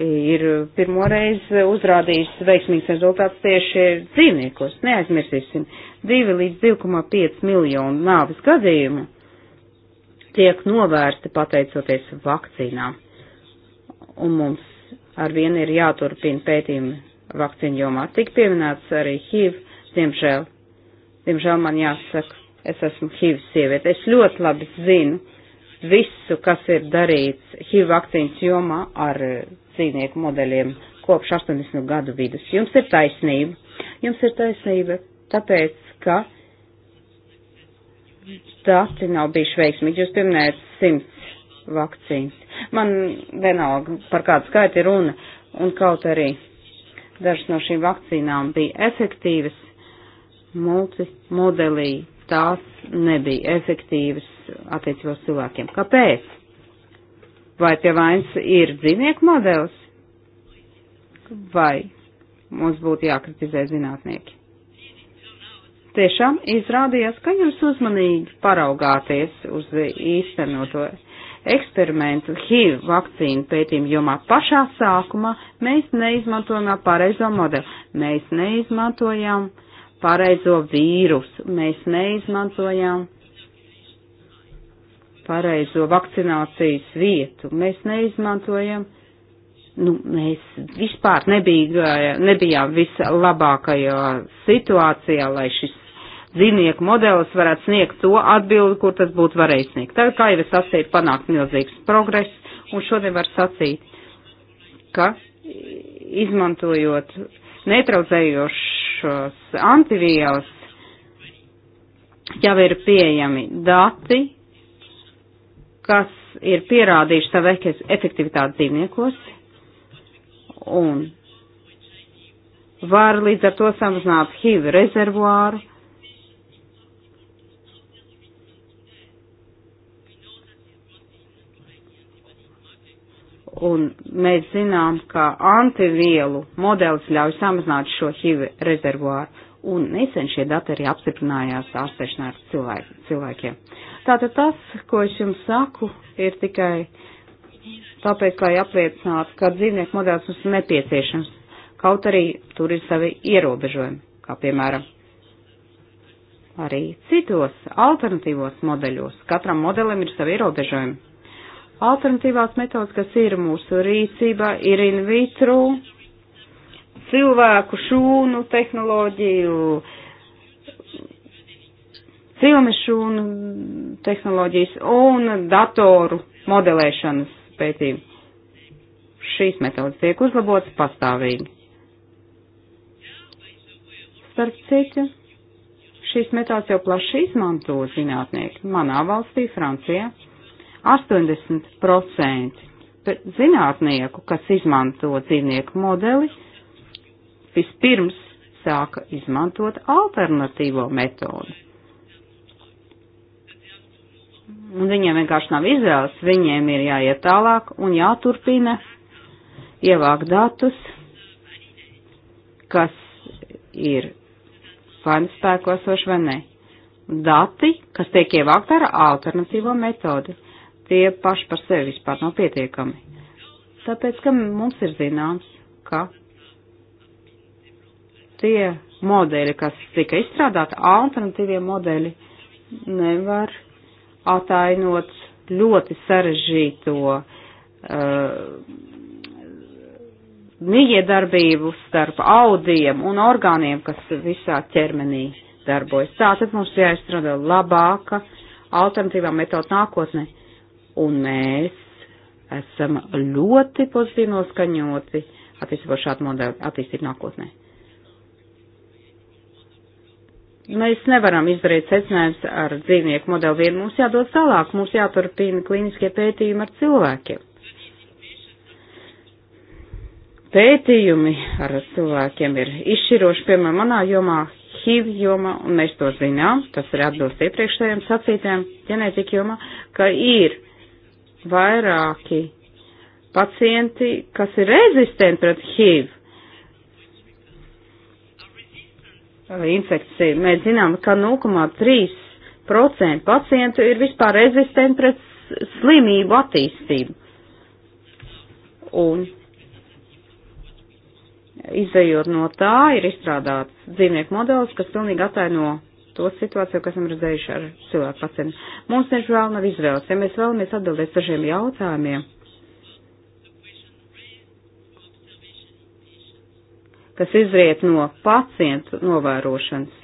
ir pirmoreiz uzrādījis veiksmīgs rezultāts tieši dzīvniekos. Neaizmirsīsim, 2 līdz 2,5 miljonu nāvis gadījumu tiek novērsti pateicoties vakcīnām. Un mums ar vienu ir jāturpina pētījumi vakcīnu jomā. Tik pieminēts arī HIV, diemžēl. Diemžēl man jāsaka, es esmu HIV sieviete. Es ļoti labi zinu visu, kas ir darīts HIV vakcīnas jomā ar eh, dzīvnieku modeļiem kopš 80 gadu vidus. Jums ir taisnība. Jums ir taisnība, tāpēc, ka dati nav bijuši veiksmīgi. Jūs pieminējat 100 vakcīnas. Man vienalga, par kādu skaitu ir runa, un kaut arī dažas no šīm vakcīnām bija efektīvas, multimodelī tās nebija efektīvas attiecībos cilvēkiem. Kāpēc? Vai pie vainas ir dzīvnieku modelis? Vai mums būtu jākritizē zinātnieki? Tiešām izrādījās, ka jūs uzmanīgi paraugāties uz īstenoto eksperimentu HIV vakcīnu pētījumu jomā pašā sākumā mēs neizmantojam pareizo modeli. Mēs neizmantojam pareizo vīrusu. Mēs neizmantojam pareizo vakcinācijas vietu. Mēs neizmantojam, nu, mēs vispār nebija, nebijām vislabākajā situācijā, lai šis dzīvnieku modelis varētu sniegt to atbildi, kur tas būtu varējis sniegt. Tad, kā jau es sacīju, panākt milzīgs progress, un šodien var sacīt, ka izmantojot neutralizējošas antivielas, jau ir pieejami dati, kas ir pierādījuši savu efektivitāti dzīvniekos, un var līdz ar to samazināt HIV rezervuāru, un mēs zinām, ka antivielu modelis ļauj samazināt šo HIV rezervuāru, un nesen šie dati arī apstiprinājās ārstēšanā ar cilvēk, cilvēkiem. Tātad tas, ko es jums saku, ir tikai tāpēc, lai apliecinātu, ka dzīvnieku modelis mums nepieciešams, kaut arī tur ir savi ierobežojumi, kā piemēram arī citos alternatīvos modeļos. Katram modelim ir savi ierobežojumi. Alternatīvās metodas, kas ir mūsu rīcībā, ir in vitro cilvēku šūnu tehnoloģiju, cilvēku šūnu tehnoloģijas un datoru modelēšanas pētījumu. Šīs metodas tiek uzlabotas pastāvīgi. Starp citu, šīs metodas jau plaši izmanto zinātnieki manā valstī, Francijā. 80% zinātnieku, kas izmanto dzīvnieku modeli, vispirms sāka izmantot alternatīvo metodi. Un viņiem vienkārši nav izvēles, viņiem ir jāiet tālāk un jāturpina ievākt datus, kas ir vai nu spēkosoši vai nē. Dati, kas tiek ievākt ar alternatīvo metodi tie paši par sevi vispār nav pietiekami. Tāpēc, ka mums ir zināms, ka tie modeļi, kas tika izstrādāti, alternatīvie modeļi, nevar atainot ļoti sarežģīto uh, niedarbību starp audiem un orgāniem, kas visā ķermenī darbojas. Tātad mums jāizstrādā labāka alternatīvā metoda nākotnē un mēs esam ļoti pozitīvi noskaņoti attiecībā šādu modeli attīstīt nākotnē. Mēs nevaram izdarīt secinājumus ar dzīvnieku modeli vien, mums jādod tālāk, mums jāturpina klīniskie pētījumi ar cilvēkiem. Pētījumi ar cilvēkiem ir izšķiroši, piemēram, manā jomā, HIV jomā, un mēs to zinām, tas ir atbilst iepriekšējiem sacītēm, ģenētika jomā, ka ir uh, vairāki pacienti, kas ir rezistenti pret HIV infekciju. Mēs zinām, ka 0,3% pacientu ir vispār rezistenti pret slimību attīstību. Un izējot no tā, ir izstrādāts dzīvnieku modelis, kas pilnīgi ataino to situāciju, kas esam redzējuši ar cilvēku pacientu. Mums taču vēl nav izvēles. Ja mēs vēlamies atbildēt dažiem jautājumiem, kas izriet no pacientu novērošanas,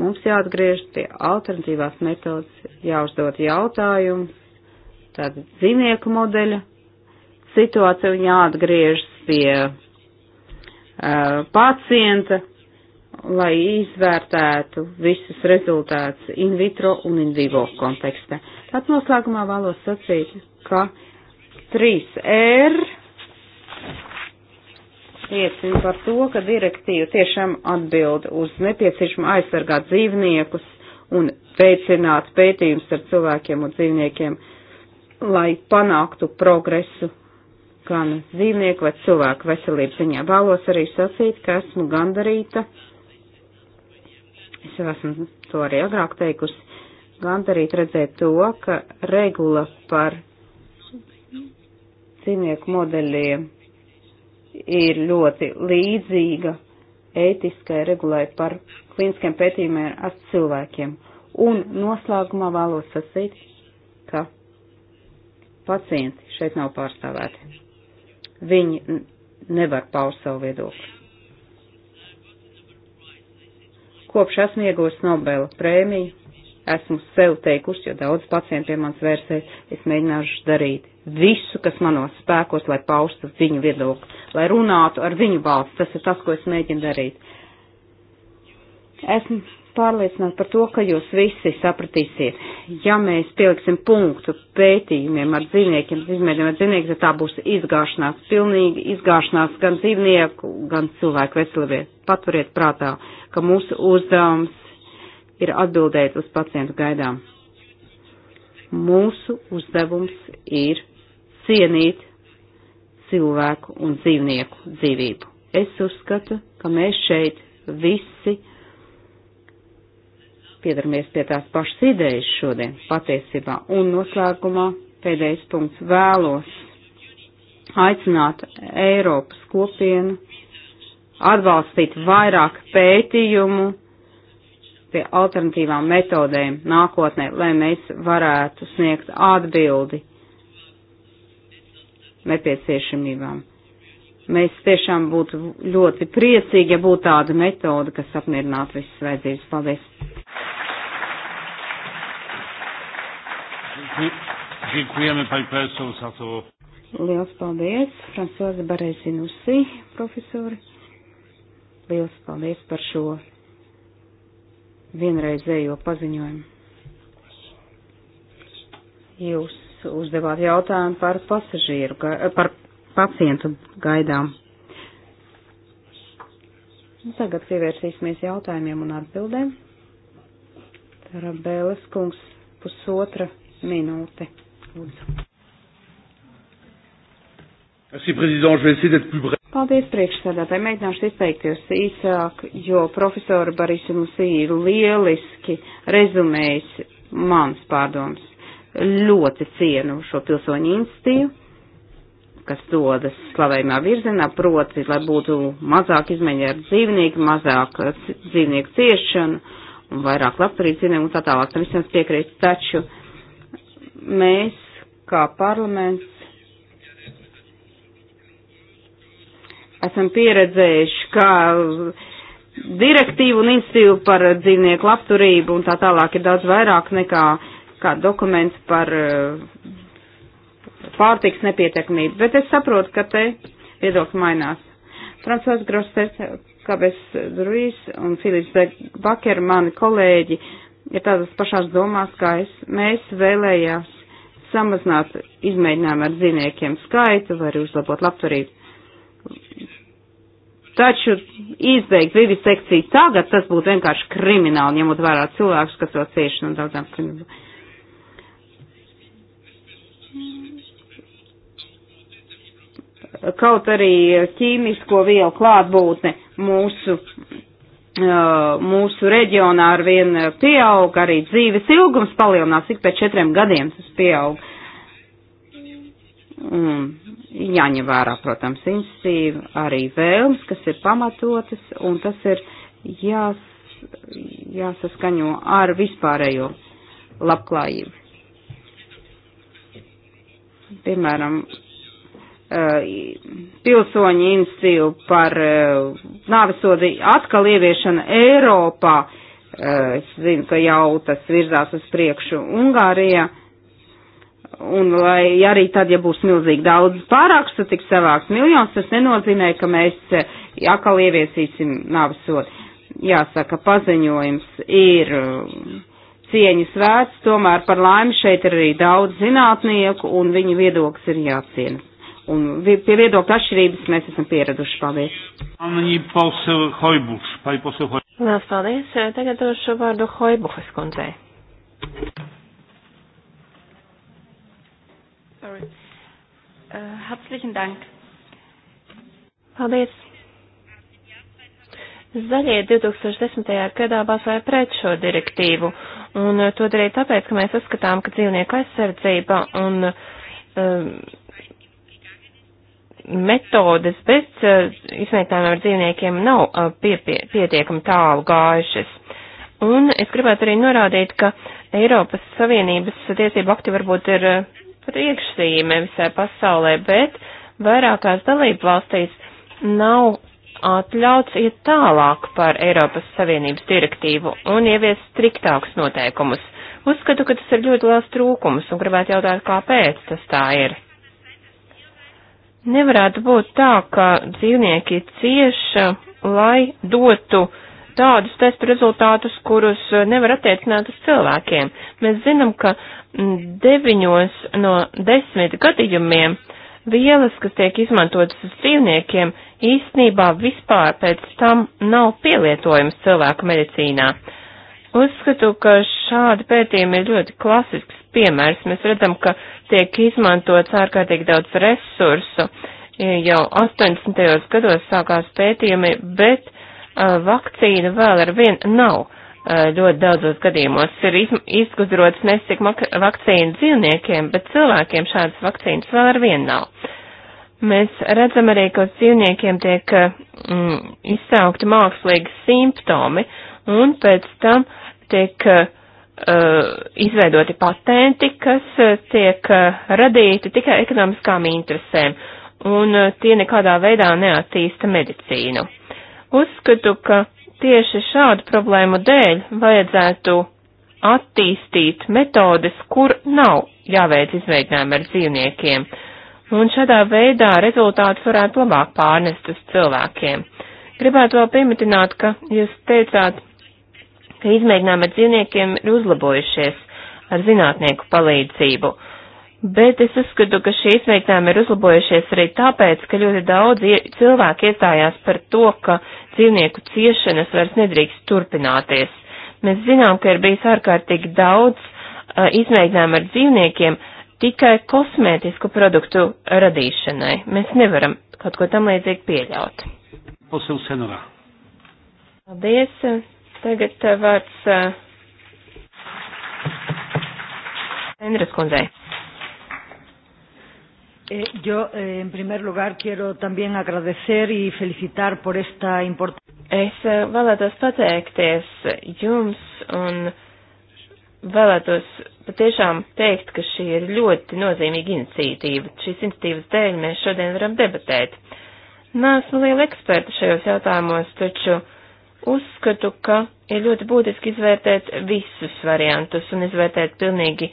mums jāatgriež pie alternatīvās metodas, jāuzdot jautājumus, tāda dzīvnieku modeļa situācija un jāatgriežas pie uh, pacienta lai izvērtētu visus rezultātus in vitro un in vivo kontekstā. Tad noslēgumā vēlos sacīt, ka 3R liecina par to, ka direktīva tiešām atbild uz nepieciešamu aizsargāt dzīvniekus un veicināt pētījumus ar cilvēkiem un dzīvniekiem, lai panāktu progresu gan dzīvnieku vai cilvēku veselības ziņā. Vēlos arī sacīt, ka esmu gandarīta jau esmu to arī agrāk teikusi, gandarīt redzēt to, ka regula par dzīvnieku modeļiem ir ļoti līdzīga ētiskai regulai par klīniskiem pētījumiem ar cilvēkiem. Un noslēgumā vēlos sacīt, ka pacienti šeit nav pārstāvēti. Viņi nevar paust savu viedokli. Kopš esmu ieguvis Nobela prēmiju, esmu sev teikusi, jo daudz pacienti pie manis vērsēs, es mēģināšu darīt visu, kas manos spēkos, lai paustu viņu viedokli, lai runātu ar viņu balsi. Tas ir tas, ko es mēģinu darīt. Esmu pārliecināti par to, ka jūs visi sapratīsiet. Ja mēs pieliksim punktu pētījumiem ar dzīvniekiem, izmēģinām ar dzīvniekiem, tad tā būs izgāšanās, pilnīgi izgāšanās gan dzīvnieku, gan cilvēku veselībai. Paturiet prātā, ka mūsu uzdevums ir atbildēt uz pacientu gaidām. Mūsu uzdevums ir cienīt cilvēku un dzīvnieku dzīvību. Es uzskatu, ka mēs šeit visi piedaramies pie tās pašas idejas šodien patiesībā. Un noslēgumā pēdējais punkts vēlos aicināt Eiropas kopienu atbalstīt vairāk pētījumu pie alternatīvām metodēm nākotnē, lai mēs varētu sniegt atbildi nepieciešamībām. Mēs tiešām būtu ļoti priecīgi, ja būtu tāda metode, kas apmierinātu visas vajadzības. Paldies! Dziękujemy pani profesor za to. Liels paldies, Francoza Barezinusi, profesori. Liels paldies par šo vienreizējo paziņojumu. Jūs uzdevāt jautājumu par pasažieru, par pacientu gaidām. Tagad pievērsīsimies jautājumiem un atbildēm. Tarabēles kungs, pusotra minūte. Lūdzu. Merci, Président. Je vais essayer d'être plus bref. Paldies, priekšsēdētāji. Mēģināšu izteikties īsāk, jo profesora Barisa mums ir lieliski rezumējis mans pārdoms. Ļoti cienu šo pilsoņu institīvu kas dodas slavējumā virzienā, proti, lai būtu mazāk izmaiņa ar dzīvnieku, mazāk eh, dzīvnieku ciešanu un vairāk labturīgi dzīvnieku un tā tālāk. Tam visam piekrīt, taču mēs kā parlaments esam pieredzējuši, ka direktīvu un institīvu par dzīvnieku labturību un tā tālāk ir daudz vairāk nekā kā dokuments par uh, pārtiks nepietiekamību, bet es saprotu, ka te viedokļi mainās. Francois Grosses, Kabes Ruiz un Filips Baker, mani kolēģi, ir tādas pašās domās kā es. Mēs vēlējās samazināt izmēģinājumu ar dzīvniekiem skaitu, var uzlabot labturību. Taču izbeigt vivis sekciju tagad, tas būtu vienkārši krimināli, ņemot vērā cilvēkus, kas vēl cieši no daudzām krimināliem kaut arī ķīmisko vielu klātbūtne mūsu, mūsu reģionā ar vien pieaug, arī dzīves ilgums palielinās, ik pēc četriem gadiem tas pieaug. Un jāņem vērā, protams, instīva, arī vēlmes, kas ir pamatotas, un tas ir jās, jāsaskaņo ar vispārējo labklājību. Piemēram, Uh, pilsoņu iniciatīvu par uh, nāvisodu atkal ieviešanu Eiropā. Uh, es zinu, ka jau tas virzās uz priekšu Ungārijā. Un lai arī tad, ja būs milzīgi daudz pārākstu, tik savāks miljons, tas nenozīmē, ka mēs atkal ieviesīsim nāvisodu. Jāsaka, paziņojums ir cieņas vērts, tomēr par laimi šeit ir arī daudz zinātnieku un viņu viedoklis ir jāciena. Un pie viedokļa atšķirības mēs esam pieraduši. Paldies. Lielas paldies. Tagad došu vārdu Hoibuhas kundzei. Sorry. Uh, herzlichen Dank. Paldies. Zaļie 2010. gadā balsoja pret šo direktīvu, un to darīja tāpēc, ka mēs uzskatām, ka dzīvnieku aizsardzība un um, uh, metodes bez eh, izmētājumiem ar dzīvniekiem nav eh, pie, pie, pietiekami tālu gājušas. Un es gribētu arī norādīt, ka Eiropas Savienības tiesību akti varbūt ir eh, priekšsīme visai pasaulē, bet vairākās dalību valstīs nav atļauts iet tālāk par Eiropas Savienības direktīvu un ievies striktākus noteikumus. Uzskatu, ka tas ir ļoti liels trūkums un gribētu jautāt, kāpēc tas tā ir. Nevarētu būt tā, ka dzīvnieki cieša, lai dotu tādus testu rezultātus, kurus eh, nevar attiecināt uz cilvēkiem. Mēs zinām, ka mm, deviņos no desmit gadījumiem vielas, kas tiek izmantotas uz dzīvniekiem, īstenībā vispār pēc tam nav pielietojums cilvēku medicīnā. Uzskatu, ka šādi pētījumi ir ļoti klasisks piemērs. Mēs redzam, ka tiek izmantots ārkārtīgi daudz resursu. E, jau 80. gados sākās pētījumi, bet uh, vakcīna vēl ar vienu nav. Uh, ļoti daudzos gadījumos ir izgudrots nesik vakcīnu dzīvniekiem, bet cilvēkiem šādas vakcīnas vēl ar vienu nav. Mēs redzam arī, ka uz dzīvniekiem tiek mm, izsaukti mākslīgi simptomi, un pēc tam tiek uh, Uh, izveidoti patenti, kas uh, tiek uh, radīti tikai ekonomiskām interesēm, un tie nekādā veidā neattīsta medicīnu. Uzskatu, ka tieši šādu problēmu dēļ vajadzētu attīstīt metodes, kur nav jāveic izmēģinājumi ar dzīvniekiem, un šādā veidā rezultātus varētu labāk pārnest uz cilvēkiem. Gribētu vēl piemetināt, ka jūs teicāt, ka izmēģinājumi ar dzīvniekiem ir uzlabojušies ar zinātnieku palīdzību. Bet es uzskatu, ka šī izmēģinājuma ir uzlabojušies arī tāpēc, ka ļoti daudz cilvēku iestājās par to, ka dzīvnieku ciešanas vairs nedrīkst turpināties. Mēs zinām, ka ir bijis ārkārtīgi daudz uh, izmēģinājumu ar dzīvniekiem tikai kosmētisku produktu radīšanai. Mēs nevaram kaut ko tam līdzīgi pieļaut. Paldies, Tagad uh, vārds Endres uh, kundzei. Eh, yo, eh, en primer lugar, quiero también agradecer y felicitar por esta importante. Es eh, vēlētos pateikties jums un vēlētos patiešām teikt, ka šī ir ļoti nozīmīga iniciatīva. Šīs iniciatīvas dēļ mēs šodien varam debatēt. Nāsmu liela eksperta šajos jautājumos, taču Uzskatu, ka ir ļoti būtiski izvērtēt visus variantus un izvērtēt pilnīgi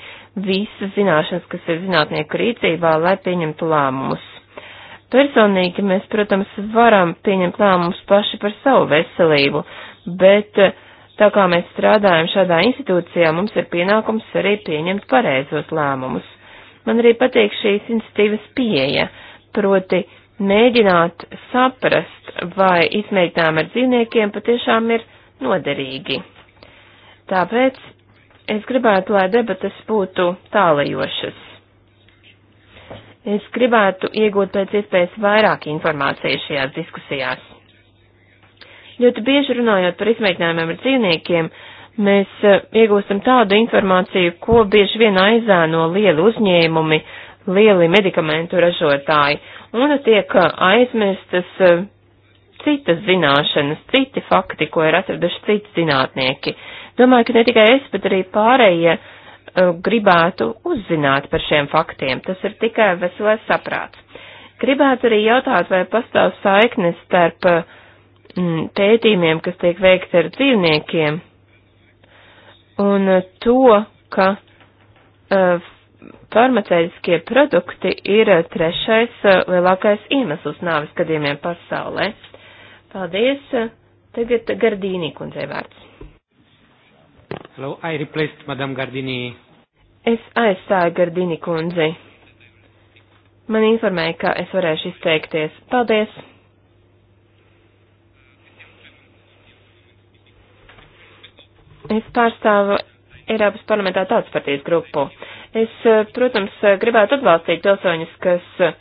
visas zināšanas, kas ir zinātnieku rīcībā, lai pieņemtu lēmumus. Personīgi mēs, protams, varam pieņemt lēmumus paši par savu veselību, bet eh, tā kā mēs strādājam šādā institūcijā, mums ir pienākums arī pieņemt pareizos lēmumus. Man arī patīk šīs institīvas pieeja, proti, uh, mēģināt saprast, vai izmēģinājumi ar dzīvniekiem patiešām ir noderīgi. Tāpēc es gribētu, lai debatas būtu tālajošas. Es gribētu iegūt pēc iespējas vairāk informācijas šajās diskusijās. Ļoti bieži runājot par izmēģinājumiem ar dzīvniekiem, mēs e, iegūstam tādu informāciju, ko bieži vien aizēno lieli uzņēmumi, lieli medikamentu ražotāji, un tiek uh, aizmirstas uh, citas zināšanas, citi fakti, ko ir atraduši citi zinātnieki. Domāju, ka ne tikai es, bet arī pārējie uh, gribētu uzzināt par šiem faktiem. Tas ir tikai veselais saprāts. Gribētu arī jautāt, vai pastāv saiknes starp mm, pētījumiem, kas tiek veikti ar dzīvniekiem, un to, ka uh, Farmaceitiskie produkti ir trešais eh, lielākais iemesls nāvis gadījumiem pasaulē. Paldies. Tagad Gardīnī kundzei vārds. Hello, I replaced Madame Gardīnī. Es aizstāju Gardīnī kundzei. Man informēja, ka es varēšu izteikties. Paldies. Es pārstāvu Eiropas parlamentā tautas partijas grupu. Es, eh, protams, eh, gribētu atbalstīt pilsoņus, kas eh,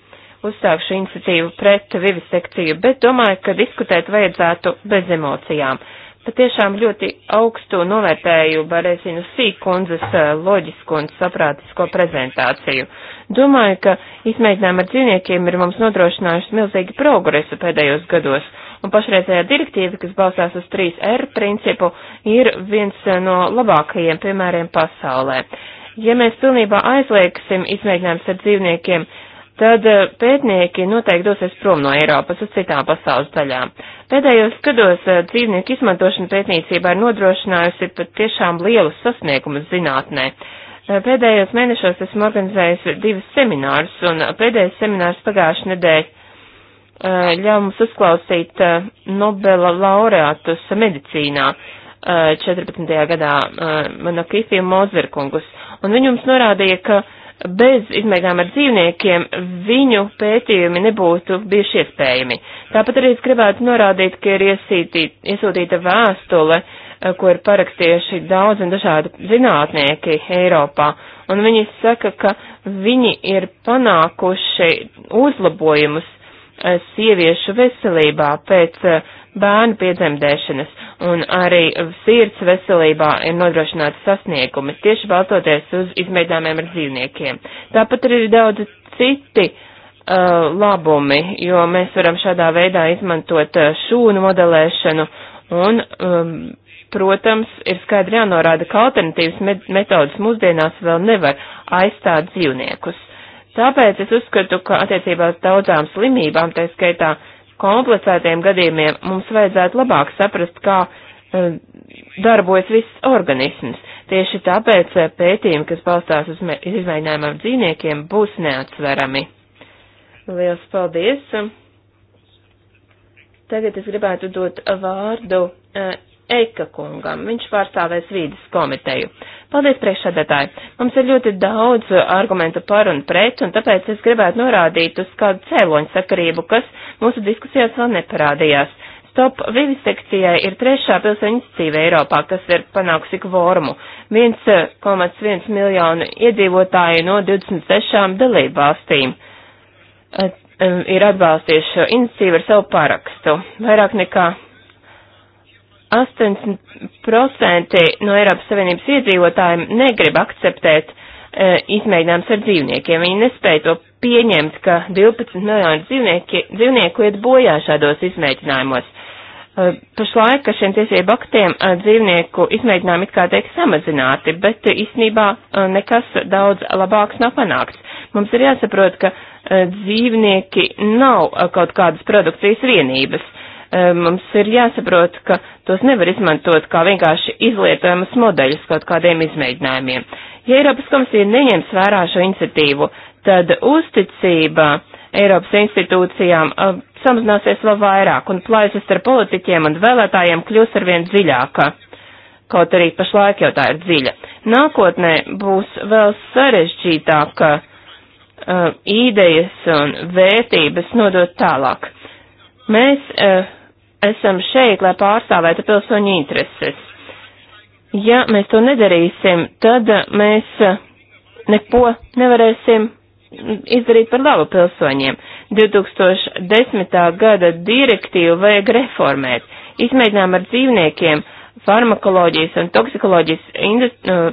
uzsāk šo iniciatīvu pret vivisekciju, bet domāju, ka diskutēt vajadzētu bez emocijām. Patiešām ļoti augstu novērtēju Barēsinu Sīkundzes loģisko un saprātisko prezentāciju. Domāju, ka izmēģinājumi ar dzīvniekiem ir mums nodrošinājuši milzīgi progresu pēdējos gados, un pašreizējā direktīva, kas balstās uz 3R principu, ir viens no labākajiem piemēriem pasaulē. Ja mēs pilnībā aizliegsim izmēģinājumus ar dzīvniekiem, tad eh, pētnieki noteikti dosies prom no Eiropas uz citām pasaules daļām. Pēdējos gados eh, dzīvnieku izmantošana pētniecībā ir nodrošinājusi pat tiešām lielus sasniegumus zinātnē. Eh, pēdējos mēnešos esmu organizējis divas seminārus, un pēdējais seminārs pagājušajā nedēļā ļauj mums uzklausīt Nobela laureātus medicīnā. 14. Eh, gadā eh, mano Kifiju Mozerkungus, un viņi mums norādīja, ka bez izmēģinājuma ar dzīvniekiem viņu pētījumi nebūtu bijuši iespējami. Tāpat arī es gribētu norādīt, ka ir iesītīt, iesūtīta vēstule, eh, ko ir parakstījuši daudz un dažādi zinātnieki Eiropā, un viņi saka, ka viņi ir panākuši uzlabojumus sieviešu veselībā pēc bērnu piedzemdēšanas, un arī sirds veselībā ir nodrošināti sasniegumi, tieši balstoties uz izmēģinājumiem ar dzīvniekiem. Tāpat ir daudz citi uh, labumi, jo mēs varam šādā veidā izmantot uh, šūnu modelēšanu, un, um, protams, ir skaidri jānorāda, ka alternatīvas metodas mūsdienās vēl nevar aizstāt dzīvniekus. Tāpēc es uzskatu, ka attiecībā uz daudzām slimībām, tā skaitā, uh, komplicētiem gadījumiem mums vajadzētu labāk saprast, kā uh, darbojas viss organisms. Tieši tāpēc e, pētījumi, kas balstās uz izmēģinājumu ar dzīvniekiem, būs neatsverami. Liels paldies! Tagad es gribētu dot vārdu uh, Eika kungam. Viņš pārstāvēs vīdes komiteju. Paldies, priekšsēdētāji. Mums ir ļoti daudz uh, argumentu par un pret, un tāpēc es gribētu norādīt uz kādu cēloņu sakarību, kas mūsu diskusijās vēl neparādījās. Stop vivisekcijai ir trešā pilsēņas dzīve Eiropā, kas ir panākusi kvormu. 1,1 uh, miljonu iedzīvotāju no 26 dalību valstīm uh, um, ir atbalstījuši šo iniciatīvu ar savu parakstu. Vairāk nekā 80% no Eiropas Savienības iedzīvotājiem negrib akceptēt e, izmēģinājums ar dzīvniekiem. Viņi nespēja to pieņemt, ka 12 miljoni dzīvnieki, dzīvnieku iet bojā šādos izmēģinājumos. E, pašlaik ar šiem tiesību aktiem e, dzīvnieku izmēģinājumi it kā tiek samazināti, bet īstenībā e, nekas daudz labāks nav panākts. Mums ir jāsaprot, ka e, dzīvnieki nav e, kaut kādas produkcijas vienības Eh, mums ir jāsaprot, ka tos nevar izmantot kā vienkārši izlietojamas modeļus kaut kādiem izmēģinājumiem. Ja Eiropas komisija neņems vērā šo iniciatīvu, tad uzticība Eiropas institūcijām eh, samazināsies vēl vairāk, un plaisas ar politiķiem un vēlētājiem kļūs arvien dziļāka. Kaut arī pašlaik jau tā ir dziļa. Nākotnē būs vēl sarežģītāk uh, eh, idejas un vērtības nodot tālāk. Mēs uh, esam šeit, lai pārstāvētu pilsoņu intereses. Ja mēs to nedarīsim, tad mēs e, neko nevarēsim izdarīt par labu pilsoņiem. 2010. gada direktīvu vajag reformēt. Izmēģinām ar dzīvniekiem farmakoloģijas un toksikoloģijas nu,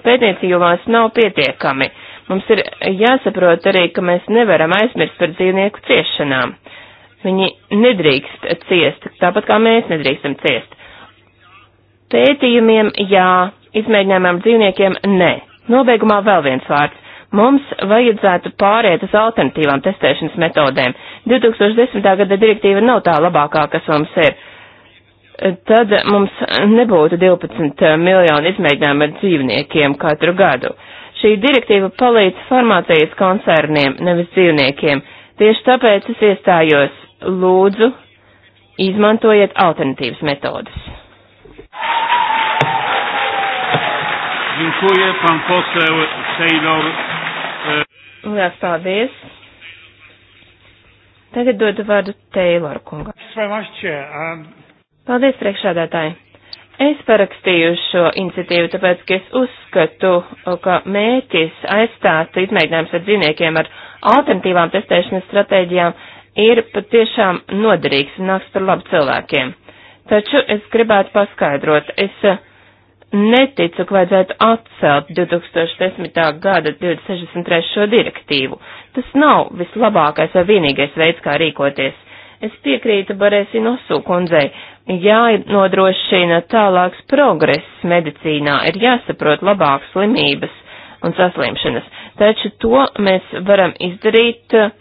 pētniecībās nav pietiekami. Mums ir jāsaprot arī, ka mēs nevaram aizmirst par dzīvnieku ciešanām. Viņi nedrīkst ciest, tāpat kā mēs nedrīkstam ciest. Pētījumiem jā, izmēģinājumam dzīvniekiem nē. Nobeigumā vēl viens vārds. Mums vajadzētu pāriet uz alternatīvām testēšanas metodēm. 2010. gada direktīva nav tā labākā, kas mums ir. Tad mums nebūtu 12 miljonu izmēģinājumu ar dzīvniekiem katru gadu. Šī direktīva palīdz farmācijas koncerniem, nevis dzīvniekiem. Tieši tāpēc es iestājos lūdzu izmantojiet alternatīvas metodas. Dziękuję, pan poseł Taylor. Lielas paldies. Tagad dodu vārdu Taylor kungam. Paldies, priekšādātāji. Es parakstīju šo iniciatīvu, tāpēc, ka es uzskatu, ka mērķis aizstāt izmēģinājums ar dzīvniekiem ar alternatīvām testēšanas stratēģijām ir patiešām noderīgs un nāks par labu cilvēkiem. Taču es gribētu paskaidrot, es eh, neticu, ka vajadzētu atcelt 2010. gada 263. direktīvu. Tas nav vislabākais vai vienīgais veids, kā rīkoties. Es piekrītu Barēsi Nosu kundzei, jānodrošina tālāks progress medicīnā, ir jāsaprot labāk slimības un saslimšanas, taču to mēs varam izdarīt uh,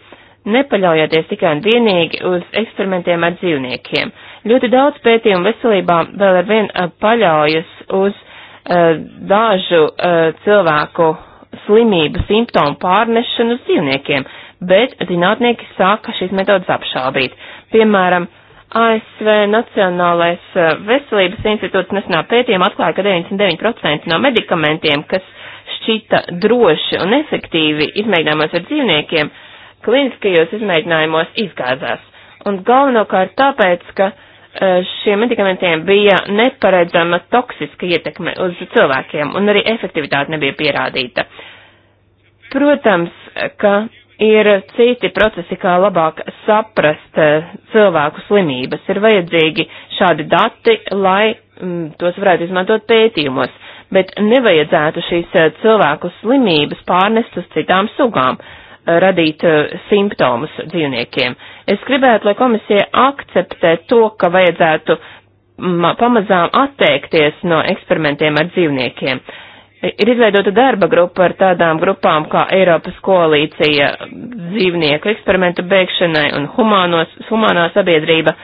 Nepaļaujieties tikai un vienīgi uz eksperimentiem ar dzīvniekiem. Ļoti daudz pētījumu veselībā vēl ar vien eh, paļaujas uz uh, dažu uh, cilvēku slimību simptomu pārnešanu uz dzīvniekiem, bet zinātnieki sāka šīs metodas apšaubīt. Piemēram, ASV Nacionālais veselības institūts nesenā pētījumā atklāja, ka 99% no medikamentiem, kas šķita droši un efektīvi izmēģinājumos ar dzīvniekiem, uh, kliniskajos izmēģinājumos izgāzās. Un galvenokārt tāpēc, ka e, šiem medikamentiem bija neparedzama toksiska ietekme uz cilvēkiem, un arī efektivitāte nebija pierādīta. Protams, ka ir citi procesi, kā labāk saprast e, cilvēku slimības. Ir vajadzīgi šādi dati, lai m, tos varētu izmantot pētījumos, bet nevajadzētu šīs e, cilvēku slimības pārnest uz citām sugām radīt eh, simptomus dzīvniekiem. Es gribētu, lai komisija akceptē to, ka vajadzētu mm, pamazām atteikties no eksperimentiem ar dzīvniekiem. Ir izveidota darba grupa ar tādām grupām kā Eiropas koalīcija dzīvnieku eksperimentu beigšanai un humānos, humānā sabiedrība.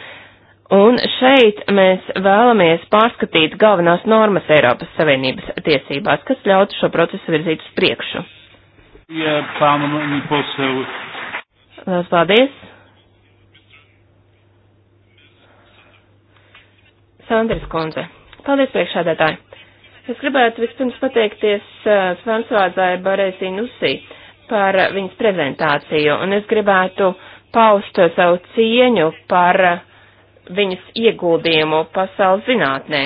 Un šeit mēs vēlamies pārskatīt galvenās normas Eiropas Savienības tiesībās, kas ļautu šo procesu virzīt uz priekšu. Ja, Lielas nu, nu paldies! Sandris Konze. Paldies priekšādētāji. Es gribētu vispirms pateikties uh, eh, Fransuāzai Barēsī Nusī par uh, viņas prezentāciju, un es gribētu paust savu cieņu par uh, viņas ieguldījumu pasaules zinātnē.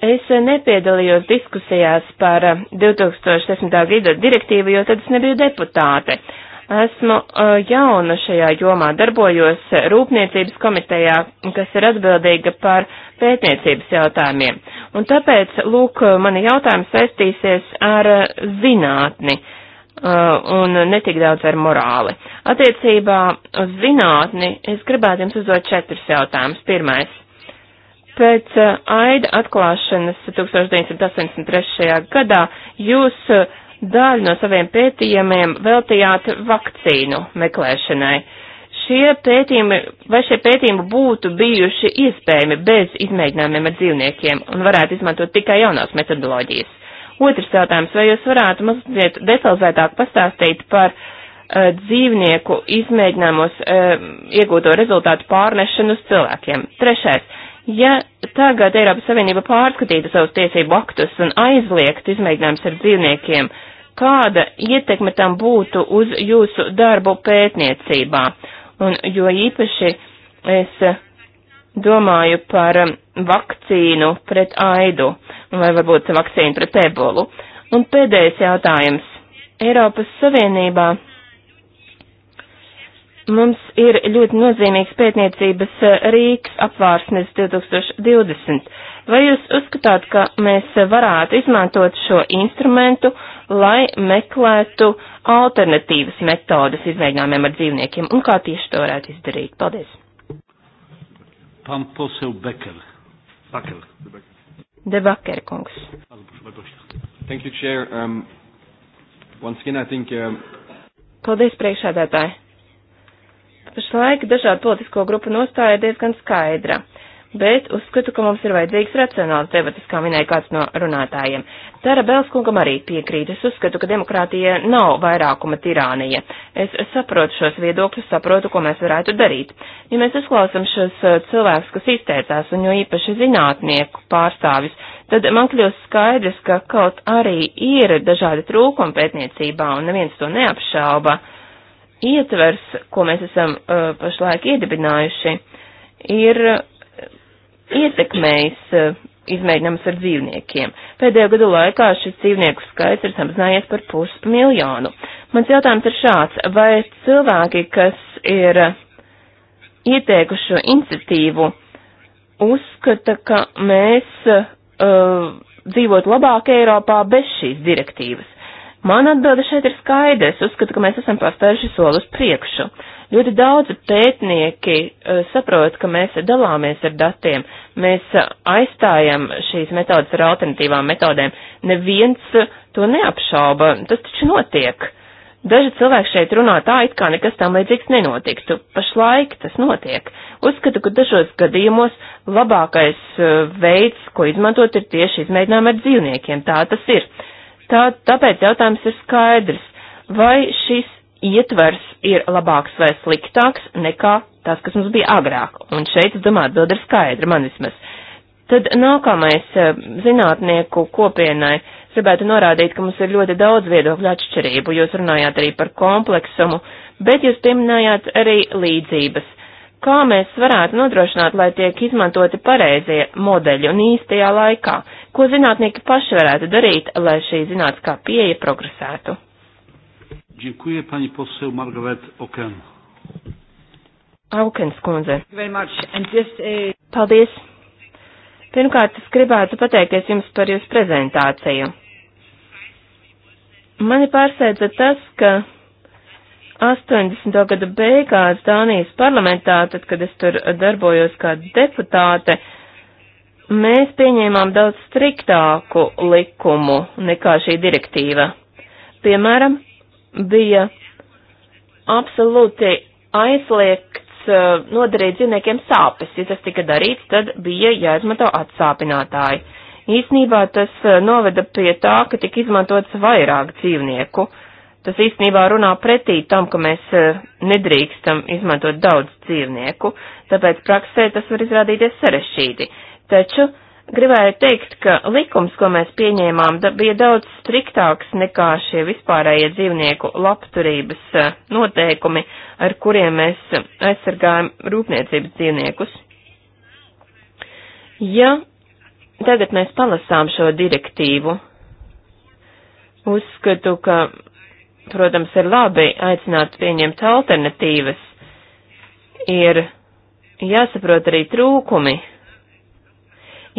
Es nepiedalījos diskusijās par 2010. Eh, gada direktīvu, jo tad es nebiju deputāte. Esmu eh, jauna šajā jomā, darbojos Rūpniecības komitejā, kas ir atbildīga par pētniecības jautājumiem. Un tāpēc, lūk, mani jautājumi saistīsies ar eh, zinātni un netik daudz ar morāli. Attiecībā uz zinātni es gribētu jums uzdot četrus jautājumus. Pirmais Pēc eh, aida atklāšanas 1983. gadā jūs eh, daļu no saviem pētījumiem veltījāt vakcīnu meklēšanai. Šie pētījumi, vai šie pētījumi būtu bijuši iespējami bez izmēģinājumiem ar dzīvniekiem un varētu izmantot tikai jaunās metodoloģijas? Otrs jautājums, vai jūs varētu mazliet detalizētāk pastāstīt par uh, dzīvnieku izmēģinājumos uh, iegūto rezultātu pārnešanu uz cilvēkiem? Trešais, Ja tagad Eiropas Savienība pārskatītu savus tiesību aktus un aizliegtu izmēģinājumus ar dzīvniekiem, kāda ietekme tam būtu uz jūsu darbu pētniecībā? Un jo īpaši es domāju par um, vakcīnu pret aidu vai varbūt vakcīnu pret ebolu. Un pēdējais jautājums. Eiropas Savienībā Mums ir ļoti nozīmīgs pētniecības eh, rīks apvārsnes 2020. Vai jūs uzskatāt, ka mēs varētu izmantot šo instrumentu, lai meklētu alternatīvas metodas izmēģinājumiem ar dzīvniekiem? Un kā tieši to varētu izdarīt? Paldies! Pamposev Bekel. Bakel. Debaker kungs. Thank you, Chair. Um, once again, I think... Um... Paldies, priekšādātāji. Pašlaik dažādu politisko grupu nostāja ir diezgan skaidra, bet uzskatu, ka mums ir vajadzīgs racionāls debatas, kā minēja kāds no runātājiem. Tara Belskungam arī piekrīt. Es uzskatu, ka demokrātija nav vairākuma tirānija. Es saprotu šos viedokļus, saprotu, ko mēs varētu darīt. Ja mēs uzklausam šos eh, cilvēkus, kas izteicās, un jo īpaši zinātnieku pārstāvis, tad man kļūst skaidrs, ka kaut arī ir dažādi trūkumi pētniecībā, un neviens to neapšauba ietvers, ko mēs esam uh, pašlaik iedibinājuši, ir ietekmējis uh, izmēģinājums ar dzīvniekiem. Pēdējo gadu laikā šis dzīvnieku skaits ir samazinājies par pus miljonu. Mans jautājums ir šāds, vai cilvēki, kas ir ieteikuši iniciatīvu, uzskata, ka mēs uh, dzīvot labāk Eiropā bez šīs direktīvas? Man atbilde šeit ir skaidra. Es uzskatu, ka mēs esam paspēruši soli uz priekšu. Ļoti daudzi pētnieki uh, saprot, ka mēs dalāmies ar datiem. Mēs uh, aizstājam šīs metodas ar alternatīvām metodēm. Neviens uh, to neapšauba. Tas taču notiek. Daži cilvēki šeit runā tā, it kā nekas tam līdzīgs nenotiktu. Pašlaik tas notiek. Uzskatu, ka dažos gadījumos labākais veids, ko izmantot, ir tieši izmēģinājumi ar dzīvniekiem. Tā tas ir. Uh, Tā, tāpēc jautājums ir skaidrs. Vai šis ietvers ir labāks vai sliktāks nekā tas, kas mums bija agrāk? Un šeit, es domāju, atbild ir skaidra man vismaz. Tad nākamais eh, zinātnieku kopienai gribētu norādīt, ka mums ir ļoti daudz viedokļu atšķirību. Jūs runājāt arī par kompleksumu, bet jūs pieminējāt arī līdzības kā mēs varētu nodrošināt, lai tiek izmantoti pareizie modeļi un īstajā laikā, ko zinātnieki paši varētu darīt, lai šī zinātniskā pieeja progresētu. Dziękuję pani poseł Margaret Oken. Aukens kundze. Just, uh... Paldies. Pirmkārt, es gribētu pateikties jums par jūsu prezentāciju. Mani pārsteidza tas, ka 80. gada beigās Dānijas parlamentā, tad, kad es tur darbojos kā deputāte, mēs pieņēmām daudz striktāku likumu nekā šī direktīva. Piemēram, bija absolūti aizliegts uh, nodarīt dzīvniekiem sāpes. Ja tas tika darīts, tad bija jāizmanto atsāpinātāji. Īsnībā tas uh, noveda pie tā, ka tika izmantots vairāk dzīvnieku. Uh, Tas īstenībā runā pretī tam, ka mēs eh, nedrīkstam izmantot daudz dzīvnieku, tāpēc praksē tas var izrādīties sarešķīti. Taču gribēju teikt, ka likums, ko mēs pieņēmām, bija daudz striktāks nekā šie vispārējie dzīvnieku labturības eh, noteikumi, ar kuriem mēs aizsargājam rūpniecības dzīvniekus. Ja tagad mēs palasām šo direktīvu, uzskatu, ka protams, ir labi aicināt pieņemt alternatīvas, ir jāsaprot arī trūkumi.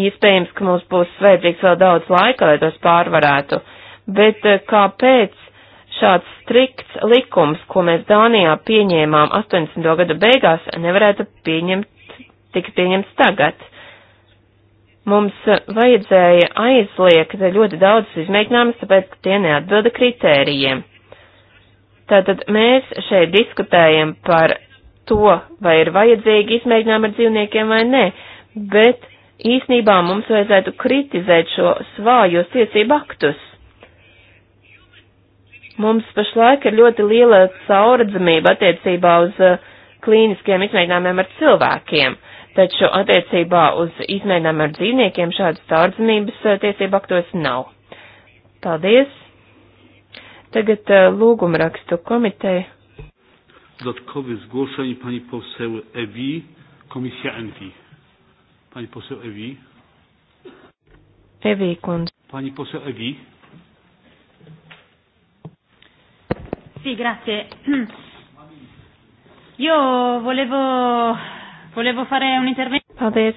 Iespējams, ka mums būs vajadzīgs vēl daudz laika, lai tos pārvarētu, bet eh, kāpēc šāds strikts likums, ko mēs Dānijā pieņēmām 80. gada beigās, nevarētu pieņemt, tikt pieņemts tagad? Mums eh, vajadzēja aizliegt ļoti daudz izmēģinājumus, tāpēc, ka tie neatbilda kritērijiem. Tātad mēs šeit diskutējam par to, vai ir vajadzīgi izmēģinājumi ar dzīvniekiem vai nē, bet īsnībā mums vajadzētu kritizēt šo svājos tiesību aktus. Mums pašlaik ir ļoti liela cauradzamība attiecībā uz uh, klīniskiem izmēģinājumiem ar cilvēkiem, taču attiecībā uz izmēģinājumiem ar dzīvniekiem šādas cauradzamības uh, tiesību aktos nav. Paldies! Tagad uh, lūgumrakstu komiteja. Dodatkovi zgłoszeń pani poseł Ewi, komisja Envi. Pani poseł Ewi. Evi Kunz. Pani poseł Evi. Sì, grazie. Io volevo, volevo fare un intervento. Paldies.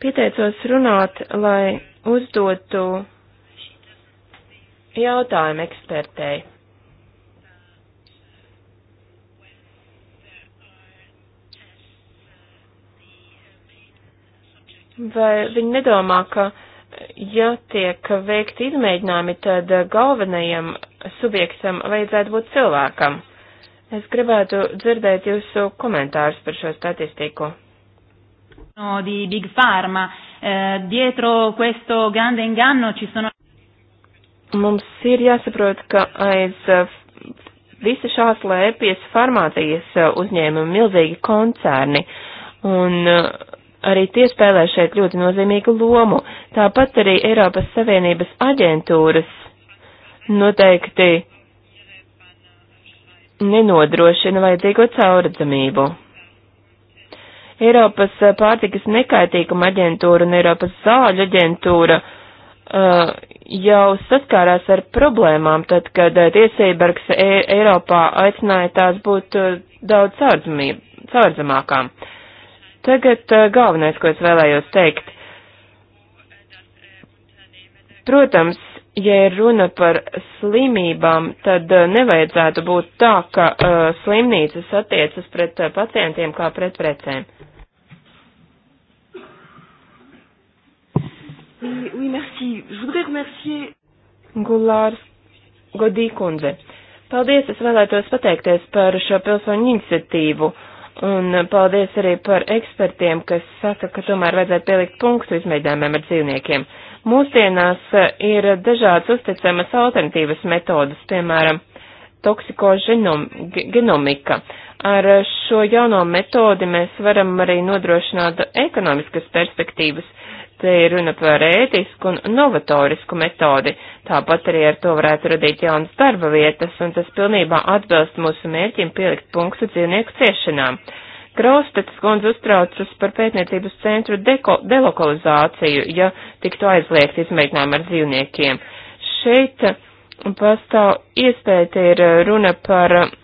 Pieteicos runāt, lai uzdotu jautājumu ekspertei. Vai viņi nedomā, ka, ja tiek veikti izmēģinājumi, tad galvenajam subjektam vajadzētu būt cilvēkam? Es gribētu dzirdēt jūsu komentārus par šo statistiku di Big Pharma. Eh, dietro questo grande inganno ci sono. Mums ir jāsaprot, ka aiz eh, visa šā slēpjas farmācijas eh, uzņēmumi milzīgi koncerni, un eh, arī tie spēlē šeit ļoti nozīmīgu lomu. Tāpat arī Eiropas Savienības aģentūras noteikti nenodrošina vajadzīgo cauradzamību. Eiropas eh, pārtikas nekaitīguma aģentūra un Eiropas zāļu aģentūra uh, jau saskārās ar problēmām, tad, kad uh, eh, tiesībargs e Eiropā aicināja tās būt uh, daudz caurzemākām. Tagad uh, galvenais, ko es vēlējos teikt. Protams, ja ir runa par slimībām, tad nevajadzētu būt tā, ka uh, slimnīcas attiecas pret uh, pacientiem kā pret precēm. Oui, oui, merci. Je voudrais remercier. Gulārs Godīkundze. Paldies, es vēlētos pateikties par šo pilsoņu iniciatīvu. Un paldies arī par ekspertiem, kas saka, ka tomēr vajadzētu pielikt punktu izmēģinājumiem ar dzīvniekiem. Mūsdienās ir dažādas uzticamas alternatīvas metodas, piemēram, toksikogenomika. Ar šo jauno metodi mēs varam arī nodrošināt ekonomiskas perspektīvas Te ir runa par ētisku un novatorisku metodi, tāpat arī ar to varētu radīt jaunas darba vietas, un tas pilnībā atbilst mūsu mērķim pielikt punktu dzīvnieku ciešanām. Kraustets kundze uztraucas par pētniecības centru deko, delokalizāciju, ja tiktu aizliegt izmēģinājumu ar dzīvniekiem. Šeit um, pastāv iespēja, te ir uh, runa par um,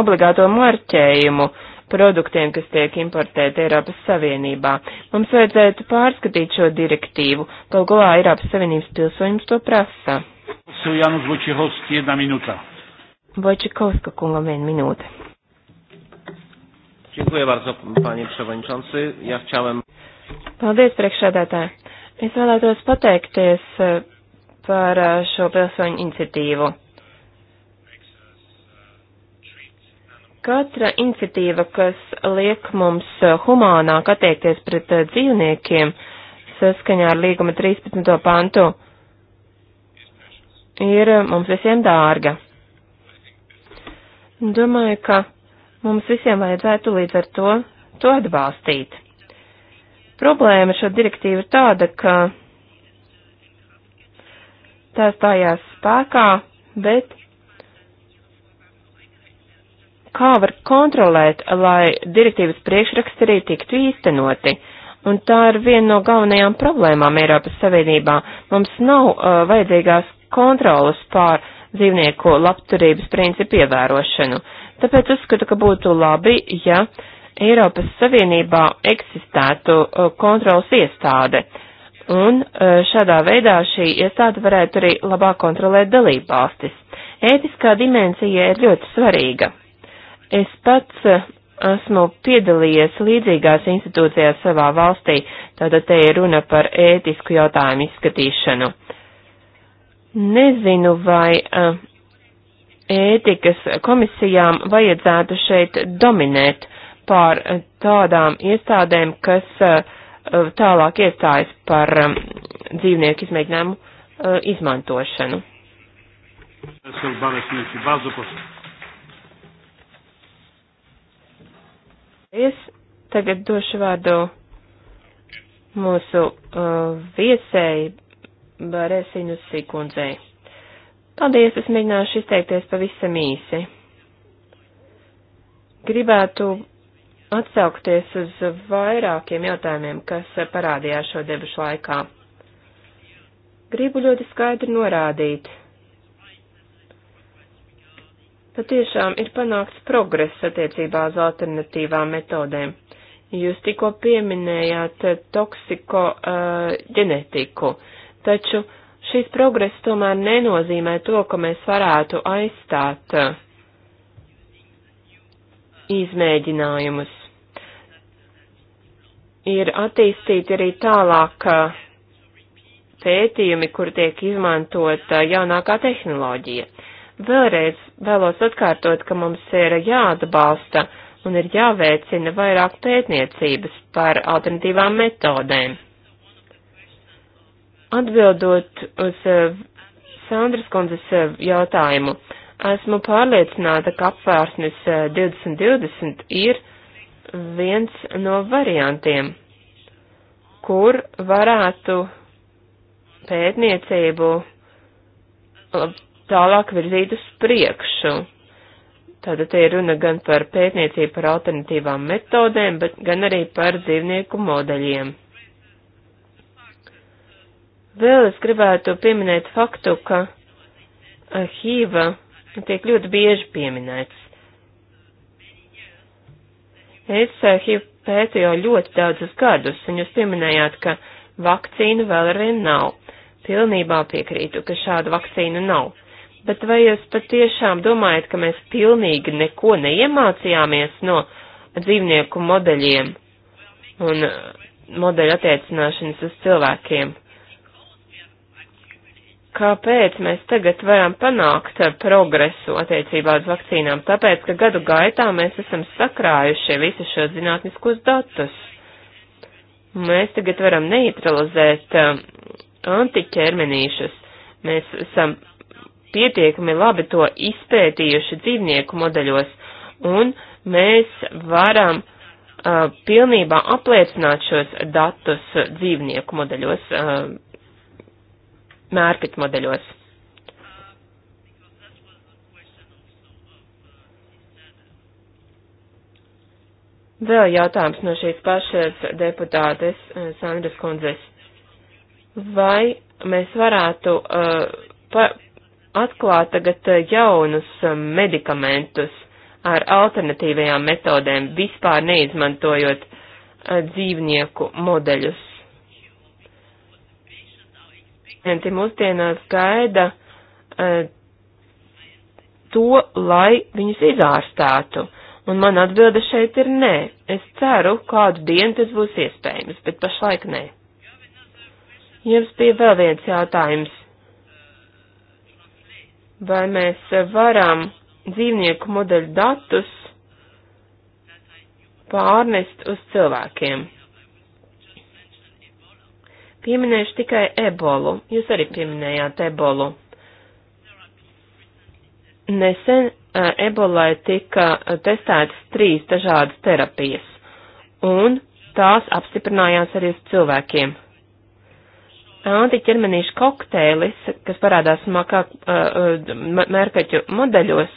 obligāto marķējumu. Uh, produktiem, kas tiek importēti Eiropas Savienībā. Mums vajadzētu pārskatīt šo direktīvu, kaut galā Eiropas Savienības pilsoņums to prasa. Janus Vojčehovski, viena minūte. Vojčekovska kungam viena minūte. Dziękuję bardzo, panie przewodniczący. Ja chciałem. Paldies, priekšsēdētāji. Es vēlētos pateikties eh, par eh, šo pilsoņu iniciatīvu. Katra iniciatīva, kas liek mums eh, humānāk attiekties pret eh, dzīvniekiem saskaņā ar līguma 13. pantu, ir eh, mums visiem dārga. Domāju, ka mums visiem vajadzētu līdz ar to to atbalstīt. Problēma šo direktīvu ir tāda, ka tā stājās spēkā, bet kā var kontrolēt, lai direktīvas priekšraksti arī tiktu īstenoti. Un tā ir viena no galvenajām problēmām Eiropas Savienībā. Mums nav uh, vajadzīgās kontrolas pār dzīvnieku labturības principu ievērošanu. Tāpēc uzskatu, ka būtu labi, ja Eiropas Savienībā eksistētu uh, kontrolas iestāde. Un uh, šādā veidā šī iestāde varētu arī labāk kontrolēt dalībvalstis. Ētiskā dimensija ir ļoti svarīga. Es pats eh, esmu piedalījies līdzīgās institūcijās savā valstī, tātad te ir runa par ētisku jautājumu izskatīšanu. Nezinu, vai eh, ētikas komisijām vajadzētu šeit dominēt pār eh, tādām iestādēm, kas tālāk iestājas par dzīvnieku izmēģinājumu izmantošanu. Es varu balēt, ka jūs esat Es tagad došu vārdu mūsu uh, viesēji Bārēsiņu Sikundzei. Paldies, es mēģināšu izteikties pavisam īsi. Gribētu atsaukties uz vairākiem jautājumiem, kas parādījās šo debušu laikā. Gribu ļoti skaidri norādīt, patiešām ir panākts progress attiecībā uz alternatīvām metodēm. Jūs tikko pieminējāt eh, toksiko uh, eh, ģenētiku, taču šīs progress tomēr nenozīmē to, ka mēs varētu aizstāt uh, izmēģinājumus. Ir attīstīti arī tālāk pētījumi, kur tiek izmantota jaunākā tehnoloģija. Vēlreiz vēlos atkārtot, ka mums ir jāatbalsta un ir jāveicina vairāk pētniecības par alternatīvām metodēm. Atbildot uz eh, Sandras kundzes eh, jautājumu, esmu pārliecināta, ka apvērsnes 2020 eh, ir viens no variantiem, kur varētu pētniecību tālāk virzīt uz priekšu. Tātad te ir runa gan par pētniecību par alternatīvām metodēm, bet gan arī par dzīvnieku modeļiem. Vēl es gribētu pieminēt faktu, ka HIV tiek ļoti bieži pieminēts. Es HIV pētu jau ļoti daudzus gadus, un jūs pieminējāt, ka vakcīnu vēl arvien nav. Pilnībā piekrītu, ka šādu vakcīnu nav. Bet vai jūs patiešām domājat, ka mēs pilnīgi neko neiemācījāmies no dzīvnieku modeļiem un uh, modeļu attiecināšanas uz cilvēkiem? Kāpēc mēs tagad varam panākt uh, progresu attiecībā uz vakcīnām? Tāpēc, ka gadu gaitā mēs esam sakrājuši visu šo zinātniskos datus. Mēs tagad varam neutralizēt uh, antiķermenīšus. Mēs esam pietiekami labi to izpētījuši dzīvnieku modeļos, un mēs varam uh, pilnībā apliecināt šos datus dzīvnieku modeļos, uh, mērpit modeļos. Vēl jautājums no šīs pašas deputātes Sandras kundzes. Vai mēs varētu uh, pa, atklāt tagad eh, jaunus eh, medikamentus ar alternatīvajām metodēm, vispār neizmantojot eh, dzīvnieku modeļus. Pacienti mūsdienās gaida to, lai viņus izārstātu. Un man atbilde šeit ir nē. Es ceru, kādu dienu tas būs iespējams, bet pašlaik nē. Jums bija vēl viens jautājums vai mēs varam dzīvnieku modeļu datus pārnest uz cilvēkiem. Pieminēšu tikai ebolu. Jūs arī pieminējāt ebolu. Nesen ebolai tika testētas trīs dažādas terapijas, un tās apstiprinājās arī uz cilvēkiem antiķermenīšu kokteilis, kas parādās makā, uh, mērkaķu modeļos,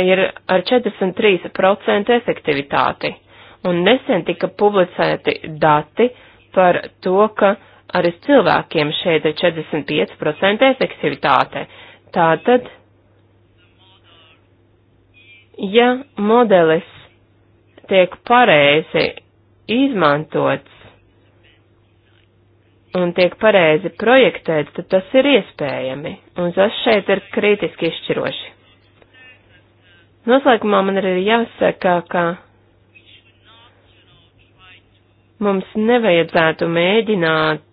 ir ar 43% efektivitāti. Un nesen tika publicēti dati par to, ka arī cilvēkiem šeit ir 45% efektivitāte. Tātad, ja modelis tiek pareizi izmantots, un tiek pareizi projektēts, tad tas ir iespējami, un tas šeit ir kritiski izšķiroši. Noslēgumā man arī jāsaka, ka mums nevajadzētu mēģināt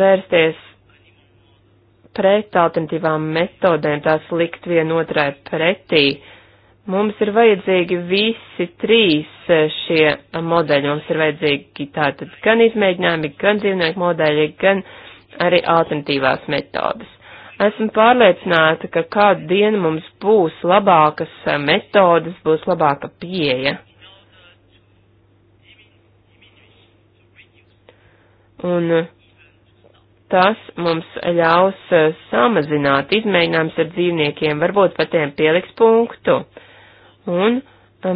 vērsties pret alternatīvām metodēm, tās likt vienotrai pretī, uh, Mums ir vajadzīgi visi trīs e, šie modeļi. Mums ir vajadzīgi tātad gan izmēģinājumi, gan dzīvnieku modeļi, gan arī alternatīvās metodas. Esmu pārliecināta, ka kādu dienu mums būs labākas e, metodas, būs labāka pieeja. Un e, tas mums ļaus samazināt izmēģinājums ar dzīvniekiem, varbūt pat tiem pieliks punktu. Uh, un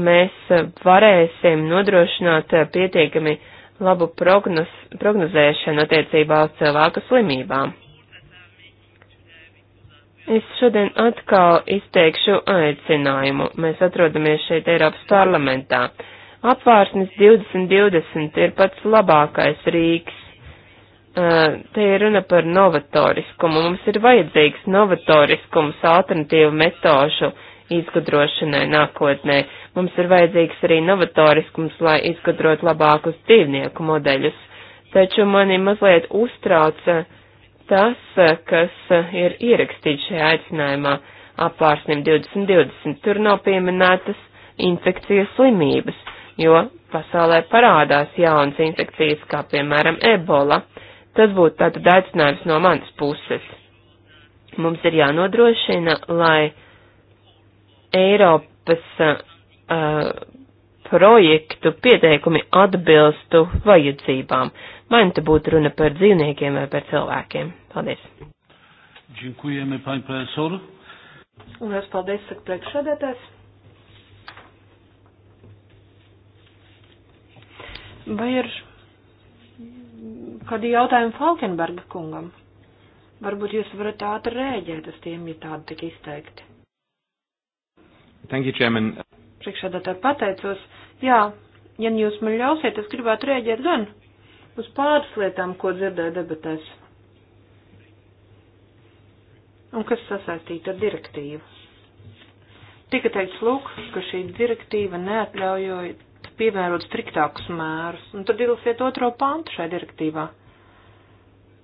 mēs varēsim nodrošināt pietiekami labu prognoz, prognozēšanu attiecībā uz cilvēku slimībām. Es šodien atkal izteikšu aicinājumu. Mēs atrodamies šeit Eiropas parlamentā. Apvārsnes 2020 ir pats labākais rīks. Te ir runa par novatoriskumu. Mums ir vajadzīgs novatoriskums, alternatīvu metožu izgudrošanai nākotnē. Mums ir vajadzīgs arī novatoriskums, lai izgudrot labākus dzīvnieku modeļus. Taču mani mazliet uztrauca tas, kas ir ierakstīts šajā aicinājumā apvārsnim 2020. Tur nav pieminētas infekcijas slimības, jo pasaulē parādās jaunas infekcijas, kā piemēram ebola. Tas būtu tātad aicinājums no manas puses. Mums ir jānodrošina, lai Eiropas uh, projektu pieteikumi atbilstu vajadzībām. Man nu te būtu runa par dzīvniekiem vai par cilvēkiem. Paldies. Dziękujemy, pani profesor. Un es paldies, saka priekšsēdētājs. Vai ir kādi jautājumi Falkenberga kungam? Varbūt jūs varat ātri rēģēt uz tiem, ja tādi tik izteikti. Thank you, Chairman. Priekšādātāji pateicos. Jā, ja jūs man ļausiet, es gribētu rēģēt gan uz pāris lietām, ko dzirdēju debatēs. Un kas sasaistīta ar direktīvu. Tika teikts, lūk, ka šī direktīva neatļaujot piemērot striktākus mērus. Un tad ilsiet otro pantu šai direktīvā.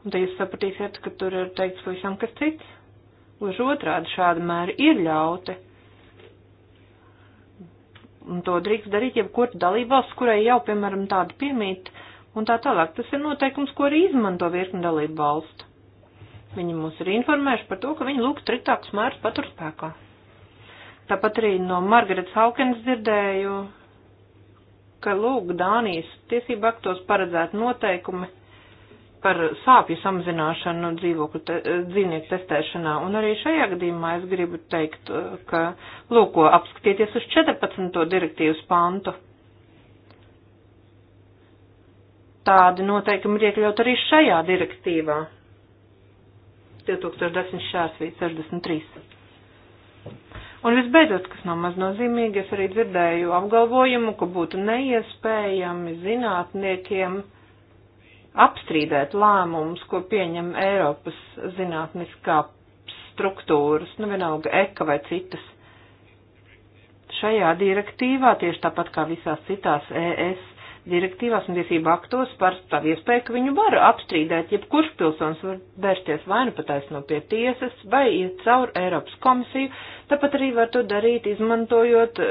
Un tad jūs sapratīsiet, ka tur ir teikts pavisam kas cits. Uz otrādi šādi mēri ir ļauti Un to drīkst darīt jebkur dalību valsts, kurai jau, piemēram, tāda piemīt un tā tālāk. Tas ir noteikums, ko arī izmanto virkni dalību valstu. Viņi mūs ir informējuši par to, ka viņi lūk striktākus mērus patur spēkā. Tāpat arī no Margaretas Haukens dzirdēju, ka lūk Dānijas tiesību aktos paredzēti noteikumi par sāpju samazināšanu dzīvokļu te, eh, dzīvnieku testēšanā. Un arī šajā gadījumā es gribu teikt, eh, ka, lūko, apskatieties uz 14. direktīvas pantu. Tādi noteikumi ir iekļaut arī šajā direktīvā. 2010.63. Un visbeidzot, kas nav maz nozīmīgi, es arī dzirdēju apgalvojumu, ka būtu neiespējami zinātniekiem uh, apstrīdēt lēmumus, ko pieņem Eiropas zinātniskā struktūras, nu vienalga eka vai citas. Šajā direktīvā, tieši tāpat kā visās citās ES direktīvās un tiesību aktos, par tādu iespēju, ka viņu var apstrīdēt, jebkurš pilsonis var vērsties vai nu pataisno pie tiesas, vai iet cauri Eiropas komisiju, tāpat arī var to darīt, izmantojot eh,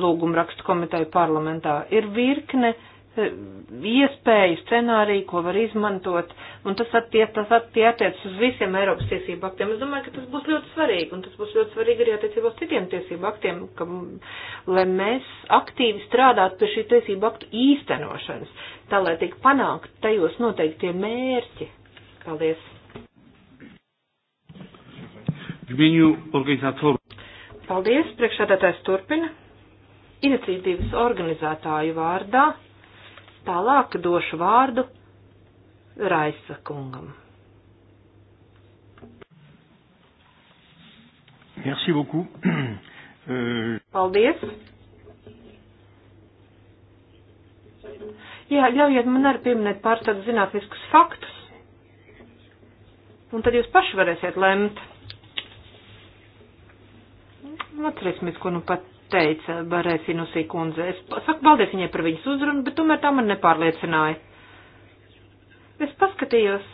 lūgumrakstu komiteju parlamentā. Ir virkne uh, iespēju scenāriju, ko var izmantot, un tas attiec, tas attiec, attiec uz visiem Eiropas tiesību aktiem. Es domāju, ka tas būs ļoti svarīgi, un tas būs ļoti svarīgi arī attiecībā uz citiem tiesību aktiem, ka, lai mēs aktīvi strādātu pie šī tiesību aktu īstenošanas, tā lai tiek panākt tajos noteiktie mērķi. Paldies! Paldies, priekšādātājs turpina. Iniciatīvas organizētāju vārdā Tālāk došu vārdu Raisa kungam. Merci beaucoup. Euh, Paldies. Jā, ļaujiet man arī pieminēt pāris tādus zinātniskus faktus. Un tad jūs paši varēsiet lemt. Atcerēsimies, ko nu pat teica Barēsinusī kundze. Es saku paldies viņai par viņas uzrunu, bet tomēr tā man nepārliecināja. Es paskatījos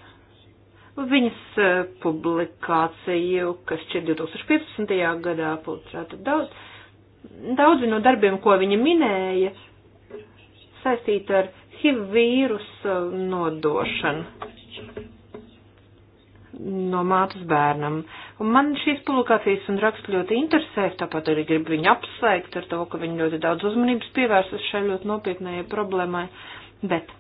viņas e, publikāciju, kas šķiet 2015. gadā publicēta daudz. Daudzi no darbiem, ko viņa minēja, saistīti ar HIV vīrusu nodošanu no mātes bērnam. Un man šīs publikācijas un raksts ļoti interesē, tāpat arī gribu viņu apsveikt ar to, ka viņi ļoti daudz uzmanības pievērsas šai ļoti nopietnējai problēmai. Bet,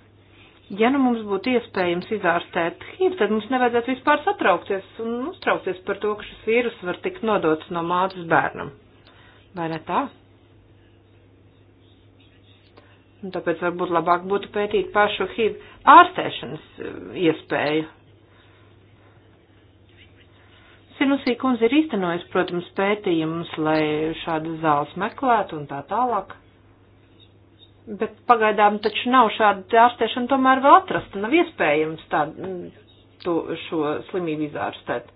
ja nu mums būtu iespējams izārstēt HIV, tad mums nevajadzētu vispār satraukties un uztraukties par to, ka šis vīrus var tikt nodots no mātes bērnam. Vai ne tā? Un tāpēc varbūt labāk būtu pētīt pašu HIV ārstēšanas eh, iespēju Sinusī kundze ir iztenojis, protams, pētījumus, lai šādas zāles meklētu un tā tālāk. Bet pagaidām taču nav šāda ārstēšana tomēr vēl atrasta, nav iespējams tā, mm, to, šo slimību izārstēt.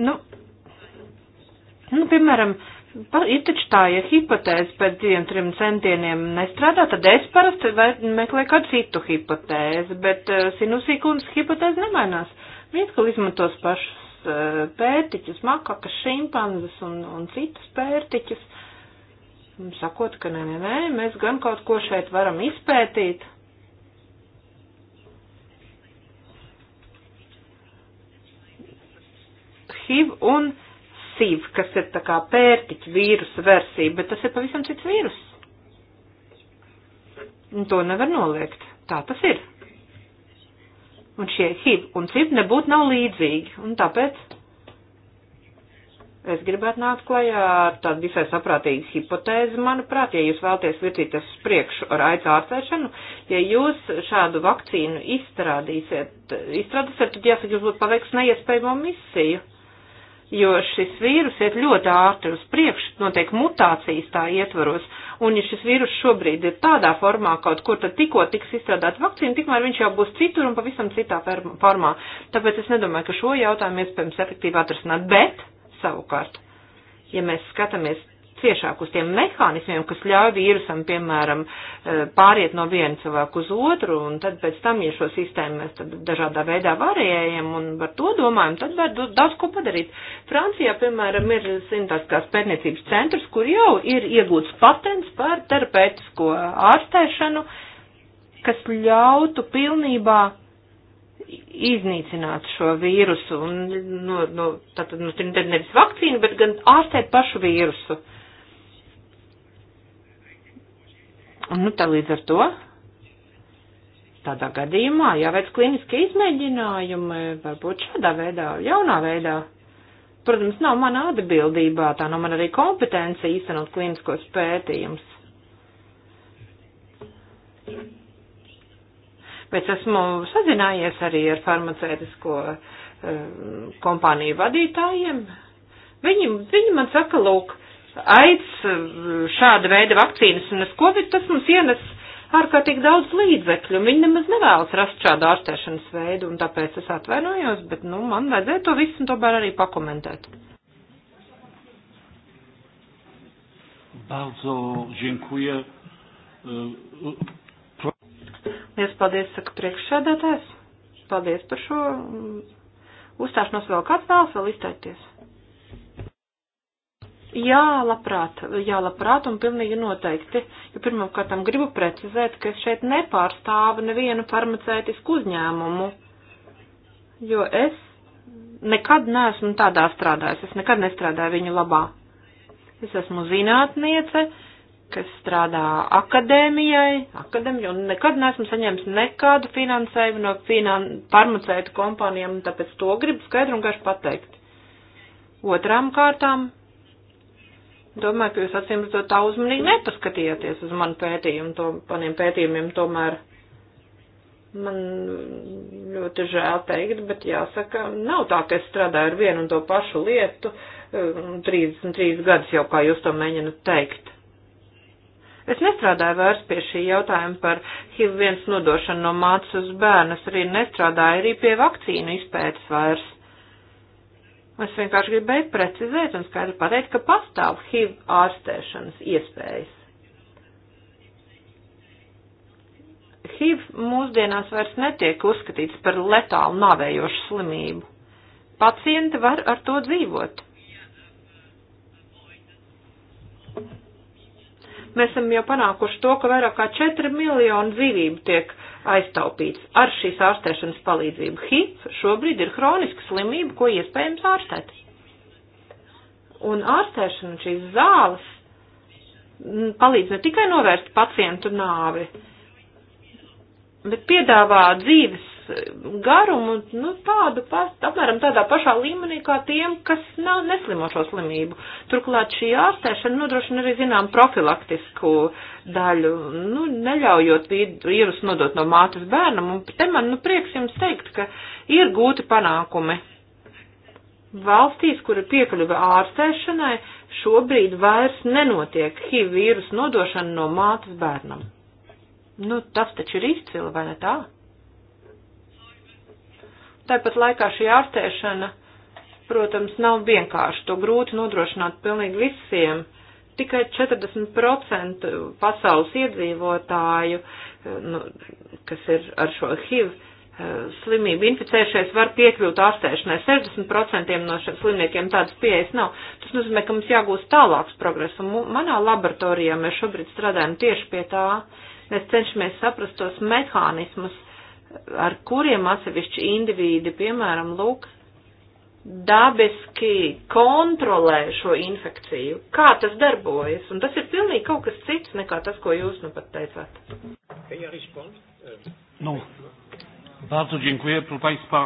Nu, nu piemēram, uh, Pa, nu, ir taču tā, ja hipotēze pēc diviem, trim centieniem nestrādā, tad es parasti meklēju kādu citu hipotēzi, bet uh, eh, sinusīkundas hipotēze nemainās. Vienkārši izmantos pašus uh, pērtiķus, makakas, šimpanzes un, un citus pērtiķus, sakot, ka nē, nē, nē, mēs gan kaut ko šeit varam izpētīt. HIV un. Uh, SIV, kas ir tā kā pērtiķa vīrusa versija, bet tas ir pavisam cits vīrus. Un to nevar noliegt. Tā tas ir. Un šie HIV un CIV nebūtu nav līdzīgi. Un tāpēc es gribētu nākt klajā ar tādu visai saprātīgu hipotēzi, manuprāt, ja jūs vēlaties virzīties uz priekšu ar aicu ārstēšanu, ja jūs šādu vakcīnu izstrādīsiet, izstrādāsiet, tad jāsaka, jūs būtu paveiks neiespējamo misiju jo šis vīrus iet ļoti ātri uz priekšu, notiek mutācijas tā ietvaros, un ja šis vīrus šobrīd ir tādā formā kaut kur, tad tikko tiks izstrādāt vakcīna, tikmēr viņš jau būs citur un pavisam citā formā. Tāpēc es nedomāju, ka šo jautājumu iespējams efektīvi atrasināt, bet savukārt, ja mēs skatāmies ciešāk uz tiem mehānismiem, kas ļauj vīrusam, piemēram, eh, pāriet no viena cilvēka uz otru, un tad pēc tam, ja šo sistēmu mēs tad dažādā veidā varējam un par to domājam, tad var daudz ko padarīt. Francijā, piemēram, ir sintāskās pētniecības centrs, kur jau ir iegūts patents par terapeitisko ārstēšanu, kas ļautu pilnībā iznīcināt šo vīrusu, un, nu, nu, tātad, nu, nevis vakcīnu, bet gan ārstēt pašu vīrusu. Uh, Un nu tā līdz ar to tādā gadījumā jāveic kliniski izmēģinājumi, varbūt šādā veidā, jaunā veidā. Protams, nav mana atbildībā, tā nav man arī kompetence īstenot kliniskos pētījumus. Bet esmu sazinājies arī ar farmaceitisko um, eh, kompāniju vadītājiem. Viņi, viņi man saka, lūk, uh, aids, šāda veida vakcīnas un es covid, tas mums ienes ārkārtīgi daudz līdzekļu. Viņi nemaz nevēlas rast šādu ārstēšanas veidu, un tāpēc es atvainojos, bet, nu, man vajadzēja to visu un tomēr arī pakomentēt. Bardzo dziękuję. Liels paldies, saka priekšsēdētājs. Paldies par šo mm, uzstāšanos vēl kāds vēlas vēl izteikties. Jā, labprāt, jā, labprāt un pilnīgi noteikti, jo pirmkārt gribu precizēt, ka es šeit nepārstāvu nevienu farmacētisku uzņēmumu, jo es nekad neesmu tādā strādājis, es nekad nestrādāju viņu labā. Es esmu zinātniece, kas strādā akadēmijai, akadēmija, un nekad neesmu saņēmis nekādu finansējumu no finan farmacētu kompānijām, tāpēc to gribu skaidru un garšu pateikt. Otrām kārtām Domāju, ka jūs acīm redzot tā uzmanīgi nepaskatījāties uz manu pētījumu, to, maniem pētījumiem tomēr. Man ļoti žēl teikt, bet jāsaka, nav tā, ka es strādāju ar vienu un to pašu lietu 33 um, gadus jau, kā jūs to mēģinat teikt. Es nestrādāju vairs pie šī jautājuma par HIV viens nodošanu no mācas uz bērnu, es arī nestrādāju arī pie vakcīnu izpētes vairs. Es vienkārši gribēju precizēt un skaidri pateikt, ka pastāv HIV ārstēšanas iespējas. HIV mūsdienās vairs netiek uzskatīts par letālu nāvējošu slimību. Pacienti var ar to dzīvot. Mēs esam jau panākuši to, ka vairāk kā 4 miljonu dzīvību tiek uh, aiztaupīts ar šīs ārstēšanas palīdzību. HIV šobrīd ir hroniska slimība, ko iespējams ārstēt. Un ārstēšana šīs zāles mm, palīdz ne tikai novērst pacientu nāvi, bet piedāvā dzīves garumu, nu, tādu pats, apmēram tādā pašā līmenī kā tiem, kas nav neslimo šo slimību. Turklāt šī ārstēšana nodrošina arī, zinām, profilaktisku daļu, nu, neļaujot vīrusu nodot no mātes bērnam, un te man, nu, prieks jums teikt, ka ir gūti panākumi. Valstīs, kur ir piekļuve ārstēšanai, šobrīd vairs nenotiek HIV vīrusu nodošana no mātes bērnam. Nu, tas taču ir izcili, vai ne tā? Tāpat laikā šī ārstēšana, protams, nav vienkārši. To grūti nodrošināt pilnīgi visiem. Tikai 40% pasaules iedzīvotāju, eh, nu, kas ir ar šo HIV eh, slimību inficējušies, var piekļūt ārstēšanai. 60% no šiem slimniekiem tādas pieejas nav. Tas nozīmē, ka mums jāgūst tālāks progress. Un manā laboratorijā mēs šobrīd strādājam tieši pie tā. Mēs cenšamies saprast tos mehānismus, ar kuriem atsevišķi indivīdi, piemēram, lūk, dabiski kontrolē šo infekciju. Kā tas darbojas? Un tas ir pilnīgi kaut kas cits nekā tas, ko jūs nu pat teicāt. Nu, bardzo dziękuję, proszę Państwa.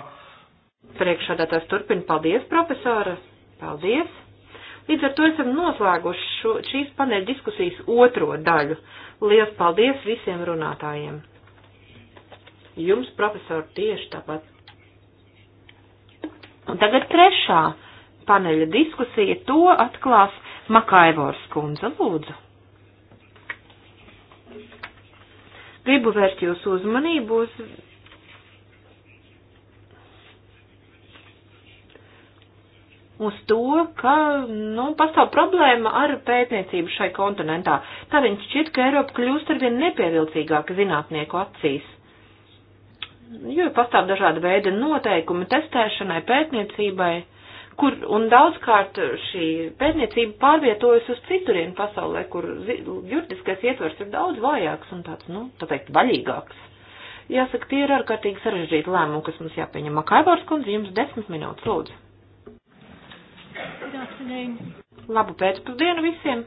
Priekšādātājs turpina. Paldies, profesora. Paldies. Līdz ar to esam noslēguši šo, šīs paneļa diskusijas otro daļu. Lielas paldies visiem runātājiem. Jums, profesori, tieši tāpat. Un tagad trešā paneļa diskusija to atklās Makaivors kundze lūdzu. Gribu vērst jūsu uzmanību uz uz to, ka, nu, pastāv problēma ar pētniecību šai kontinentā. Tā viņš šķiet, ka Eiropa kļūst arvien nepievilcīgāka zinātnieku acīs jo pastāv dažādi veidi noteikumi testēšanai, pētniecībai, kur un daudzkārt šī pētniecība pārvietojas uz citurien pasaulē, kur juridiskais ietvers ir daudz vājāks un tāds, nu, tā teikt, vaļīgāks. Jāsaka, tie ir ārkārtīgi sarežģīti lēmumi, kas mums jāpieņem. Makaibārs kundze, jums desmit minūtes, lūdzu. Labu pēcpusdienu visiem!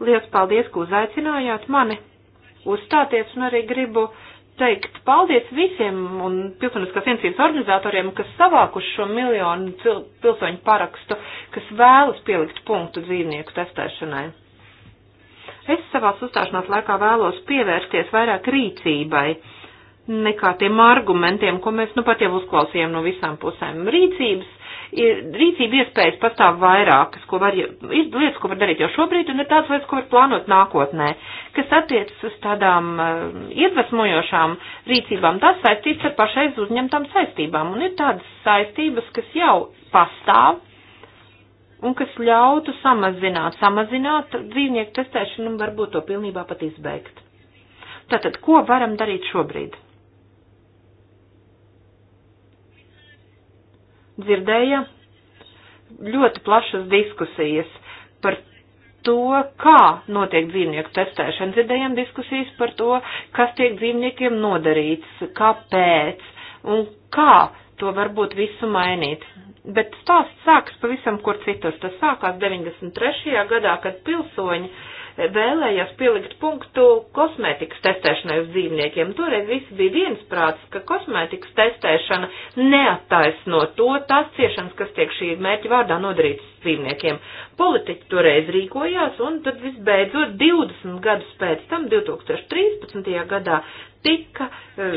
Lielas paldies, ka uzaicinājāt mani! uzstāties un arī gribu teikt paldies visiem un pilsoniskās iniciatīvas organizatoriem, kas savākuši šo miljonu pilsoņu parakstu, kas vēlas pielikt punktu dzīvnieku testēšanai. Es savās uzstāšanās laikā vēlos pievērsties vairāk rīcībai nekā tiem argumentiem, ko mēs nu pat jau uzklausījām no visām pusēm. Rīcības ir rīcība iespējas pastāv vairākas, ko var, ir lietas, ko var darīt jau šobrīd, un ir tādas lietas, ko var plānot nākotnē, kas attiecas uz tādām uh, iedvesmojošām rīcībām, tas saistīts ar pašreiz uzņemtām saistībām, un ir tādas saistības, kas jau pastāv, un kas ļautu samazināt, samazināt dzīvnieku testēšanu un varbūt to pilnībā pat izbeigt. Tātad, ko varam darīt šobrīd? dzirdēja ļoti plašas diskusijas par to, kā notiek dzīvnieku testēšana. Dzirdējām diskusijas par to, kas tiek dzīvniekiem nodarīts, kāpēc un kā to varbūt visu mainīt. Bet stāsts sākas pavisam kur citur. Tas sākās 93. gadā, kad pilsoņi vēlējās pielikt punktu kosmētikas testēšanai uz dzīvniekiem. Toreiz visi bija viensprāts, ka kosmētikas testēšana neattaisno to tās ciešanas, kas tiek šī mērķa vārdā nodarītas dzīvniekiem. Politiķi toreiz rīkojās, un tad visbeidzot 20 gadus pēc tam, 2013. gadā, tika eh,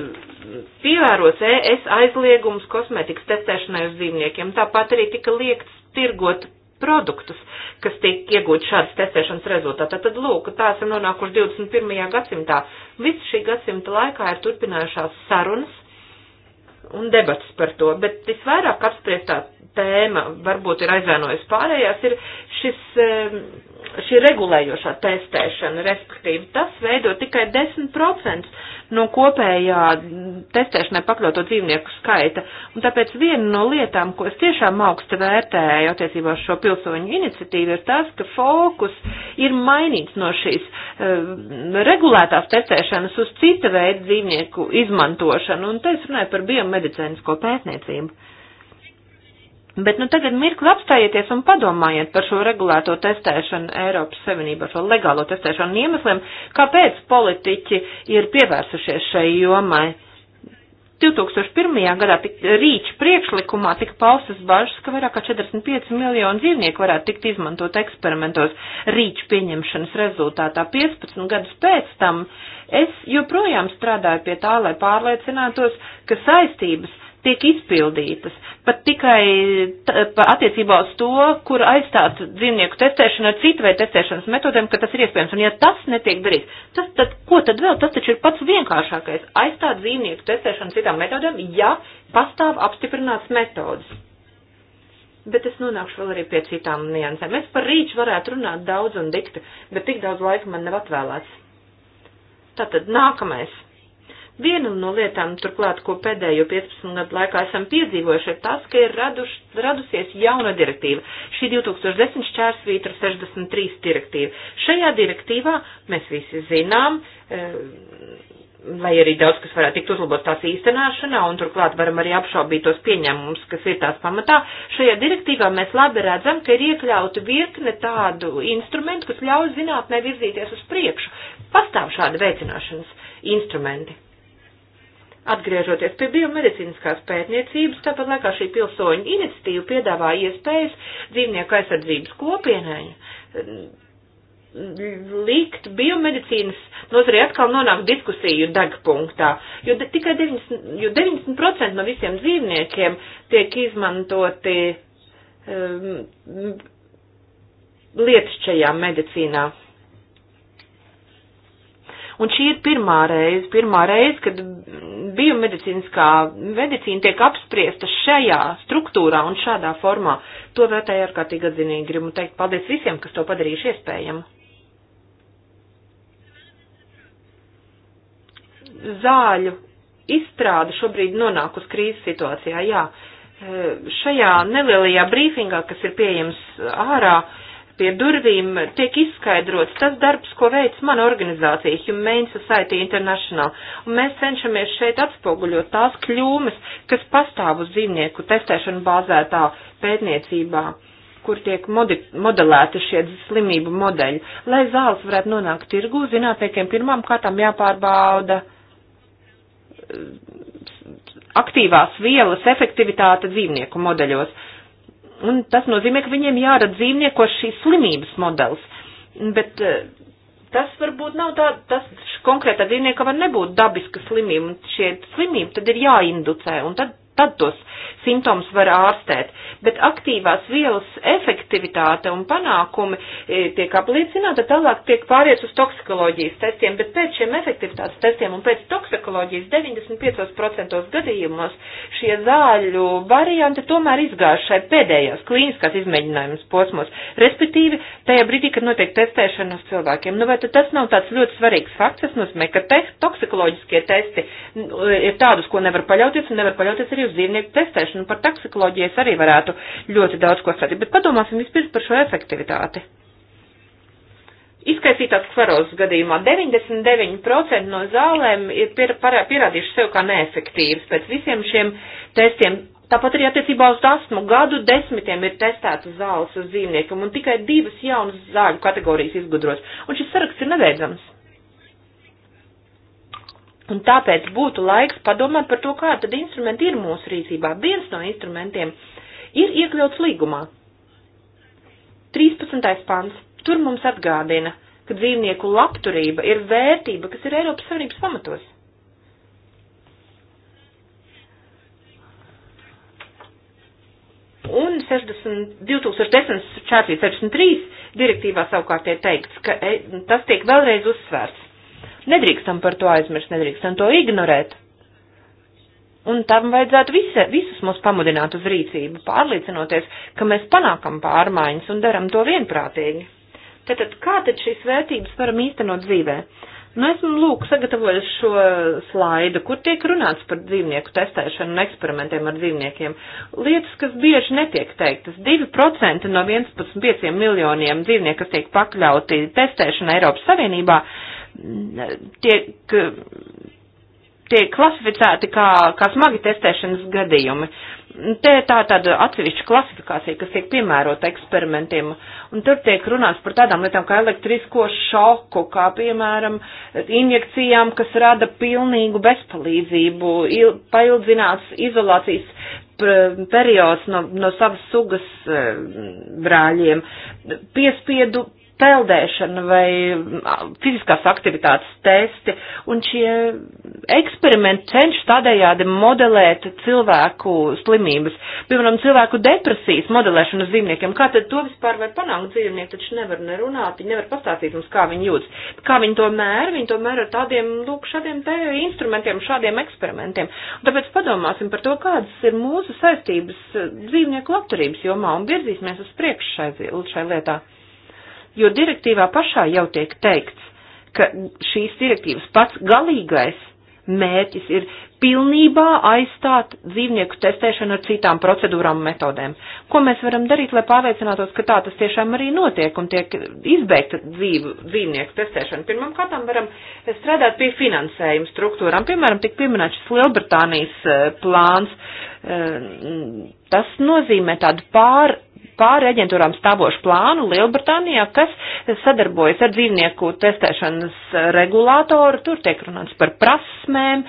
pievērots ES aizliegums kosmētikas testēšanai uz dzīvniekiem. Tāpat arī tika liekts tirgot produktus, kas tiek iegūt šādas testēšanas rezultātā. Tad, lūk, tā esam nonākuši 21. gadsimtā. Visu šī gadsimta laikā ir turpinājušās sarunas un debats par to, bet visvairāk apspriestā tēma varbūt ir aizvainojusi pārējās, ir šis, šī regulējošā testēšana, respektīvi tas veido tikai 10% no kopējā testēšanai pakļauto dzīvnieku skaita. Un tāpēc viena no lietām, ko es tiešām augstu vērtēju attiecībā uz šo pilsoņu iniciatīvu, ir tas, ka fokus ir mainīts no šīs uh, regulētās testēšanas uz cita veida dzīvnieku izmantošanu. Un te es runāju par biomedicīnisko pētniecību. Bet nu tagad mirkli apstājieties un padomājiet par šo regulēto testēšanu Eiropas Savienībā, šo legālo testēšanu un iemesliem, kāpēc politiķi ir pievērsušies šai jomai. 2001. gadā rīča priekšlikumā tika paustas bažas, ka vairāk kā 45 miljonu dzīvnieku varētu tikt izmantot eksperimentos rīča pieņemšanas rezultātā. 15 gadus pēc tam es joprojām strādāju pie tā, lai pārliecinātos, ka saistības tiek izpildītas. Pat tikai t, pa attiecībā uz to, kur aizstāt dzīvnieku testēšanu ar citu veidu testēšanas metodēm, ka tas ir iespējams. Un ja tas netiek darīts, tas tad, ko tad vēl? Tas taču ir pats vienkāršākais. Aizstāt dzīvnieku testēšanu citām metodēm, ja pastāv apstiprināts metodas. Bet es nonākšu vēl arī pie citām niansēm. Es par rīču varētu runāt daudz un dikti, bet tik daudz laika man nav atvēlēts. Tātad nākamais Viena no lietām, turklāt, ko pēdējo 15 gadu laikā esam piedzīvojuši, ir tas, ka ir raduš, radusies jauna direktīva. Šī 2010 šķērsvītra 63 direktīva. Šajā direktīvā mēs visi zinām, e, lai arī daudz kas varētu tikt uzlabots tās īstenāšanā, un turklāt varam arī apšaubīt tos pieņēmumus, kas ir tās pamatā, šajā direktīvā mēs labi redzam, ka ir iekļauti virkne tādu instrumentu, kas ļauj zinātnē virzīties uz priekšu. Pastāv šādi veicināšanas instrumenti. Atgriežoties pie biomedicīniskās pētniecības, tāpat laikā šī pilsoņu iniciatīva piedāvā iespējas dzīvnieku aizsardzības kopienai mm, likt biomedicīnas nozarei atkal nonākt diskusiju degpunktā, jo de, tikai 90%, jo 90 no visiem dzīvniekiem tiek izmantoti um, lietišķajā medicīnā. Un šī ir pirmā reize, pirmā reize, kad biomedicīniskā medicīna tiek apspriesta šajā struktūrā un šādā formā. To vērtēju ārkārtīgi atzinīgi. Gribu teikt paldies visiem, kas to padarījuši iespējamu. Zāļu izstrāde šobrīd nonāk uz krīzes situācijā, jā. Šajā nelielajā brīfingā, kas ir pieejams ārā, uh, pie durvīm tiek izskaidrots tas darbs, ko veic mana organizācija Humane Society International. Un mēs cenšamies šeit atspoguļot tās kļūmes, kas pastāv uz dzīvnieku testēšanu bāzētā pētniecībā kur tiek modi, modelēti šie slimību modeļi. Lai zāles varētu nonākt tirgū, zinātniekiem pirmām kārtām jāpārbauda eh, aktīvās vielas efektivitāte dzīvnieku modeļos Un tas nozīmē, ka viņiem jārada dzīvnieko šīs slimības modelis. Bet eh, tas varbūt nav tā, tas konkrētā dzīvniekam var nebūt dabiska slimība, un šie slimība tad ir jāinducē, un tad tad tos simptomus var ārstēt. Bet aktīvās vielas efektivitāte un panākumi e, tiek apliecināta, tālāk tiek pāriet uz toksikoloģijas testiem, bet pēc šiem efektivitātes testiem un pēc toksikoloģijas 95% gadījumos šie zāļu varianti tomēr izgāž šai pēdējās klīniskās izmēģinājumas posmos, respektīvi tajā brīdī, kad notiek testēšana uz cilvēkiem. Nu, vai tad tas nav tāds ļoti svarīgs fakts? Tas nozīmē, ka te, toksikoloģiskie testi e, ir tādus, ko nevar paļauties un nevar paļauties arī uz dzīvnieku testēšanu. Par toksikoloģiju es arī varētu ļoti daudz ko sacīt, bet padomāsim vispirms par šo efektivitāti. Izskaisītās sklerozes gadījumā 99% no zālēm ir pierādījuši sev kā neefektīvas pēc visiem šiem testiem. Tāpat arī attiecībā uz astmu gadu desmitiem ir testētas zāles uz dzīvniekam un tikai divas jaunas zāļu kategorijas izgudros. Un šis saraksts ir nebeidzams. Un tāpēc būtu laiks padomāt par to, kāda tad instrumenti ir mūsu rīcībā. Viens no instrumentiem ir iekļauts līgumā. 13. pants. Tur mums atgādina, ka dzīvnieku labturība ir vērtība, kas ir Eiropas Savienības pamatos. Un 60, 2010. 463 direktīvā savukārt ir teikts, ka e, tas tiek vēlreiz uzsvērts Nedrīkstam par to aizmirst, nedrīkstam to ignorēt. Un tam vajadzētu visi, visus mūs pamudināt uz rīcību, pārliecinoties, ka mēs panākam pārmaiņas un daram to vienprātīgi. Tātad, kā tad šīs vērtības varam īstenot dzīvē? Nu, esmu lūk sagatavojis šo slaidu, kur tiek runāts par dzīvnieku testēšanu un eksperimentiem ar dzīvniekiem. Lietas, kas bieži netiek teiktas. 2% no 1,5 miljoniem dzīvnieku, kas tiek pakļauti testēšana Eiropas Savienībā, tiek, tiek klasificēti kā, kā smagi testēšanas gadījumi. Te ir tā tāda atsevišķa klasifikācija, kas tiek piemērota eksperimentiem, un tur tiek runāts par tādām lietām kā elektrisko šoku, kā piemēram injekcijām, kas rada pilnīgu bezpalīdzību, il, paildzināts izolācijas periods no, no savas sugas eh, brāļiem, piespiedu peldēšana vai fiziskās aktivitātes testi, un šie eksperimenti cenšas tādējādi modelēt cilvēku slimības, piemēram, cilvēku depresijas modelēšanu uz dzīvniekiem. Kā tad to vispār var panākt? Nu, dzīvnieki taču nevar nerunāt, viņi nevar pastāstīt mums, kā viņi jūtas. Kā viņi to mēra? Viņi to mēra ar tādiem, lūk, šādiem te instrumentiem, šādiem eksperimentiem. Un tāpēc padomāsim par to, kādas ir mūsu saistības eh, dzīvnieku labturības jomā un virzīsimies uz priekšu šai, šai lietā jo direktīvā pašā jau tiek teikts, ka šīs direktīvas pats galīgais mērķis ir pilnībā aizstāt dzīvnieku testēšanu ar citām procedūrām un metodēm. Ko mēs varam darīt, lai pārliecinātos, ka tā tas tiešām arī notiek un tiek izbeigta dzīvu, dzīvnieku testēšana? Pirmam kārtām varam strādāt pie finansējuma struktūrām. Piemēram, tik pieminēts šis Lielbritānijas eh, plāns. Eh, tas nozīmē tādu pār pāri aģentūrām stāvošu plānu Lielbritānijā, kas sadarbojas ar dzīvnieku testēšanas regulātoru. Tur tiek runāts par prasmēm,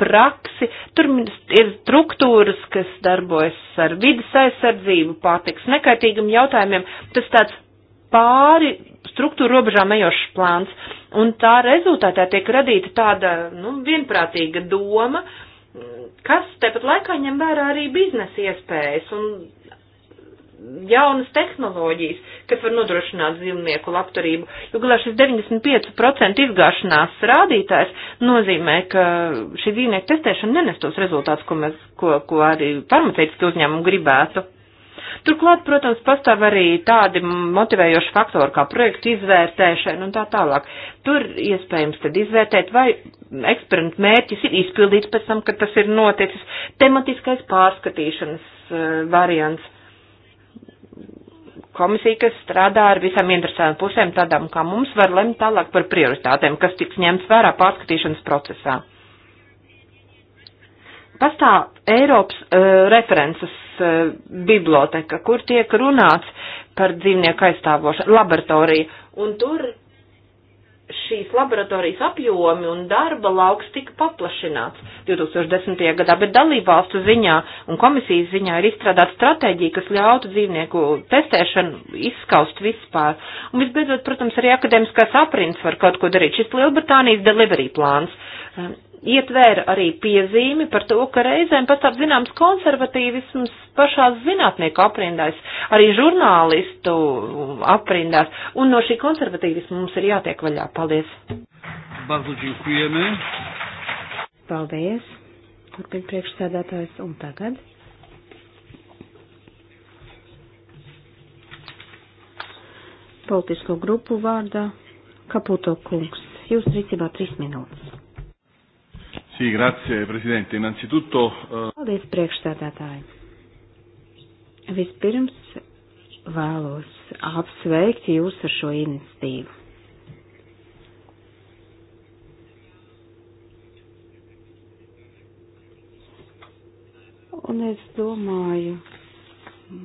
praksi. Tur ir struktūras, kas darbojas ar vidas aizsardzību, pārtiks nekaitīgam jautājumiem. Tas tāds pāri struktūra robežām ejošs plāns. Un tā rezultātā tiek radīta tāda, nu, vienprātīga doma, kas tepat laikā ņem vērā arī biznesa iespējas un jaunas tehnoloģijas, kas var nodrošināt dzīvnieku labturību. Jo galā šis 95% izgāšanās rādītājs nozīmē, ka šī dzīvnieku testēšana nenes tos rezultātus, ko, mēs, ko, ko arī farmaceitiski uzņēmumi gribētu. Turklāt, protams, pastāv arī tādi motivējoši faktori kā projektu izvērtēšana un tā tālāk. Tur iespējams tad izvērtēt, vai eksperimentu mērķis ir izpildīts pēc tam, kad tas ir noticis. Tematiskais pārskatīšanas uh, variants komisija, kas strādā ar visām interesētām pusēm, tādām kā mums, var lemt tālāk par prioritātēm, kas tiks ņemts vērā pārskatīšanas procesā. Pastāv Eiropas uh, references uh, biblioteka, kur tiek runāts par dzīvnieku aizstāvošanu, laboratorija, un tur šīs laboratorijas apjomi un darba lauks tika paplašināts 2010. gadā, bet dalībvalstu ziņā un komisijas ziņā ir izstrādāta stratēģija, kas ļautu dzīvnieku testēšanu izskaust vispār. Un visbeidzot, protams, arī akadēmiskās aprins var kaut ko darīt. Šis Lielbritānijas delivery plāns um, ietvēra arī piezīmi par to, ka reizēm pastāv zināms konservatīvisms pašās zinātnieku aprindās, arī žurnālistu aprindās, un no šī konservatīvisma mums ir jātiek vaļā. Paldies! Paldies! Turpin priekšsēdētājs un tagad. Politisko grupu vārdā Kaputo kungs. Jūs rīcībā trīs minūtes. Sī, grazie, prezidente. Innanzitutto. Uh... Paldies, priekšstādātāji. Vispirms vēlos apsveikt jūs ar šo iniciatīvu. Un es domāju,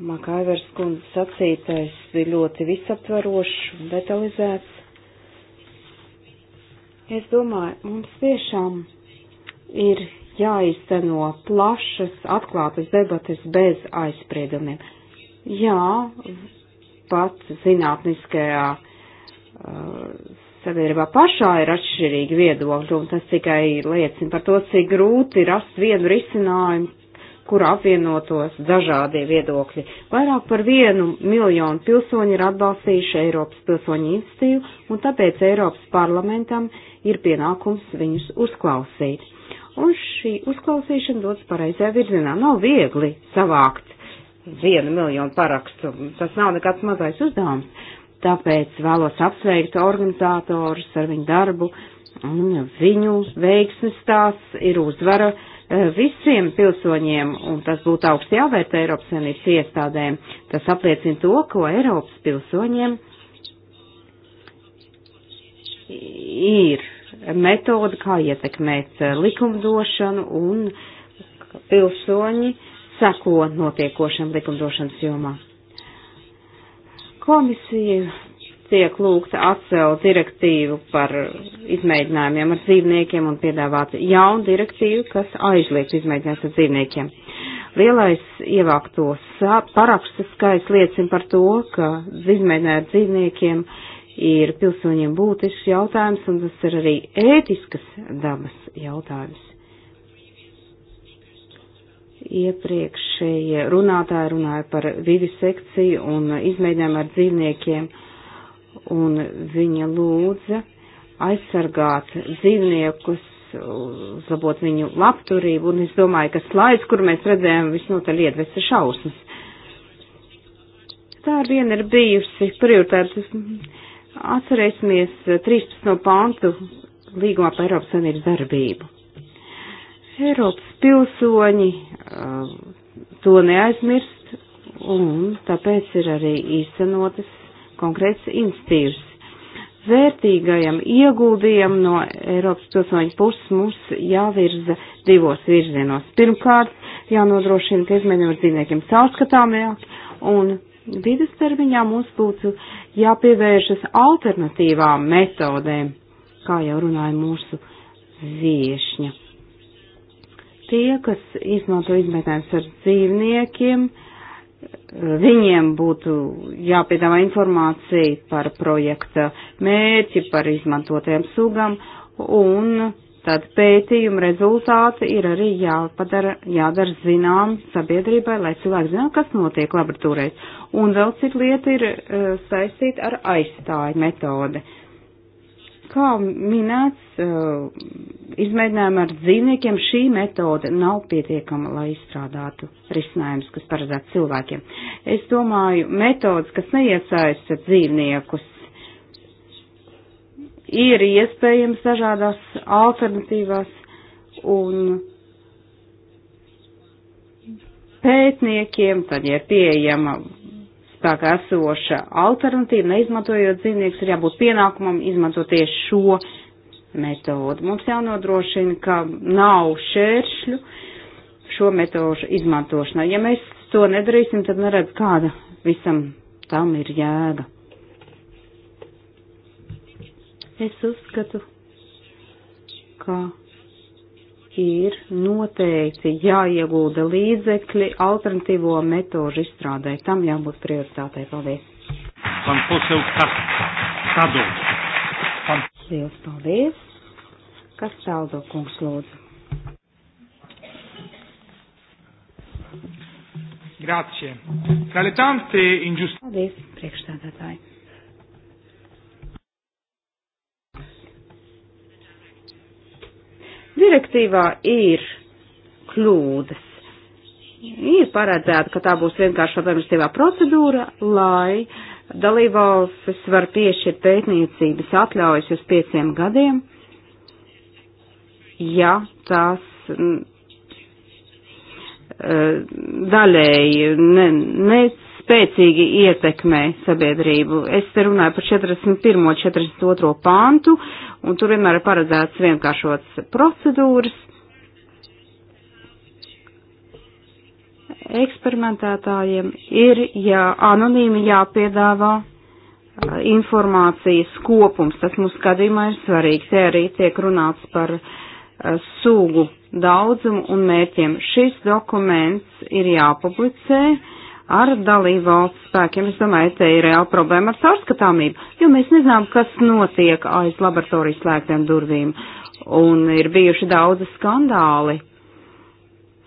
Makaivers kundze sacītais bija ļoti visaptvarošs un detalizēts. Es domāju, mums tiešām ir jāizceno plašas, atklātas debates bez aizspriedumiem. Jā, pat zinātniskajā uh, sabiedrībā pašā ir atšķirīgi viedokļi, un tas tikai liecina par to, cik grūti rast vienu risinājumu, kur apvienotos dažādie viedokļi. Vairāk par vienu miljonu pilsoņu ir atbalstījuši Eiropas pilsoņu institīvu, un tāpēc Eiropas parlamentam ir pienākums viņus uzklausīt un šī uzklausīšana dodas pareizajā virzienā. Nav viegli savākt vienu miljonu parakstu, tas nav nekāds mazais uzdevums, tāpēc vēlos apsveikt organizatorus ar viņu darbu, un viņu veiksmes tās ir uzvara e, visiem pilsoņiem, un tas būtu augsti jāvērtē Eiropas Savienības iestādēm. Tas apliecina to, ko Eiropas pilsoņiem ir metodi, kā ietekmēt eh, likumdošanu un pilsoņi seko notiekošam likumdošanas jomā. Komisija tiek lūgta atcelt direktīvu par izmēģinājumiem ar dzīvniekiem un piedāvāt jaunu direktīvu, kas aizliegt izmēģinājums ar dzīvniekiem. Lielais ievākto parakstu skaits liecina par to, ka izmēģinājumi ar dzīvniekiem uh, ir pilsoņiem būtisks jautājums, un tas ir arī ētiskas dabas jautājums. Iepriekšējie runātāji runāja par vivisekciju un izmēģinājumu ar dzīvniekiem, un viņa lūdza aizsargāt dzīvniekus, uzlabot viņu labturību, un es domāju, ka slaids, kur mēs redzējām, visnotaļ iedvesa šausmas. Tā ar vienu ir bijusi prioritāte Atcerēsimies 13. Eh, pantu līgumā par Eiropas Savienības darbību. Eiropas pilsoņi eh, to neaizmirst, un tāpēc ir arī īstenotas konkrēts institīvs. Vērtīgajam ieguldījumam no Eiropas pilsoņu puses mums jāvirza divos virzienos. Pirmkārt, jānodrošina, ka izmaiņojumi dzīvniekiem caurskatāmāk, un vidustermiņā mums būtu jāpievēršas alternatīvām metodēm, kā jau runāja mūsu viešņa. Tie, kas izmanto izmetnēs ar dzīvniekiem, viņiem būtu jāpiedāvā informācija par projekta mērķi, par izmantotajām sugām, un tad pētījuma rezultāti ir arī jāpadara, jādara zinām sabiedrībai, lai cilvēki zinātu, kas notiek laboratorijas un vēl cita lieta ir uh, e, saistīta ar aizstāju metodi. Kā minēts, uh, izmēģinājumi ar dzīvniekiem šī metode nav pietiekama, lai izstrādātu risinājumus, kas paredzētu cilvēkiem. Es domāju, metodas, kas neiesaista dzīvniekus, ir iespējams dažādās alternatīvās un pētniekiem, tad, ja ir pieejama spēkā esoša alternatīva, neizmantojot dzīvniekus, ir jābūt pienākumam izmantot tieši šo metodu. Mums jānodrošina, ka nav šēršļu šo metožu izmantošanā. Ja mēs to nedarīsim, tad neredz, kāda visam tam ir jēga. Es uzskatu, ka ir noteikti jāiegulda līdzekļi alternatīvo metožu izstrādē. Tam jābūt prioritātei. Paldies! Man pusēl kādu. Man... Liels paldies! Kas saldo kungs lūdzu? Grazie. Tra le tante ingiustizie. Paldies, priekšstādātāji. Direktīvā ir kļūdas. Ir paredzēta, ka tā būs vienkārši administratīvā procedūra, lai dalībvalstis var piešķirt pētniecības atļaujas uz pieciem gadiem, ja tās mm, eh, daļēji ne, nec spēcīgi ietekmē sabiedrību. Es te runāju par 41. un 42. pāntu, un tur vienmēr ir paredzēts vienkāršots procedūras. Eksperimentētājiem ir jā, anonīmi jāpiedāvā informācijas kopums. Tas mums skatījumā ir svarīgi. Te arī tiek runāts par sugu daudzumu un mērķiem. Šis dokuments ir jāpublicē ar dalību valsts spēkiem. Es domāju, te ir reāla problēma ar caurskatāmību, jo mēs nezinām, kas notiek aiz laboratorijas slēgtiem durvīm. Un ir bijuši daudzi skandāli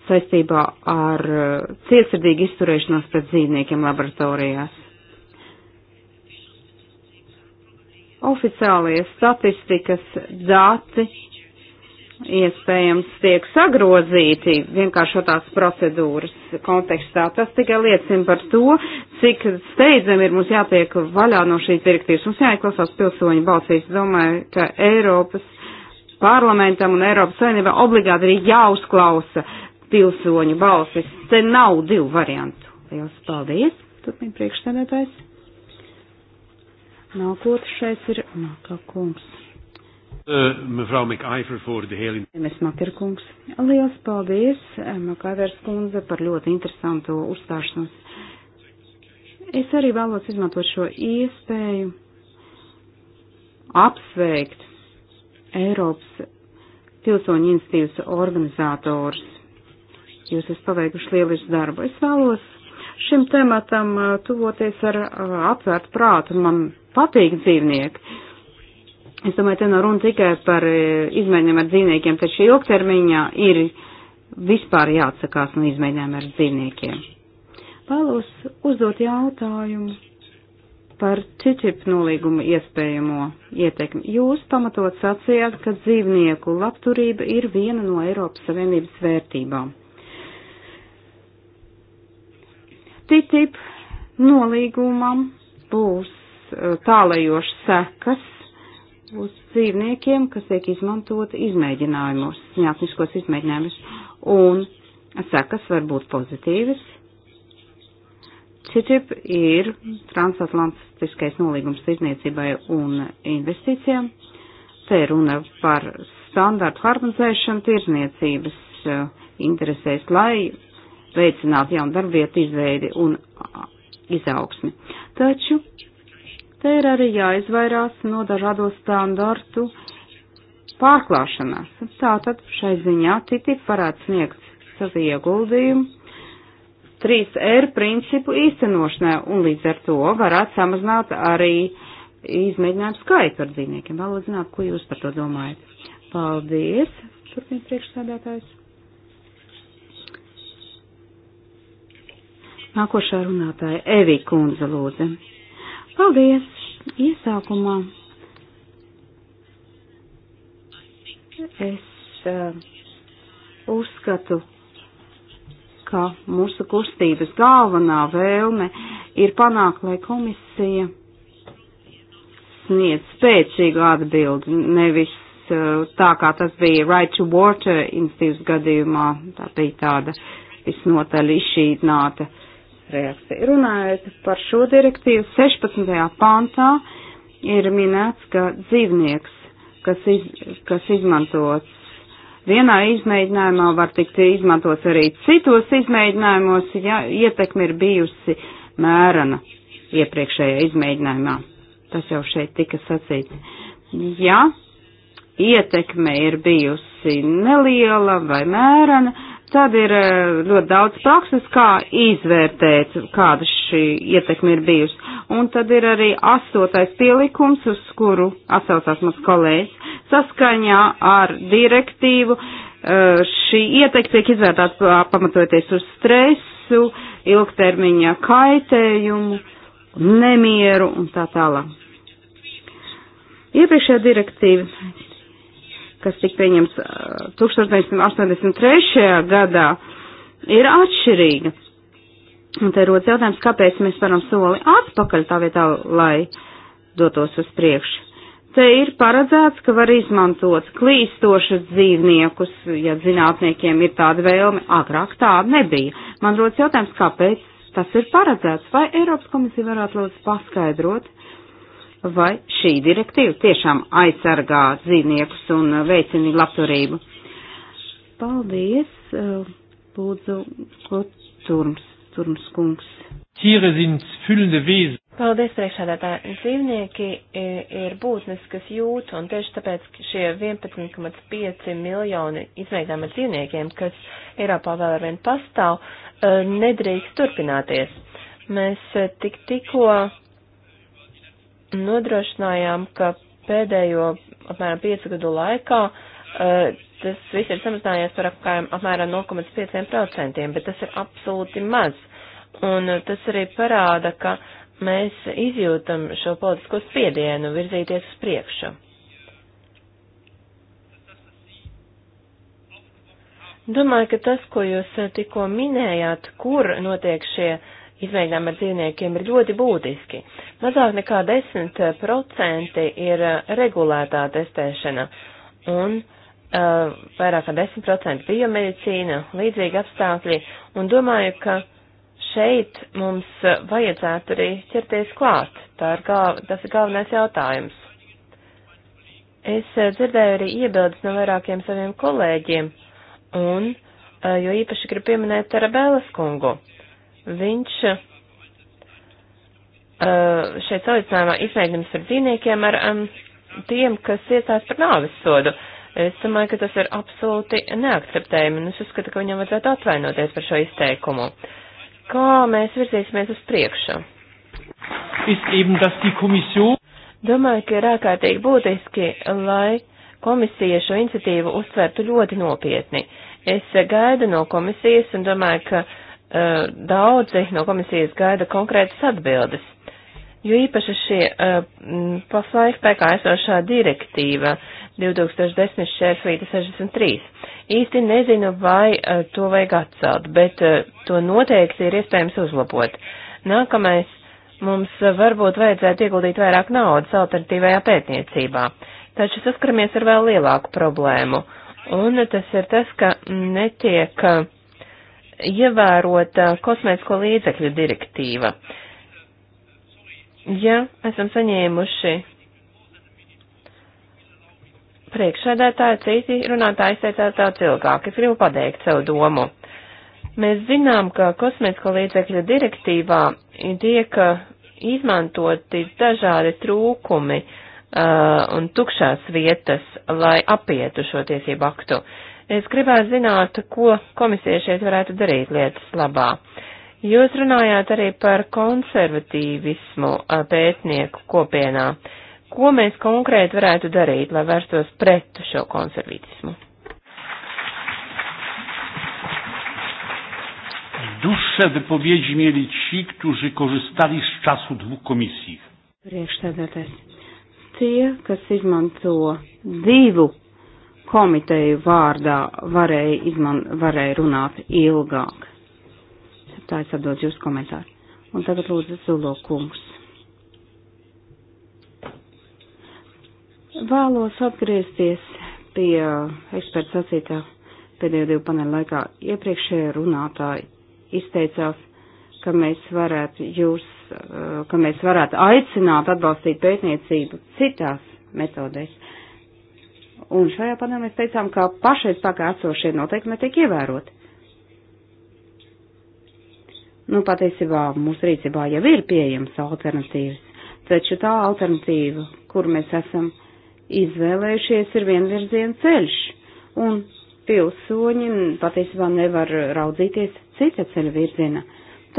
saistībā ar uh, cietsirdīgu izturēšanos pret dzīvniekiem laboratorijās. Oficiālie statistikas dati iespējams tiek sagrozīti vienkāršotās procedūras kontekstā. Tas tikai liecina par to, cik steidzami ir mums jātiek vaļā no šīs direktīvas. Mums jāieklausās pilsoņu balsīs. Domāju, ka Eiropas parlamentam un Eiropas saimnībā obligāti ir jāuzklausa pilsoņu balsis. Te nav divu variantu. Lielas paldies! Turpin priekšstādētājs. Nākošais ir Makā kungs. Uh, Mevrouw McIver voor de hele. Mēs Makarkungs. Liels paldies, eh, Makaivers kundze, par ļoti interesantu uzstāšanos. Es arī vēlos izmantot šo iespēju apsveikt Eiropas pilsoņu institīvas organizātors. Jūs esat paveikuši lielisku darbu. Es vēlos šim tematam eh, tuvoties ar atvērtu prātu. Man patīk dzīvnieki Es domāju, te nav runa tikai par e, izmēģinājumu ar dzīvniekiem, taču ilgtermiņā ir vispār jāatsakās no izmēģinājuma ar dzīvniekiem. Vēlos uzdot jautājumu par TTIP nolīgumu iespējamo ietekmi. Jūs pamatot sacījāt, ka dzīvnieku labturība ir viena no Eiropas Savienības vērtībām. TTIP nolīgumam būs e, tālējošas sekas uz dzīvniekiem, kas tiek izmantot izmēģinājumos, zinātniskos izmēģinājumus, un sekas var būt pozitīvas. CITIP ir transatlantiskais nolīgums tirzniecībai un investīcijām. Te runa par standārtu harmonizēšanu tirzniecības eh, interesēs, lai veicinātu jaunu darbvietu izveidi un izaugsmi. Taču Te ir arī jāizvairās no dažādo standartu pārklāšanās. Tātad šai ziņā TTIP varētu sniegt savu ieguldījumu 3R principu īstenošanai un līdz ar to varētu samazināt arī izmēģinājumu skaitu ar dzīvniekiem. Vēl zināt, ko jūs par to domājat. Paldies, turpina priekšsādātājs. Nākošā runātāja Evī Kunze lūdzu. Paldies! Iesākumā es uh, uzskatu, ka mūsu kustības galvenā vēlme ir panākt, lai komisija sniedz spēcīgu atbildi, nevis uh, tā kā tas bija Right to Water institīvas gadījumā, tā bija tāda visnotaļ izšķītnāta uh, reakcija. Runājot par šo direktīvu, 16. pantā ir minēts, ka dzīvnieks, kas, iz, kas izmantots vienā izmēģinājumā, var tikt izmantots arī citos izmēģinājumos, ja ietekme ir bijusi mērana iepriekšējā izmēģinājumā. Tas jau šeit tika sacīts. Ja ietekme ir bijusi neliela vai mērana, Tad ir eh, ļoti daudz prakses, kā izvērtēt, kāda šī ietekme ir bijusi. Un tad ir arī astotais pielikums, uz kuru atsaucās mans kolēģis. Saskaņā ar direktīvu eh, šī ietekme tiek izvērtēta pamatoties uz stresu, ilgtermiņa kaitējumu, nemieru un tā tālāk. Iepriekšējā direktīva kas tika pieņemts 1983. gadā, ir atšķirīga. Un te rodas jautājums, kāpēc mēs varam soli atpakaļ tā vietā, lai dotos uz priekšu. Te ir paredzēts, ka var izmantot klīstošas dzīvniekus, ja zinātniekiem ir tāda vēlme. Agrāk tāda nebija. Man rodas jautājums, kāpēc tas ir paredzēts. Vai Eiropas komisija varētu lūdzu paskaidrot? vai šī direktīva tiešām aizsargā dzīvniekus un uh, veicina labturību. Paldies, uh, lūdzu, ko turms, turms kungs. Tiere sind fühlende Wesen. Paldies, priekšādātāji. Dzīvnieki ir būtnes, kas jūt, un tieši tāpēc šie 11,5 miljoni izveidāmi dzīvniekiem, kas Eiropā vēl arvien pastāv, uh, nedrīkst turpināties. Mēs tik tikko nodrošinājām, ka pēdējo apmēram 5 gadu laikā uh, tas viss ir samazinājies par apmēram 0,5%, bet tas ir absolūti maz. Un eh, tas arī parāda, ka mēs izjūtam šo politisko spiedienu virzīties uz priekšu. Domāju, ka tas, ko jūs eh, tikko minējāt, kur notiek šie uh, izmēģinājumi ar dzīvniekiem ir ļoti būtiski. Mazāk nekā 10% ir eh, regulētā testēšana un uh, vairāk kā 10% biomedicīna, līdzīgi apstākļi, un domāju, ka šeit mums vajadzētu arī ķerties klāt. Tā ir galv, tas ir galvenais jautājums. Es eh, dzirdēju arī iebildes no vairākiem saviem kolēģiem, un, jo īpaši gribu pieminēt Tarabēlas kungu. Viņš eh, šeit salīdzinājumā izmēģinājums ar dzīvniekiem, ar tiem, kas iestājas par nāvis sodu. Es domāju, ka tas ir absolūti neakceptējami, un es uzskatu, ka viņam vajadzētu atvainoties par šo izteikumu. Kā mēs virzīsimies uz priekšu? Domāju, ka ir ārkārtīgi būtiski, lai komisija šo iniciatīvu uztvertu ļoti nopietni. Es gaidu no komisijas un domāju, ka daudzi no komisijas gaida konkrētas atbildes, jo īpaši šie pašlaik spēkā esošā direktīva 2010 šērfīta 63. Īsti nezinu, vai to vajag atcelt, bet to noteikti ir iespējams uzlabot. Nākamais mums varbūt vajadzētu ieguldīt vairāk naudas alternatīvajā pētniecībā, taču saskaramies ar vēl lielāku problēmu, un tas ir tas, ka netiek uh, ievērota uh, kosmētisko līdzekļu direktīva. Ja esam saņēmuši priekšsēdētāji, citi runātāji izteicās daudz ilgāk. Es gribu pateikt savu domu. Mēs zinām, ka kosmētisko līdzekļu direktīvā tiek uh, izmantoti dažādi trūkumi uh, un tukšās vietas, lai apietu šo tiesību aktu. Uh, Es gribētu zināt, ko komisija šeit varētu darīt lietas labā. Jūs runājāt arī par konservatīvismu pētnieku kopienā. Ko mēs konkrēti varētu darīt, lai vērstos pret šo konservatīvismu? Dłuższe wypowiedzi mieli ci, którzy korzystali z czasu dwóch komisji. Priekšsēdētājs. Tie, kas izmanto divu komiteju vārdā varēja, izman, varēja runāt ilgāk. Tā es atdod jūsu komentāru. Un tagad lūdzu Zulo kungs. Vēlos atgriezties pie eksperta sacītā pēdējo divu paneļu laikā. Iepriekšējā runātāji izteicās, ka mēs varētu jūs, ka mēs varētu aicināt atbalstīt pētniecību citās metodēs. Un šajā panelē mēs teicām, ka pašais spēkā esošie noteikumi tiek ievēroti. Nu, patiesībā mūsu rīcībā jau ir pieejams alternatīvas, taču tā alternatīva, kur mēs esam izvēlējušies, ir vienvirziena ceļš, un pilsoņi patiesībā nevar raudzīties cita ceļa virzienā,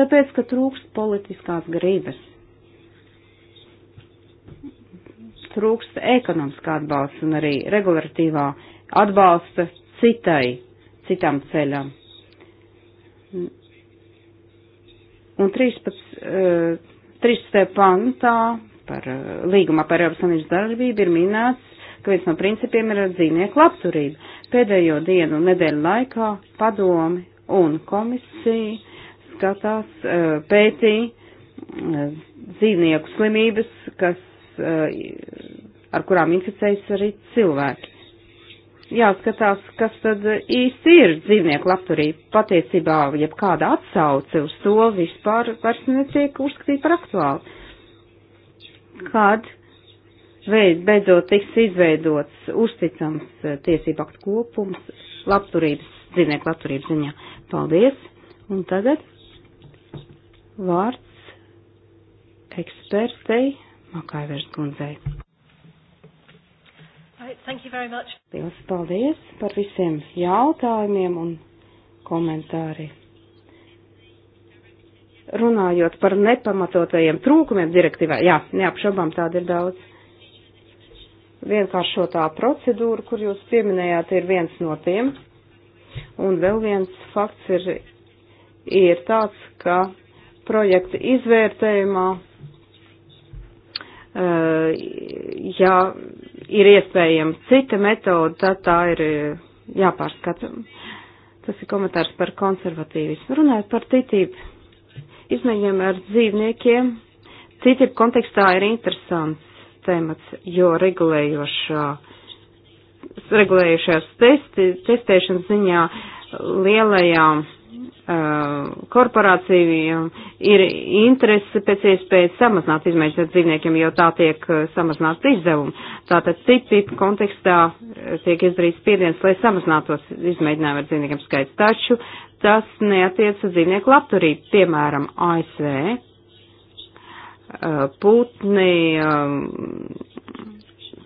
tāpēc, ka trūkst politiskās gribas. trūkst ekonomiskā atbalsta un arī regulatīvā atbalsta citai, citam ceļam. Un 13. Uh, 13. pantā par eh, līgumā par Eiropas Savienības darbību ir minēts, ka viens no principiem ir dzīvnieku labturība. Pēdējo dienu un nedēļu laikā padomi un komisija skatās, eh, pētī eh, dzīvnieku slimības, kas ar kurām inficējas arī cilvēki. Jāskatās, kas tad īsti ir dzīvnieku labturība. Patiesībā jebkāda atsauce uz to vispār vairs netiek uzskatīta par aktuālu. Kad veid, beidzot tiks izveidots uzticams eh, tiesību aktu kopums labturības, dzīvnieku labturības ziņā. Paldies! Un tagad vārds ekspertei Makaivers kundzei. Right, Lielas paldies par visiem jautājumiem un komentāriem. Runājot par nepamatotajiem trūkumiem direktīvā, jā, neapšaubām tāda ir daudz vienkāršotā procedūra, kur jūs pieminējāt, ir viens no tiem. Un vēl viens fakts ir, ir tāds, ka projekta izvērtējumā, ja ir iespējama cita metode, tad tā ir eh, jāpārskata. Tas ir komentārs par konservatīvismu. Runājot par citību, izmēģinājumu ar dzīvniekiem, citību kontekstā ir interesants temats, jo regulējošā, regulējušās testi, testēšanas ziņā lielajām Uh, korporācijām ir interese pēc iespējas samazināt izmēģināt dzīvniekiem, jo tā tiek uh, samazināts izdevumi. Tātad TTIP kontekstā uh, tiek izdarīts spiediens, lai samazinātos izmēģinājumu ar dzīvniekiem skaits. Taču tas neatiec uz dzīvnieku labturību, piemēram, ASV. Putni um,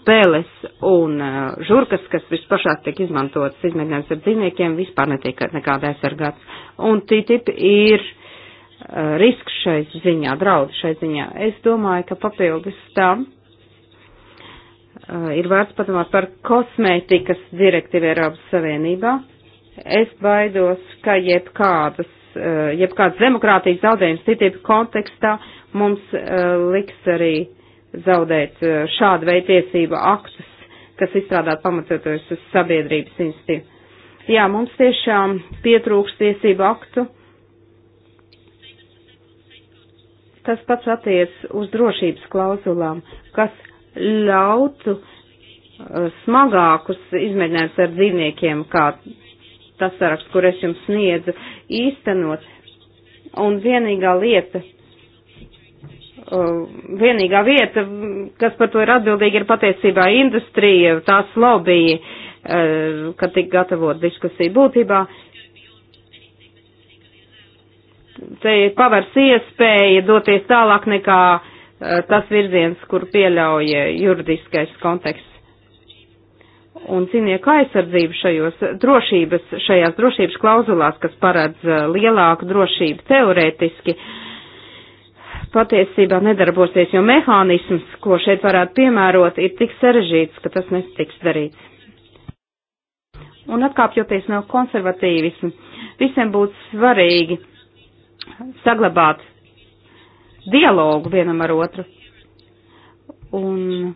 peles un uh, žurkas, kas vispašāk tiek izmantotas izmēģinājums ar dzīvniekiem, vispār netiek nekāda aizsargāts. Un TTIP ir uh, risks šai ziņā, draudi šai ziņā. Es domāju, ka papildus tam uh, ir vērts padomāt par kosmētikas direktīvu Eiropas Savienībā. Es baidos, ka jebkādas, jebkāds demokrātijas zaudējums citību kontekstā mums liks arī zaudēt eh, šādu veidu tiesību aktus, kas izstrādāt pamatoties uz sabiedrības institīvu. Jā, mums tiešām pietrūks tiesību aktu. Tas pats attiec uz drošības klauzulām, kas ļautu eh, smagākus izmēģinājumus ar dzīvniekiem, kā tas saraksts, kur es jums sniedzu, īstenot. Un vienīgā lieta, Uh, vienīgā vieta, kas par to ir atbildīga, ir patiesībā industrija, tās lobby, uh, kad tik gatavot diskusiju būtībā. Te ir pavars iespēja doties tālāk nekā uh, tas virziens, kur pieļauj juridiskais konteksts. Un cinieku aizsardzību šajos drošības, šajās drošības klauzulās, kas paredz lielāku drošību teorētiski, uh, patiesībā nedarbosies, jo mehānisms, ko šeit varētu piemērot, ir tik sarežģīts, ka tas netiks darīts. Un atkāpjoties no konservatīvismu, visiem būtu svarīgi saglabāt dialogu vienam ar otru. Un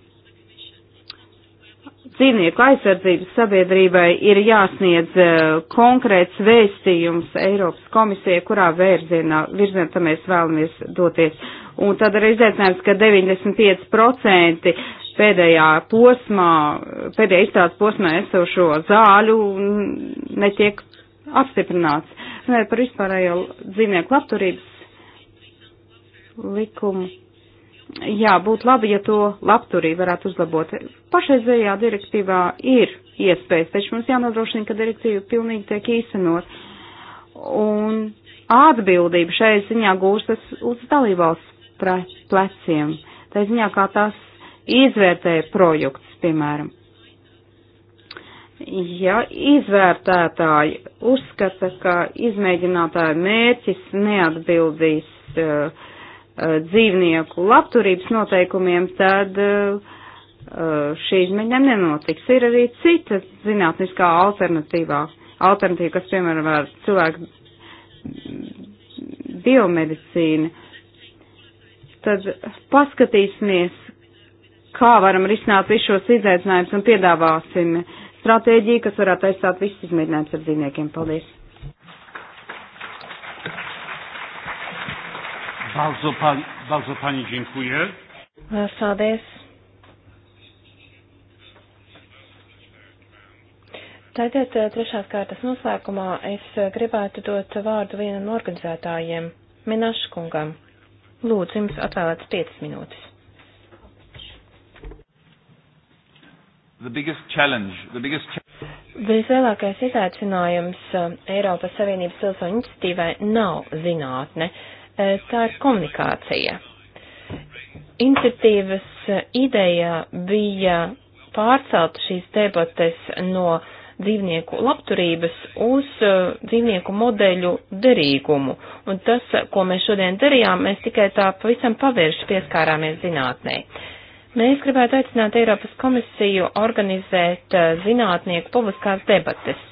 dzīvnieku aizsardzības sabiedrībai ir jāsniedz eh, konkrēts vēstījums Eiropas komisijai, kurā virzienā, virzienā tam mēs vēlamies doties. Un tad arī izaicinājums, ka 95% pēdējā posmā, pēdējā izstrādes posmā esošo zāļu netiek apstiprināts. Vai par vispārējo dzīvnieku labturības likumu jā, būtu labi, ja to labturību varētu uzlabot. Pašreizējā direktīvā ir iespējas, taču mums jānodrošina, ka direktīva pilnīgi tiek īstenot. Un atbildība šai ziņā gūstas uz dalībvalsts pleciem. Tā ziņā, kā tās izvērtē projekts, piemēram. Ja izvērtētāji uzskata, ka izmēģinātāja mērķis neatbildīs uh, Uh, dzīvnieku labturības noteikumiem, tad uh, uh, šī izmēģinājuma nenotiks. Ir arī cita zinātniskā alternatīvā, alternatīva, kas, piemēram, ar cilvēku biomedicīnu. Tad paskatīsimies, kā varam risināt visus šos izaicinājumus un piedāvāsim stratēģiju, kas varētu aizstāt visus izmēģinājumus ar dzīvniekiem. Paldies! Bardzo, pan, bardzo Pani dziękuję. Paldies. Tagad eh, trešās kārtas noslēgumā es gribētu dot vārdu vienam no organizētājiem, Minaškungam. Lūdzu, jums atvēlēts 5 minūtes. The biggest challenge, the biggest challenge. Vislielākais izaicinājums eh, Eiropas Savienības pilsoņu iniciatīvai nav zinātne. Eh, tā ir komunikācija. Iniciatīvas eh, ideja bija pārcelt šīs debates no dzīvnieku labturības uz eh, dzīvnieku modeļu derīgumu. Un tas, ko mēs šodien darījām, mēs tikai tā pavisam pavērši pieskārāmies zinātnē. Mēs gribētu aicināt Eiropas komisiju organizēt zinātnieku publiskās debates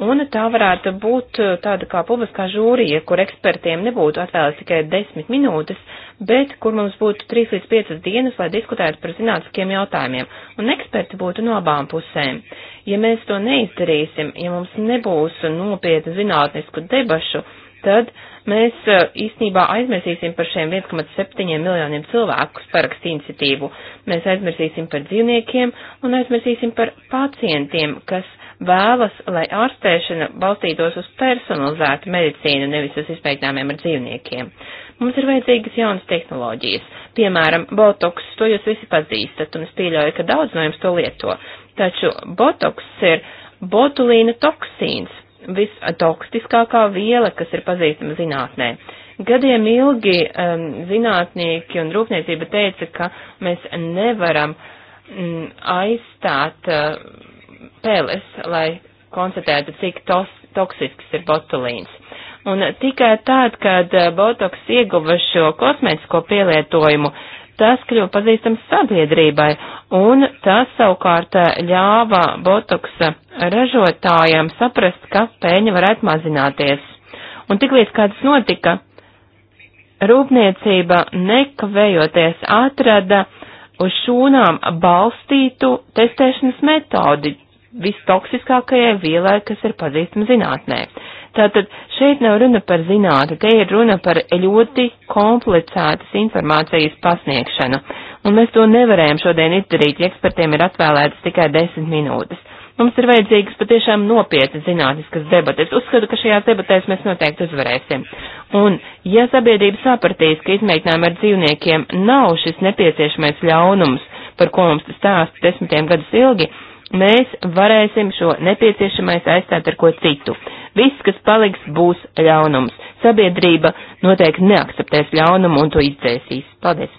un tā varētu būt uh, tāda kā publiskā žūrija, kur ekspertiem nebūtu atvēlēts tikai desmit minūtes, bet kur mums būtu trīs līdz piecas dienas, lai diskutētu par zinātniskiem jautājumiem, un eksperti būtu no abām pusēm. Ja mēs to neizdarīsim, ja mums nebūs nopietnu zinātnisku debašu, tad mēs uh, īstenībā aizmirsīsim par šiem 1,7 miljoniem cilvēku parakstu iniciatīvu. Mēs aizmirsīsim par dzīvniekiem un aizmirsīsim par pacientiem, kas vēlas, lai ārstēšana balstītos uz personalizētu medicīnu, nevis uz izmēģinājumiem ar dzīvniekiem. Mums ir vajadzīgas jaunas tehnoloģijas, piemēram, botoks, to jūs visi pazīstat, un es pieļauju, ka daudz no jums to lieto. Taču botoks ir botulīna toksīns, vistoksiskākā viela, kas ir pazīstama zinātnē. Gadiem ilgi um, zinātnieki un rūpniecība teica, ka mēs nevaram mm, aizstāt uh, peles, lai konstatētu, cik tos, toksisks ir botulīns. Un tikai tad, kad eh, botoks ieguva šo kosmētisko pielietojumu, tas kļuva pazīstams sabiedrībai, un tas savukārt eh, ļāva botoksa ražotājiem saprast, ka pēļņa varētu mazināties. Un tiklīdz kāds notika, rūpniecība nekavējoties atrada uz šūnām balstītu testēšanas metodi, vistoksiskākajai vielai, kas ir pazīstama zinātnē. Tātad šeit nav runa par zinātu, te ir runa par ļoti komplicētas informācijas pasniegšanu, un mēs to nevarējam šodien izdarīt, ja ekspertiem ir atvēlētas tikai desmit minūtes. Mums ir vajadzīgas patiešām nopietnas zinātniskas debates. Uzskatu, ka šajās debatēs mēs noteikti uzvarēsim. Un, ja sabiedrība sapratīs, ka izmēģinājumi ar dzīvniekiem nav šis nepieciešamais ļaunums, par ko mums tas stāsta desmitiem gadus ilgi, mēs varēsim šo nepieciešamais aizstāt ar ko citu. Viss, kas paliks, būs ļaunums. Sabiedrība noteikti neakceptēs ļaunumu un to izdzēsīs. Paldies!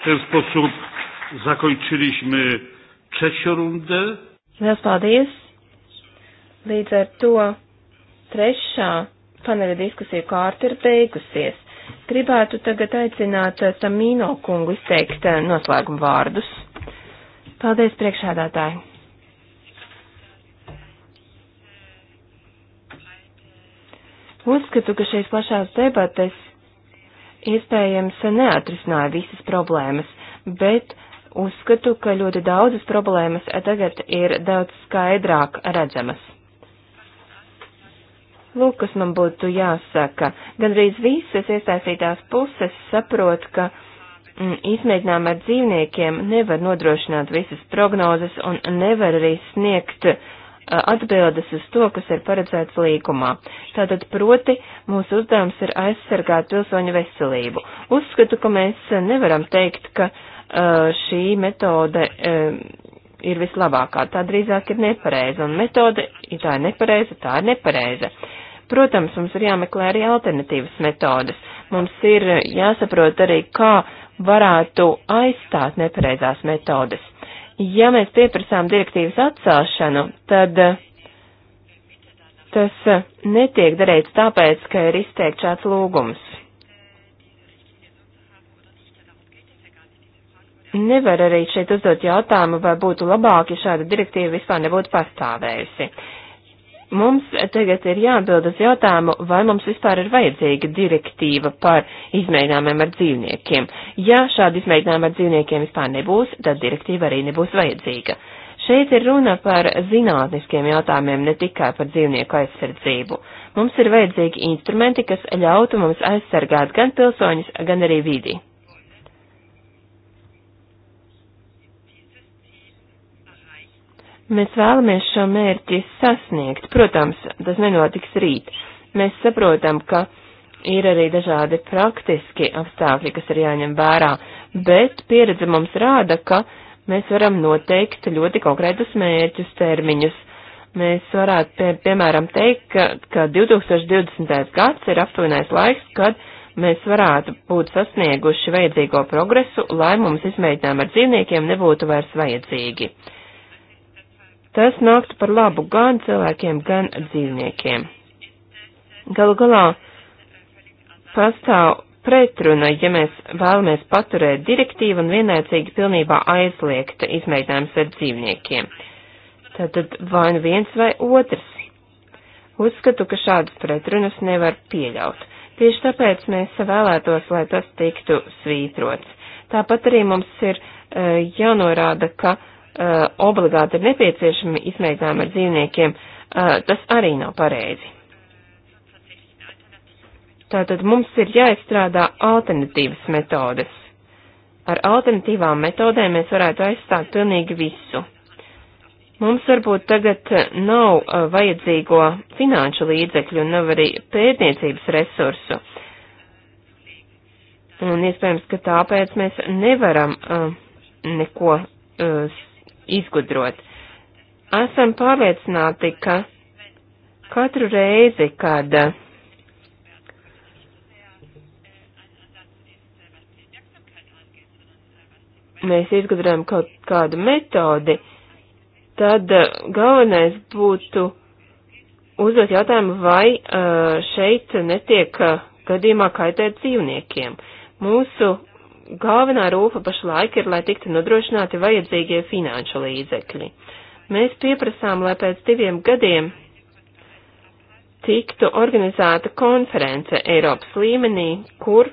W ten sposób zakończyliśmy trzecią rundę. Liels paldies! Līdz ar to trešā paneļa diskusija kārta ir beigusies. Gribētu tagad aicināt eh, Tamīno kungu izteikt eh, noslēgumu vārdus. Paldies, priekšādātāji! Uzskatu, ka šīs plašās debates iespējams neatrisināja visas problēmas, bet uzskatu, ka ļoti daudzas problēmas tagad ir daudz skaidrāk redzamas. Lūk, kas man būtu jāsaka. Gandrīz visas iesaistītās puses saprot, ka mm, izmēģinājumi ar dzīvniekiem nevar nodrošināt visas prognozes un nevar arī sniegt uh, atbildes uz to, kas ir paredzēts līgumā. Tātad, proti, mūsu uzdevums ir aizsargāt pilsoņu veselību. Uzskatu, ka mēs nevaram teikt, ka uh, šī metode uh, ir vislabākā. Tā drīzāk ir nepareiza, un metode, ja tā ir nepareiza, tā ir nepareiza. Protams, mums ir jāmeklē arī alternatīvas metodes. Mums ir jāsaprot arī, kā varētu aizstāt nepareizās metodes. Ja mēs pieprasām direktīvas atcelšanu, tad eh, tas netiek darīts tāpēc, ka ir izteikts šāds lūgums. nevar arī šeit uzdot jautājumu, vai būtu labāk, ja šāda direktīva vispār nebūtu pastāvējusi. Mums tagad ir jāatbild uz jautājumu, vai mums vispār ir vajadzīga direktīva par izmēģinājumiem ar dzīvniekiem. Ja šādi izmēģinājumi ar dzīvniekiem vispār nebūs, tad direktīva arī nebūs vajadzīga. Šeit ir runa par zinātniskiem jautājumiem, ne tikai par dzīvnieku aizsardzību. Mums ir vajadzīgi instrumenti, kas ļautu mums aizsargāt gan pilsoņus, gan arī vidi. Mēs vēlamies šo mērķi sasniegt. Protams, tas nenotiks rīt. Mēs saprotam, ka ir arī dažādi praktiski apstākļi, kas ir jāņem vērā, bet pieredze mums rāda, ka mēs varam noteikt ļoti konkrētus mērķus, termiņus. Mēs varētu, pie, piemēram, teikt, ka, ka 2020. gads ir aptuvenais laiks, kad mēs varētu būt sasnieguši vajadzīgo progresu, lai mums izmēģinājumi ar dzīvniekiem nebūtu vairs vajadzīgi. Tas nāktu par labu gan cilvēkiem, gan dzīvniekiem. Galu galā pastāv pretruna, ja mēs vēlamies paturēt direktīvu un vienlaicīgi pilnībā aizliegt izmēģinājums ar dzīvniekiem. Tātad vai nu viens vai otrs. Uzskatu, ka šādas pretrunas nevar pieļaut. Tieši tāpēc mēs vēlētos, lai tas tiktu svītrots. Tāpat arī mums ir uh, jānorāda, ka uh, uh, obligāti ir nepieciešami izmēģinājumi ar dzīvniekiem, uh, tas arī nav pareizi. Tātad mums ir jāizstrādā alternatīvas metodes. Ar alternatīvām metodēm mēs varētu aizstāt pilnīgi visu. Mums varbūt tagad eh, nav uh, vajadzīgo finanšu līdzekļu un nav arī pētniecības resursu. Un iespējams, ka tāpēc mēs nevaram uh, neko uh, izgudrot. Esam pārliecināti, ka katru reizi, kad uh, mēs izgudrojam kaut kādu metodi, tad uh, galvenais būtu uzdot jautājumu, vai uh, šeit netiek gadījumā kaitēt dzīvniekiem. Mūsu galvenā rūpa pašlaik ir, lai tiktu nodrošināti vajadzīgie finanšu līdzekļi. Mēs pieprasām, lai pēc diviem gadiem tiktu organizēta konference Eiropas līmenī, kur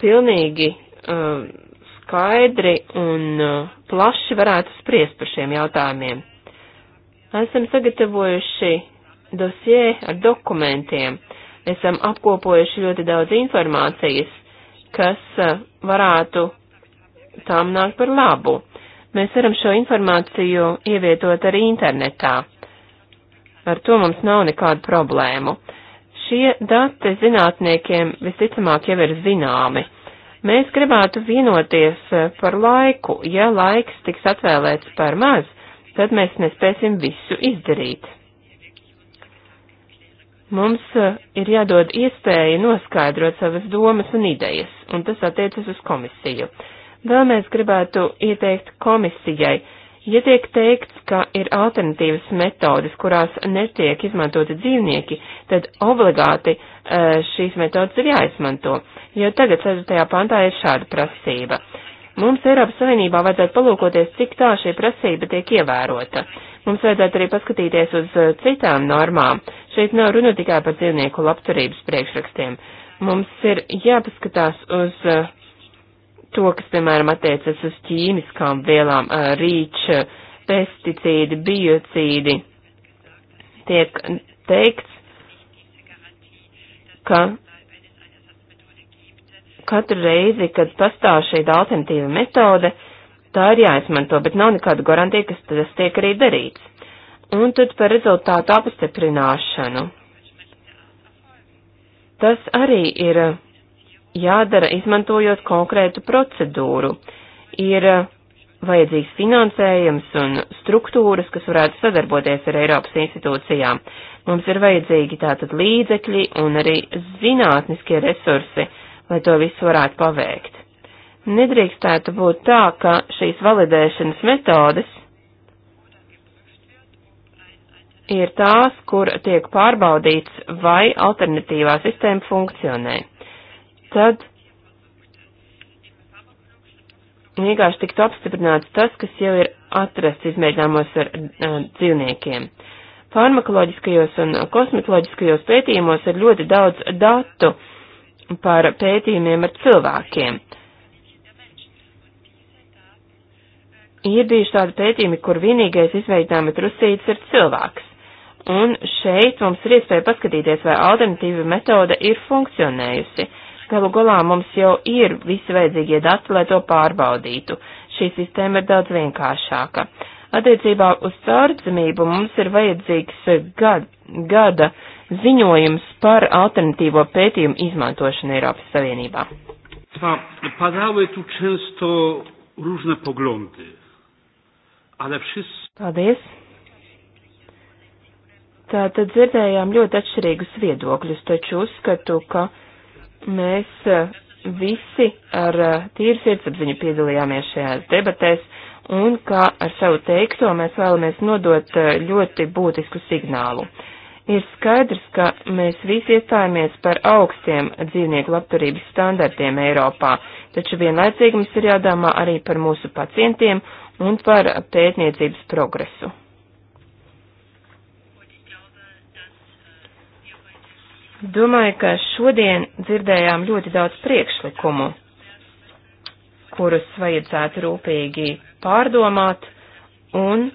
pilnīgi uh, skaidri un uh, plaši varētu spriest par šiem jautājumiem. Esam sagatavojuši dosie ar dokumentiem, esam apkopojuši ļoti daudz informācijas kas eh, varētu tām nākt par labu. Mēs varam šo informāciju ievietot arī internetā. Ar to mums nav nekādu problēmu. Šie dati zinātniekiem visticamāk jau ir zināmi. Mēs gribētu vienoties eh, par laiku. Ja laiks tiks atvēlēts par maz, tad mēs nespēsim visu izdarīt. Mums eh, ir jādod iespēja noskaidrot savas domas un idejas, un tas attiecas uz komisiju. Vēl mēs gribētu ieteikt komisijai, ja tiek teikts, ka ir alternatīvas metodes, kurās netiek izmantoti dzīvnieki, tad obligāti eh, šīs metodes ir jāizmanto, jo tagad 4. pantā ir šāda prasība. Mums Eiropas Savienībā vajadzētu palūkoties, cik tā šī prasība tiek ievērota. Mums vajadzētu arī paskatīties uz eh, citām normām. Šeit nav runa tikai par dzīvnieku labturības priekšrakstiem. Mums ir jāpaskatās uz eh, to, kas, piemēram, attiecas uz ķīmiskām vielām, eh, rīč, pesticīdi, biocīdi, tiek teikts, ka katru reizi, kad pastāv šī alternatīva metode, tā ir jāizmanto, bet nav nekāda garantija, ka tas tiek arī darīts. Un tad par rezultātu apstiprināšanu. Tas arī ir jādara izmantojot konkrētu procedūru. Ir vajadzīgs finansējums un struktūras, kas varētu sadarboties ar Eiropas institūcijām. Mums ir vajadzīgi tātad līdzekļi un arī zinātniskie resursi, lai to visu varētu paveikt. Nedrīkstētu būt tā, ka šīs validēšanas metodes ir tās, kur tiek pārbaudīts, vai alternatīvā sistēma funkcionē. Tad vienkārši tiktu apstiprināts tas, kas jau ir atrasts izmēģinājumos ar uh, dzīvniekiem. Farmakoloģiskajos un kosmetoloģiskajos pētījumos ir ļoti daudz datu, par pētījumiem ar cilvēkiem. Ir bijuši tādi pētījumi, kur vienīgais izveidāmi trusītis ir cilvēks. Un šeit mums ir iespēja paskatīties, vai alternatīva metode ir funkcionējusi. Galu galā mums jau ir visi vajadzīgie dati, lai to pārbaudītu. Šī sistēma ir daudz vienkāršāka. Attiecībā uz caurdzamību mums ir vajadzīgs gad, gada ziņojums par alternatīvo pētījumu izmantošanu Eiropas Savienībā. Pa, padały tu często różne poglądy, ale wszyscy. Paldies! Tātad dzirdējām ļoti atšķirīgus viedokļus, taču uzskatu, ka mēs eh, visi ar eh, tīru sirdsapziņu piedalījāmies šajās debatēs un ka ar savu teikto mēs vēlamies nodot eh, ļoti būtisku signālu. Ir skaidrs, ka mēs visi iestājāmies par augstiem dzīvnieku labturības standartiem Eiropā, taču vienlaicīgi mums ir jādomā arī par mūsu pacientiem un par pētniecības progresu. Domāju, ka šodien dzirdējām ļoti daudz priekšlikumu, kurus vajadzētu rūpīgi pārdomāt un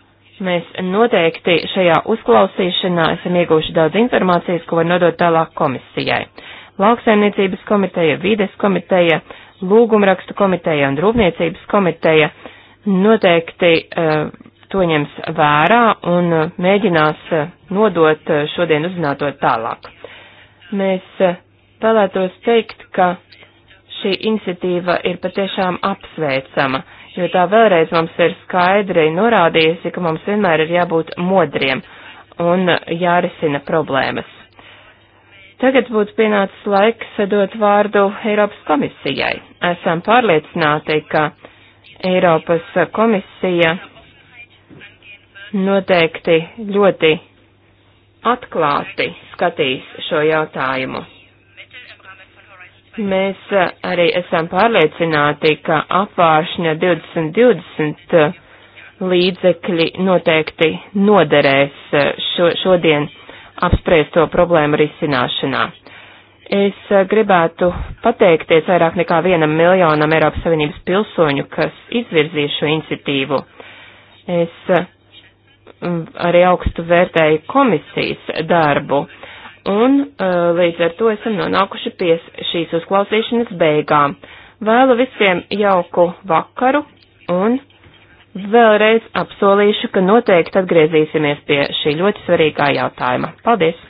Mēs noteikti šajā uzklausīšanā esam ieguvuši daudz informācijas, ko var nodot tālāk komisijai. Lauksaimniecības komiteja, vides komiteja, lūgumrakstu komiteja un rūpniecības komiteja noteikti uh, to ņems vērā un uh, mēģinās uh, nodot uh, šodien uzzināto tālāk. Mēs uh, vēlētos teikt, ka šī iniciatīva ir patiešām apsveicama. Uh, jo tā vēlreiz mums ir skaidri norādījusi, ka mums vienmēr ir jābūt modriem un jārisina problēmas. Tagad būtu pienācis laiks dot vārdu Eiropas komisijai. Esam pārliecināti, ka Eiropas komisija noteikti ļoti atklāti skatīs šo jautājumu. Mēs eh, arī esam pārliecināti, ka apvāršņa 2020 eh, līdzekļi noteikti noderēs eh, šo, šodien apspriesto problēmu risināšanā. Es gribētu pateikties vairāk nekā vienam miljonam Eiropas Savienības pilsoņu, kas izvirzīja šo iniciatīvu. Es arī augstu vērtēju komisijas darbu. Uh, Un uh, līdz ar to esam nonākuši pie šīs uzklausīšanas beigām. Vēlu visiem jauku vakaru un vēlreiz apsolīšu, ka noteikti atgriezīsimies pie šī ļoti svarīgā jautājuma. Paldies!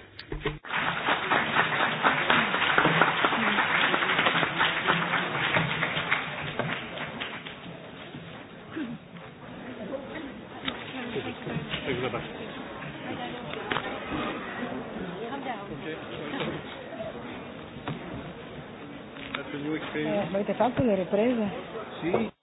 new experience. Eh, avete fatto le riprese? Sì.